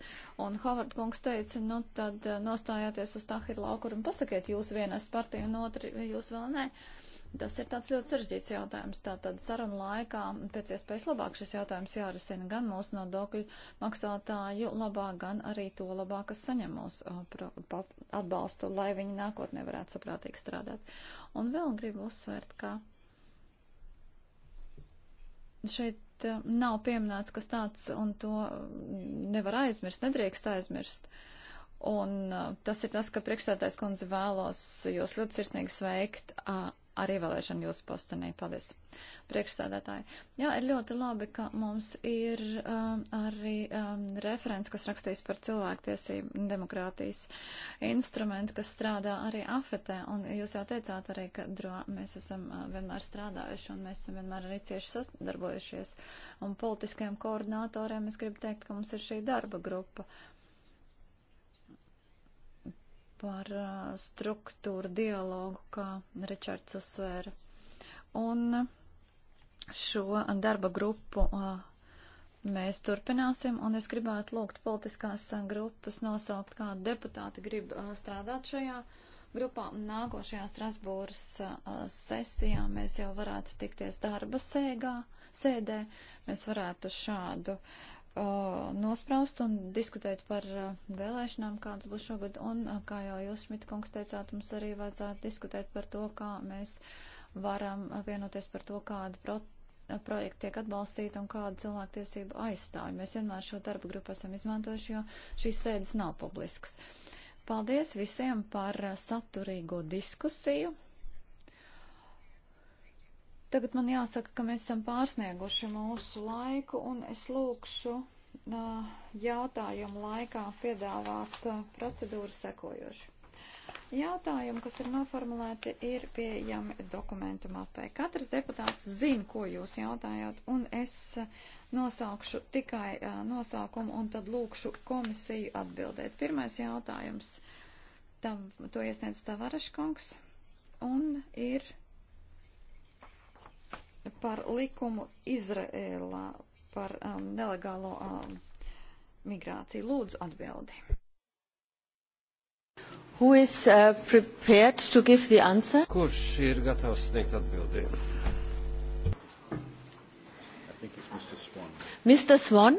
Un Havard kungs teica, nu tad e, nostājāties uz Tahiru laukuru un pasakiet, jūs vienas partiju un otri, jūs vēl nē. Uh, Tas ir tāds ļoti sarežģīts jautājums. Tātad sarunu laikā pēc iespējas labāk šis jautājums jārisina gan mūsu nodokļu maksātāju labā, gan arī to labā, kas saņem mūsu uh, atbalstu, lai viņi nākotnē varētu saprātīgi strādāt. Un vēl gribu uzsvērt, ka šeit uh, nav pieminēts kas tāds, un to mm, nevar aizmirst, nedrīkst aizmirst. Un uh, tas ir tas, ka priekšstādājs kundze vēlos jūs ļoti sirsnīgi sveikt ar ievēlēšanu jūsu postenī. Paldies, priekšsēdētāji. Jā, ir ļoti labi, ka mums ir um, arī um, referents, kas rakstīs par cilvēktiesību un demokrātijas instrumentu, kas strādā arī afetē. Un jūs jau teicāt arī, ka dro, mēs esam uh, vienmēr strādājuši un mēs esam vienmēr arī cieši sadarbojušies. Un politiskajiem koordinātoriem es gribu teikt, ka mums ir šī darba grupa. Uh, par uh, struktūru dialogu, kā Ričards uzsvēra. Un šo darba grupu uh, mēs turpināsim, un es gribētu lūgt politiskās grupas nosaukt, kā deputāti grib uh, strādāt šajā grupā. Nākošajā Strasbūras sesijā mēs jau varētu tikties darba sēgā, sēdē, mēs varētu šādu uh, uh, nospraust un diskutēt par uh, vēlēšanām, kādas būs šogad. Un, uh, kā jau jūs, Šmita kungs, teicāt, mums arī vajadzētu diskutēt par to, kā mēs varam uh, vienoties par to, kāda pro uh, projekta tiek atbalstīta un kāda cilvēktiesība aizstāvja. Mēs vienmēr šo darba grupu esam izmantojuši, jo šīs sēdes nav publiskas. Paldies visiem par uh, saturīgo diskusiju. Tagad man jāsaka, ka mēs esam pārsnieguši mūsu laiku, un es lūkšu jautājumu laikā piedāvāt procedūru sekojoši. Jautājumi, kas ir noformulēti, ir pieejami dokumentu mapē. Katrs deputāts zina, ko jūs jautājāt, un es nosaukšu tikai nosaukumu un tad lūkšu komisiju atbildēt. Pirmais jautājums. Tam, to iesniedz Tavaraškungs un ir par likumu Izrēlā par um, nelegālo um, migrāciju. Lūdzu atbildi. Who is uh, prepared to give the answer? Kurš ir gatavs sniegt atbildību? Mr. Swan. Mr. Swan?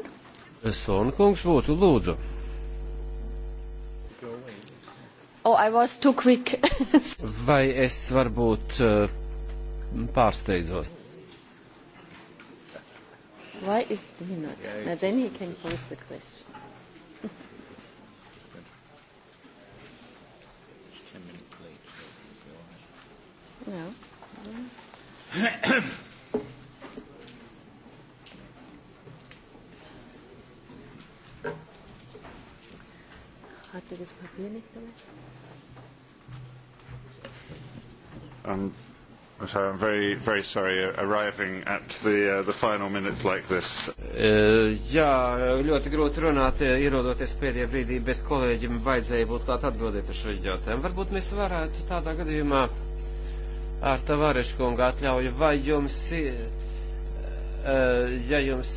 Eh, Swan kungs būtu lūdzu. Oh, I was too quick. [LAUGHS] Vai es varbūt uh, pārsteidzos? Why is he not? Yeah, now then he can pose the question. No. Hat er das Papier nicht dabei? Um, So I'm very, very sorry arriving at the, uh, the final minute like this. Uh, jā, ļoti grūti runāt, uh, ierodoties pēdējā brīdī, bet kolēģim vajadzēja būt klāt atbildēt uz šo jautājumu. Varbūt mēs varētu tādā gadījumā ar tavarešu kungu atļauju, vai jums ir, uh, ja jums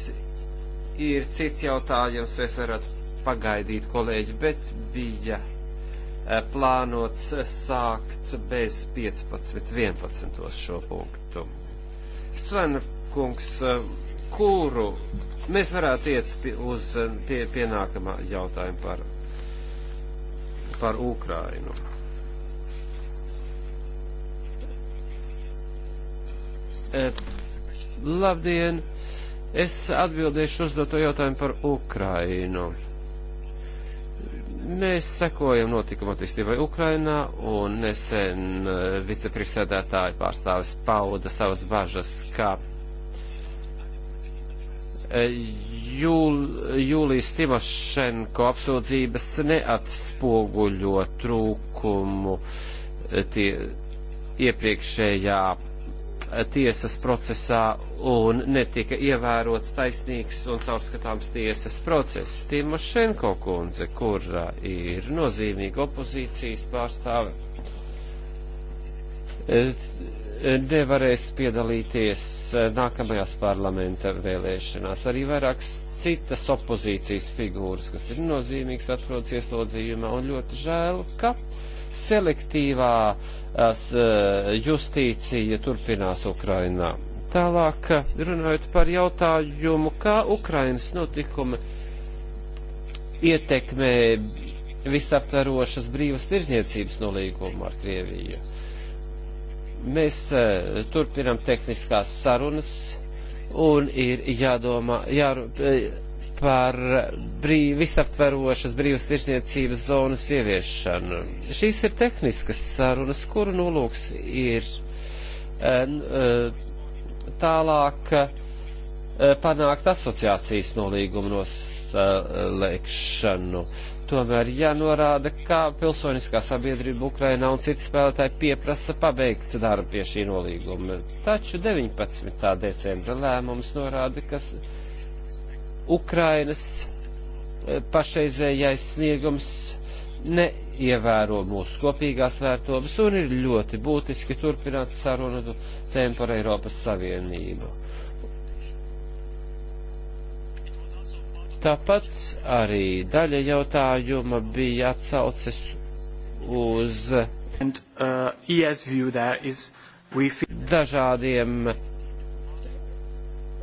ir cits jautājums, vai es varētu pagaidīt kolēģi, bet bija Eh, plānots eh, sākt bez 15.11. šo punktu. Svena kungs, eh, kuru mēs varētu iet pie, uz pie, pie nākamā jautājuma par, par Ukrainu. Labdien! Es atbildēšu uzdoto jautājumu par Ukrainu. Mēs sekojam notikuma attīstībai Ukrainā, un nesen eh, vicepriekšsēdētāji pārstāvis pauda savas bažas, ka eh, jūl, Jūlijas Timošenko apsūdzības neatspoguļo trūkumu eh, tie, iepriekšējā tiesas procesā un netika ievērots taisnīgs un caurskatāms tiesas process. Timošenko kundze, kurā ir nozīmīga opozīcijas pārstāve, eh, nevarēs piedalīties eh, nākamajās parlamenta vēlēšanās. Arī vairākas citas opozīcijas figūras, kas ir nozīmīgas, atrodas ieslodzījumā un ļoti žēl, ka selektīvā uh, Eh, justīcija turpinās Ukrainā. Tālāk eh, runājot par jautājumu, kā Ukrainas notikumi ietekmē visaptverošas brīvas tirzniecības nolīgumu ar Krieviju. Mēs eh, turpinam tehniskās sarunas un ir jādomā, jā, par brīv, visaptverošas brīvas tirsniecības zonas ieviešanu. Šīs ir tehniskas sarunas, kuru nolūks ir eh, eh, tālāk eh, panākt asociācijas nolīgumu noslēgšanu. Tomēr jānorāda, kā pilsoniskā sabiedrība Ukrainā un citi spēlētāji pieprasa pabeigt darbu pie šī nolīguma. Taču 19. decembra lēmums norāda, kas Ukrainas eh, pašreizējais sniegums neievēro mūsu kopīgās vērtības un ir ļoti būtiski turpināt sarunu tempu ar Eiropas Savienību. Tāpat arī daļa jautājuma bija atsauces uz And, uh, e is... dažādiem uh,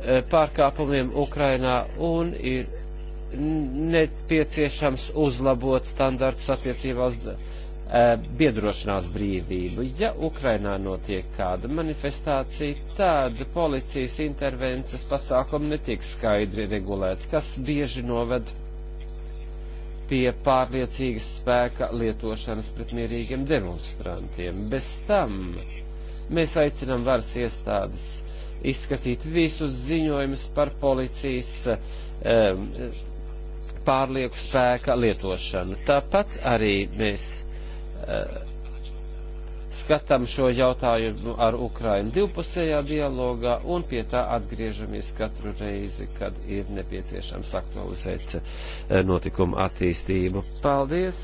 Eh, pārkāpumiem Ukrainā un ir nepieciešams uzlabot standartus attiecībā uz eh, biedrošanās brīvību. Ja Ukrainā notiek kāda manifestācija, tad policijas intervences pasākumi netiek skaidri regulēti, kas bieži noved pie pārliecīgas spēka lietošanas pret mierīgiem demonstrantiem. Bez tam mēs aicinām varas iestādes izskatīt visus ziņojumus par policijas um, pārlieku spēka lietošanu. Tāpat arī mēs uh, skatām šo jautājumu ar Ukrainu divpusējā dialogā un pie tā atgriežamies katru reizi, kad ir nepieciešams aktualizēt e, notikumu attīstību. Paldies!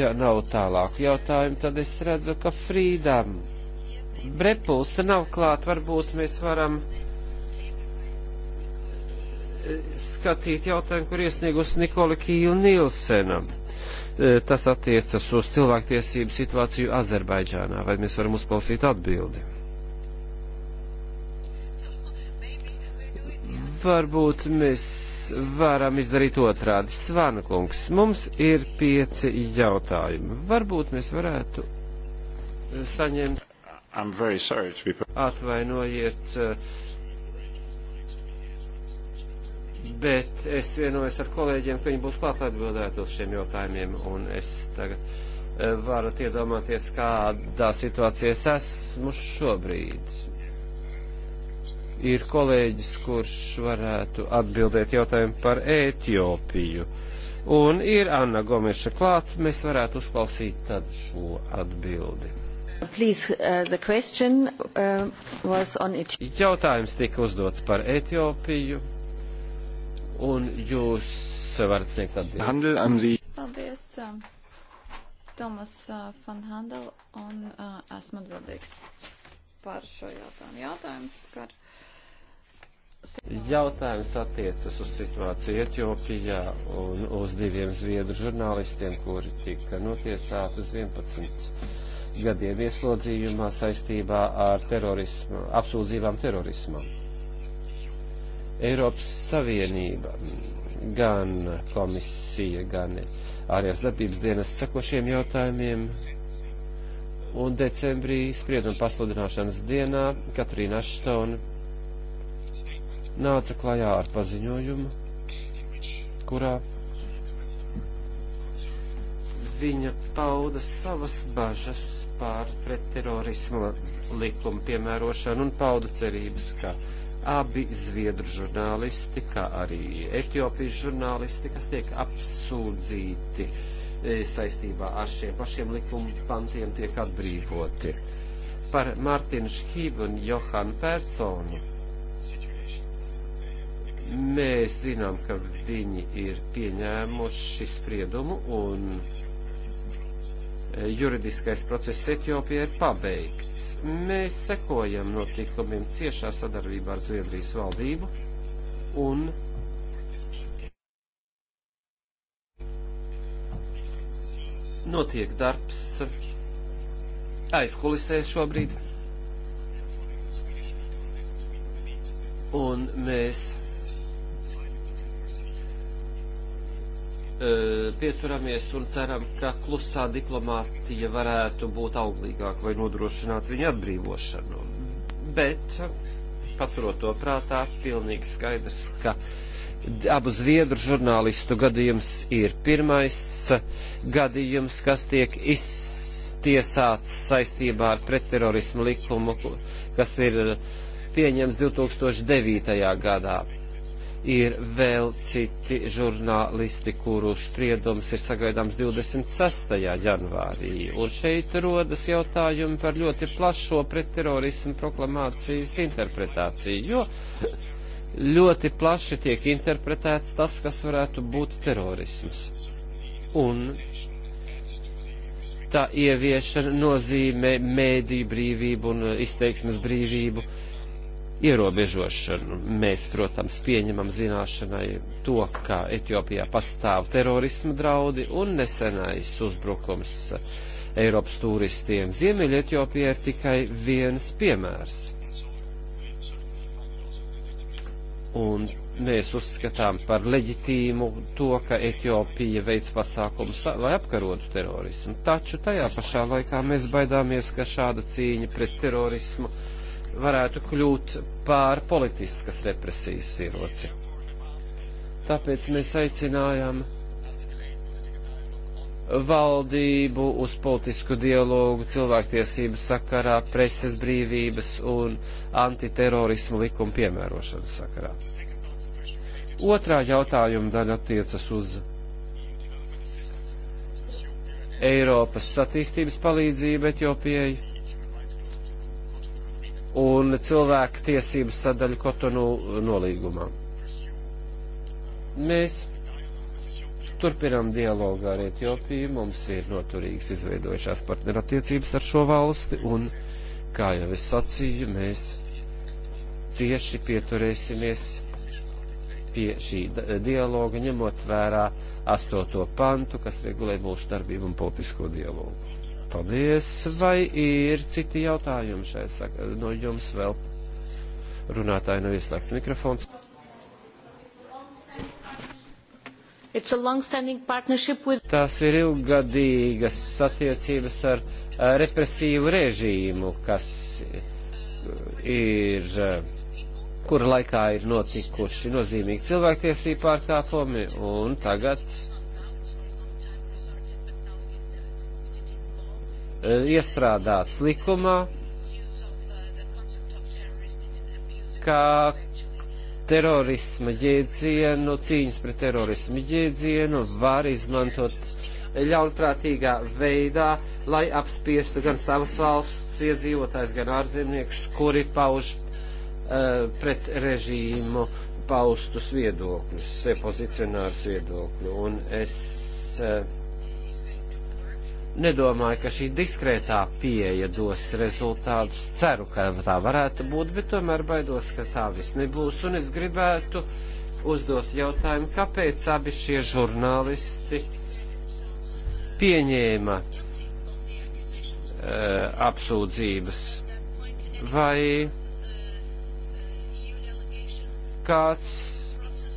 ja nav tālāku jautājumu, tad es redzu, ka Frīdam Brepulsa nav klāt. Varbūt mēs varam eh, skatīt jautājumu, kur iesniegus Nikola Kīla Nilsena. Eh, tas attiecas uz cilvēktiesību situāciju Azerbaidžānā. Vai mēs varam uzklausīt atbildi? Varbūt mēs varam izdarīt otrādi. Svankungs, mums ir pieci jautājumi. Varbūt mēs varētu eh, saņemt. Be... Atvainojiet, eh, bet es vienojos ar kolēģiem, ka viņi būs klāt atbildēt uz šiem jautājumiem, un es tagad eh, varat iedomāties, kādā situācijā es esmu šobrīd ir kolēģis, kurš varētu atbildēt jautājumu par Ētiopiju. Un ir Anna Gomeša klāt, mēs varētu uzklausīt tad šo atbildi. Please, uh, question, uh, Jautājums tika uzdots par Ētiopiju, un jūs varat sniegt atbildi. Paldies, uh, Tomas Fanhandel, uh, un uh, esmu atbildīgs par šo jautājumu. Jautājums skar Jautājums attiecas uz situāciju Etiopijā un uz diviem zviedru žurnālistiem, kuri tika notiesāti uz 11 gadiem ieslodzījumā saistībā ar terorismu, apsūdzībām terorismam. Eiropas Savienība, gan komisija, gan ārējās darbības dienas sako šiem jautājumiem un decembrī sprieduma pasludināšanas dienā Katrīna Aštona nāca klajā ar paziņojumu, kurā viņa pauda savas bažas pār pretterorismu likumu piemērošanu un pauda cerības, ka abi zviedru žurnālisti, kā arī etiopijas žurnālisti, kas tiek apsūdzīti e, saistībā ar šiem pašiem likumu pantiem, tiek atbrīvoti. Par Mārtiņu Šhību un Johanu Personu Mēs zinām, ka viņi ir pieņēmuši spriedumu un juridiskais process Etiopijā ir pabeigts. Mēs sekojam notikumiem ciešā sadarbībā ar Zviedrijas valdību un notiek darbs aizkulisēs šobrīd. Un mēs pieturamies un ceram, ka klusā diplomātija varētu būt auglīgāka vai nodrošināt viņa atbrīvošanu. Bet, paturot to prātā, pilnīgi skaidrs, ka abu zviedru žurnālistu gadījums ir pirmais gadījums, kas tiek iztiesāts saistībā ar pretterorismu likumu, kas ir pieņems 2009. gadā ir vēl citi žurnālisti, kuru spriedums ir sagaidāms 26. janvārī. Un šeit rodas jautājumi par ļoti plašo pretterorismu proklamācijas interpretāciju, jo ļoti plaši tiek interpretēts tas, kas varētu būt terorisms. Un tā ieviešana nozīmē mēdī brīvību un izteiksmes brīvību ierobežošanu. Mēs, protams, pieņemam zināšanai to, ka Etiopijā pastāv terorisma draudi un nesenais uzbrukums Eiropas turistiem. Ziemeļa Etiopija ir tikai viens piemērs. Un mēs uzskatām par leģitīmu to, ka Etiopija veic pasākumus, lai apkarotu terorismu. Taču tajā pašā laikā mēs baidāmies, ka šāda cīņa pret terorismu uh, varētu kļūt pār politiskas represijas ieroci. Tāpēc mēs aicinājām valdību uz politisku dialogu cilvēktiesību sakarā, preses brīvības un antiterorismu likumu piemērošanas sakarā. Otrā jautājuma daļa attiecas uz Eiropas attīstības palīdzību Etiopijai un cilvēku tiesības sadaļu Kotonu nolīgumā. Mēs turpinām dialogu ar Etiopiju, mums ir noturīgs izveidojušās partnerattiecības ar šo valsti, un, kā jau es sacīju, mēs cieši pieturēsimies pie šī dialoga, ņemot vērā astoto pantu, kas regulē mūsu darbību un politisko dialogu. Paldies! Vai ir citi jautājumi šai saka? No jums vēl runātāji nav ieslēgts mikrofons. With... Tās ir ilgadīgas attiecības ar eh, represīvu režīmu, kas eh, ir, eh, kura laikā ir notikuši nozīmīgi cilvēktiesību pārkāpumi, un tagad Eh, iestrādāts likumā, kā terorisma jēdzienu, cīņas pret terorismu jēdzienu var izmantot ļaunprātīgā veidā, lai apspiestu gan savas valsts iedzīvotājs, gan ārzemniekus, kuri pauž uh, pret režīmu paustus viedokļus, e, pozicionārus viedokļus. Un es uh, nedomāju, ka šī diskrētā pieeja dos rezultātus. Ceru, ka tā varētu būt, bet tomēr baidos, ka tā viss nebūs. Un es gribētu uzdot jautājumu, kāpēc abi šie žurnālisti pieņēma uh, apsūdzības vai kāds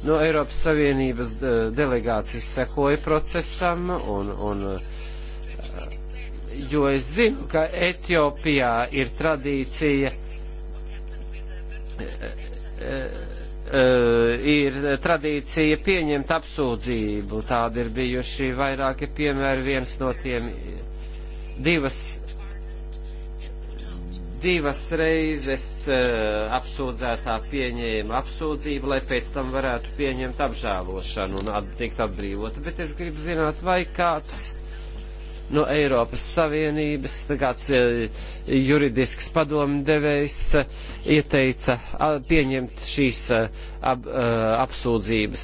no Eiropas Savienības eh, delegācijas sekoja procesam un, un uh, jo es zinu, ka Etiopijā ir tradīcija, eh, eh, ir tradīcija pieņemt apsūdzību. Tāda ir bijuši vairāki piemēri, viens no tiem divas divas reizes uh, apsūdzētā pieņēma apsūdzību, lai pēc tam varētu pieņemt apžēlošanu un at, tikt atbrīvota. Bet es gribu zināt, vai kāds no Eiropas Savienības, kāds eh, juridisks padomdevējs eh, ieteica pieņemt šīs eh, ab, apsūdzības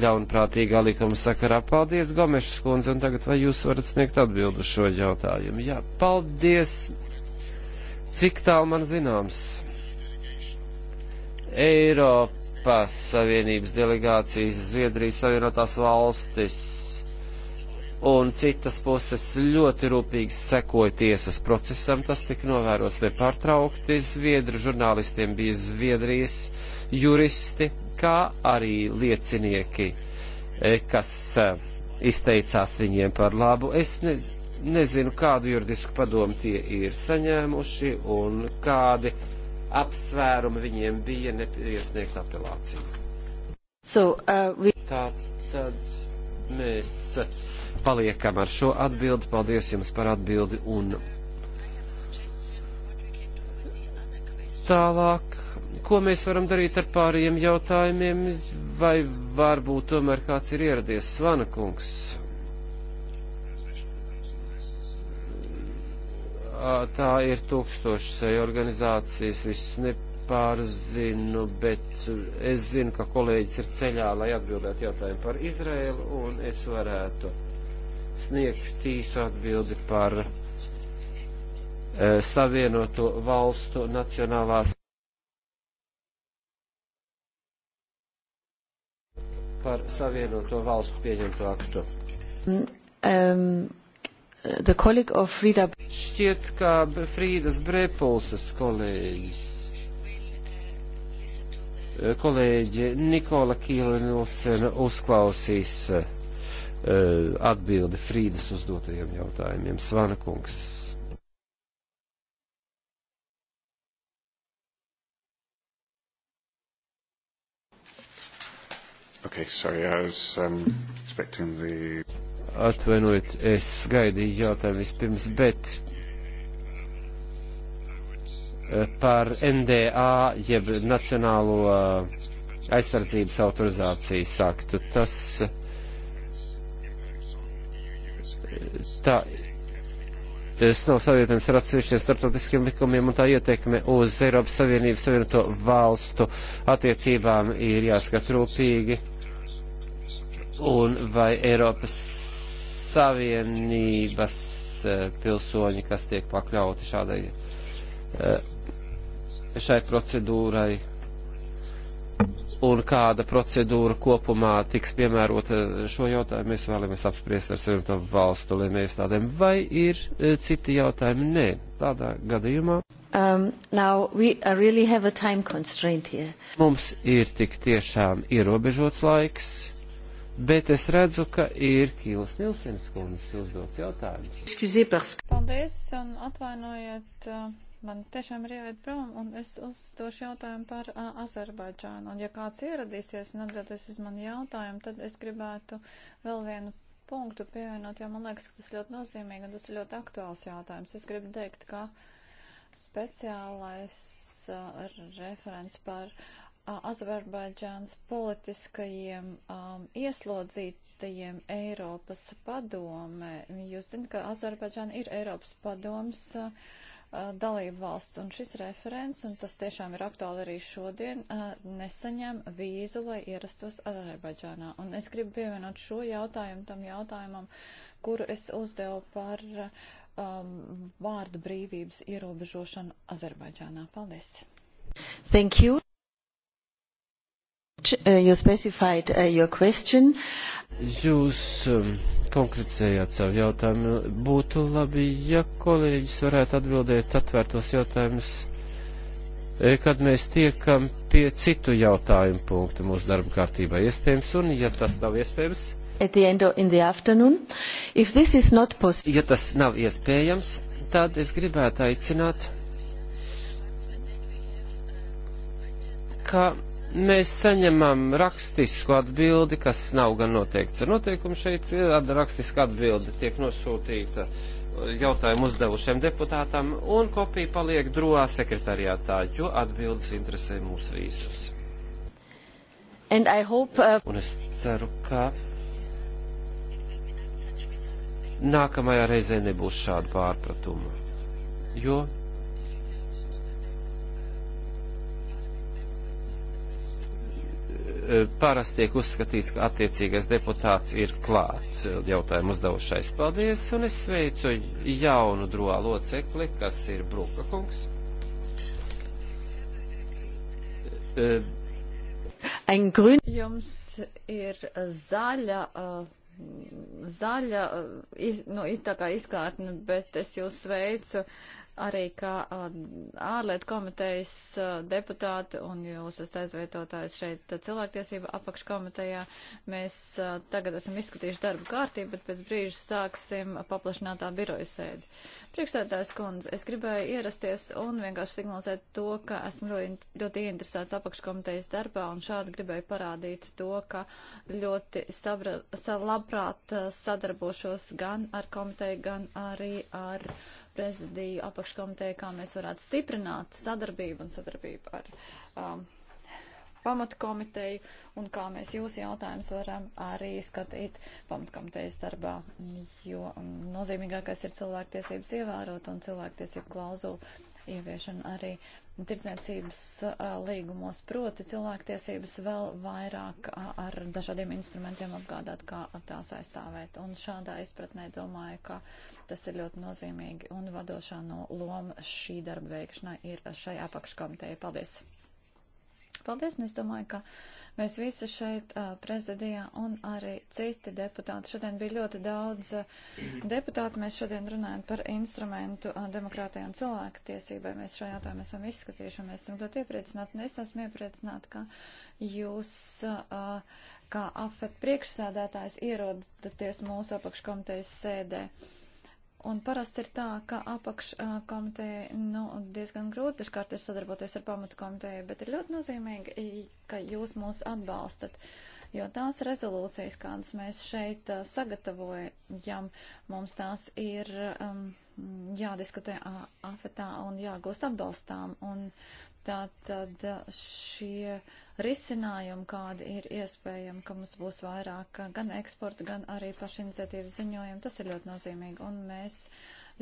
ļaunprātīgā likuma sakarā. Paldies, Gomešas kundze, un tagad vai jūs varat sniegt atbildu šo jautājumu? Jā, paldies! Cik tālu man zināms? Eiropas Savienības delegācijas Zviedrijas Savienotās valstis un citas puses ļoti rūpīgi sekoja tiesas procesam. Tas tika novērots nepārtraukti. Zviedru žurnālistiem bija Zviedrijas juristi, kā arī liecinieki, e, kas e, izteicās viņiem par labu. Es nezinu, kādu juridisku padomu tie ir saņēmuši un kādi apsvērumi viņiem bija neiesniegt apelāciju. So, uh, we... Tā tad mēs. Uh, paliekam ar šo atbildi. Paldies jums par atbildi un tālāk. Ko mēs varam darīt ar pārējiem jautājumiem, vai varbūt tomēr kāds ir ieradies Svana kungs? Tā ir tūkstošai organizācijas, viss nepārzinu, bet es zinu, ka kolēģis ir ceļā, lai atbildētu jautājumu par Izraēlu, un es varētu sniegt īsu atbildi par e, savienoto valstu nacionālās par savienoto valstu pieņemto aktu. Mm, um, the colleague of Frida... Šķiet, kā Frīdas Brepulsas kolēģis. Kolēģi Nikola Kīla Nilsena uzklausīs uh, Eh, atbildi Frīdas uzdotajiem jautājumiem. Svana kungs. Okay, sorry, I was um, expecting the... Atvainojiet, es gaidīju jautājumu vispirms, bet eh, par NDA, jeb Nacionālo eh, aizsardzības autorizācijas aktu. Tas uh, tā, tas nav savietojams ar atsevišķiem starptautiskiem likumiem un tā ietekme uz Eiropas Savienības Savienoto valstu attiecībām ir jāskat rūpīgi. Un vai Eiropas Savienības eh, pilsoņi, kas tiek pakļauti šādai eh, šai procedūrai un kāda procedūra kopumā tiks piemērota šo jautājumu, mēs vēlamies apspriest ar savienoto valstu lēmējstādēm. Vai ir e, citi jautājumi? Nē, tādā gadījumā. Um, now we uh, really have a time constraint here. Mums ir tik tiešām ierobežots laiks, bet es redzu, ka ir Kīls Nilsens kundzes uzdots jautājums. Paldies un atvainojiet. Uh man tiešām ir jāiet prom, un es uzdošu jautājumu par uh, Azerbaidžānu. Un ja kāds ieradīsies un atbildēs uz manu jautājumu, tad es gribētu vēl vienu punktu pievienot, jo man liekas, ka tas ļoti nozīmīgi un tas ir ļoti aktuāls jautājums. Es gribu teikt, ka speciālais uh, referents par uh, Azerbaidžānas politiskajiem um, ieslodzītājiem vietējiem Eiropas padomē. Jūs zināt, ka Azerbaidžāna ir Eiropas padoms Uh, dalību valsts, un šis referents, un tas tiešām ir aktuāli arī šodien, uh, nesaņem vīzu, lai ierastos Azerbaidžānā. Un es gribu pievienot šo jautājumu tam jautājumam, kuru es uzdevu par um, vārdu brīvības ierobežošanu Azerbaidžānā. Paldies! Thank you. Uh, you specified uh, your question. Jūs um, konkretizējāt savu jautājumu. Būtu labi, ja kolēģis varētu atbildēt atvērtos jautājumus, e, kad mēs tiekam pie citu jautājumu punktu mūsu darba kārtībā iespējams, un ja tas nav iespējams. Ja tas nav iespējams, tad es gribētu aicināt, ka Mēs saņemam rakstisku atbildi, kas nav gan noteikts ar noteikumu šeit. Rakstiska atbildi tiek nosūtīta jautājumu uzdevušiem deputātam, un kopija paliek droā sekretariātā, jo atbildes interesē mūs visus. Hope, uh... Un es ceru, ka nākamajā reizē nebūs šāda pārpratuma, jo Eh, parasti tiek uzskatīts, ka attiecīgais deputāts ir klāts jautājumu uzdevušais. Paldies, un es sveicu jaunu droā locekli, kas ir Bruka kungs. Eh, Jums ir zaļa, eh, zaļa iz, nu, it tā kā izkārtne, bet es jūs sveicu arī kā ārlietu komitejas deputāti un jūs esat aizvietotājs šeit cilvēktiesība apakškomitejā. Mēs tagad esam izskatījuši darbu kārtību, bet pēc brīža sāksim paplašinātā biroja sēdi. Priekšstādājs kundze, es gribēju ierasties un vienkārši signalizēt to, ka esmu ļoti, ļoti ieinteresēts apakškomitejas darbā un šādi gribēju parādīt to, ka ļoti sabra, labprāt sadarbošos gan ar komiteju, gan arī ar. Uh, prezidiju apakškomiteju, kā mēs varētu stiprināt sadarbību un sadarbību ar um, pamatkomiteju un kā mēs jūsu jautājumus varam arī skatīt pamatkomitejas darbā, jo mm, nozīmīgākais ir cilvēktiesības ievērot un cilvēktiesību klauzulu ieviešanu arī tirdzniecības līgumos, proti cilvēktiesības vēl vairāk ar dažādiem instrumentiem apgādāt, kā tās aizstāvēt. Un šādā izpratnē domāju, ka tas ir ļoti nozīmīgi un vadošā no loma šī darba veikšanai ir šai apakškomiteja. Paldies! Paldies, un es domāju, ka mēs visi šeit prezidijā un arī citi deputāti. Šodien bija ļoti daudz deputātu. Mēs šodien runājam par instrumentu demokrātijām cilvēku tiesībai. Mēs šo jautājumu esam izskatījuši, un mēs esam ļoti iepriecināti. Un es esmu iepriecināta, ka jūs, kā afet priekšsādētājs, ierodaties mūsu apakškomitejas sēdē. Un parasti ir tā, ka apakškomiteja nu, diezgan grūti dažkārt ir sadarboties ar pamatkomiteju, bet ir ļoti nozīmīgi, ka jūs mūs atbalstat. Jo tās rezolūcijas, kādas mēs šeit sagatavojam, mums tās ir um, jādiskutē afetā un jāgūst atbalstām. Un, uh, Tātad eh, šie risinājumi, kādi ir iespējami, ka mums būs vairāk eh, gan eksporta, gan arī pašiniciatīvas ziņojumi, tas ir ļoti nozīmīgi. Un mēs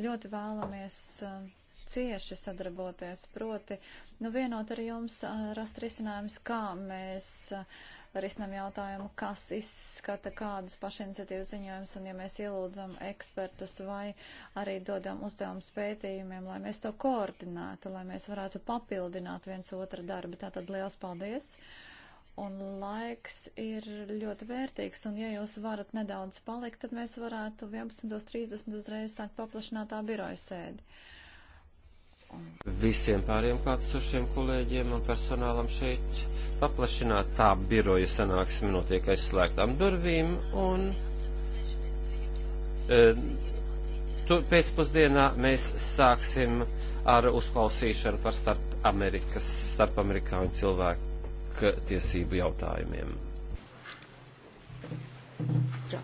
ļoti vēlamies eh, cieši sadarboties, proti, nu vienot ar jums rast risinājums, kā mēs uh, risinam jautājumu, kas izskata kādus pašiniciatīvas ziņojumus, un ja mēs ielūdzam ekspertus vai arī dodam uzdevumus pētījumiem, lai mēs to koordinētu, lai mēs varētu papildināt viens otru darbu. Tātad liels paldies! Un laiks ir ļoti vērtīgs, un ja jūs varat nedaudz palikt, tad mēs varētu 11.30 uzreiz sākt paplašinātā biroja sēdi visiem pāriem klātsošiem kolēģiem un personālam šeit paplašināt. Tā biroja sanāksme notiek aizslēgtām durvīm un e, tu, pēcpusdienā mēs sāksim ar uzklausīšanu par starp Amerikas, starp amerikāņu cilvēku tiesību jautājumiem. Jā.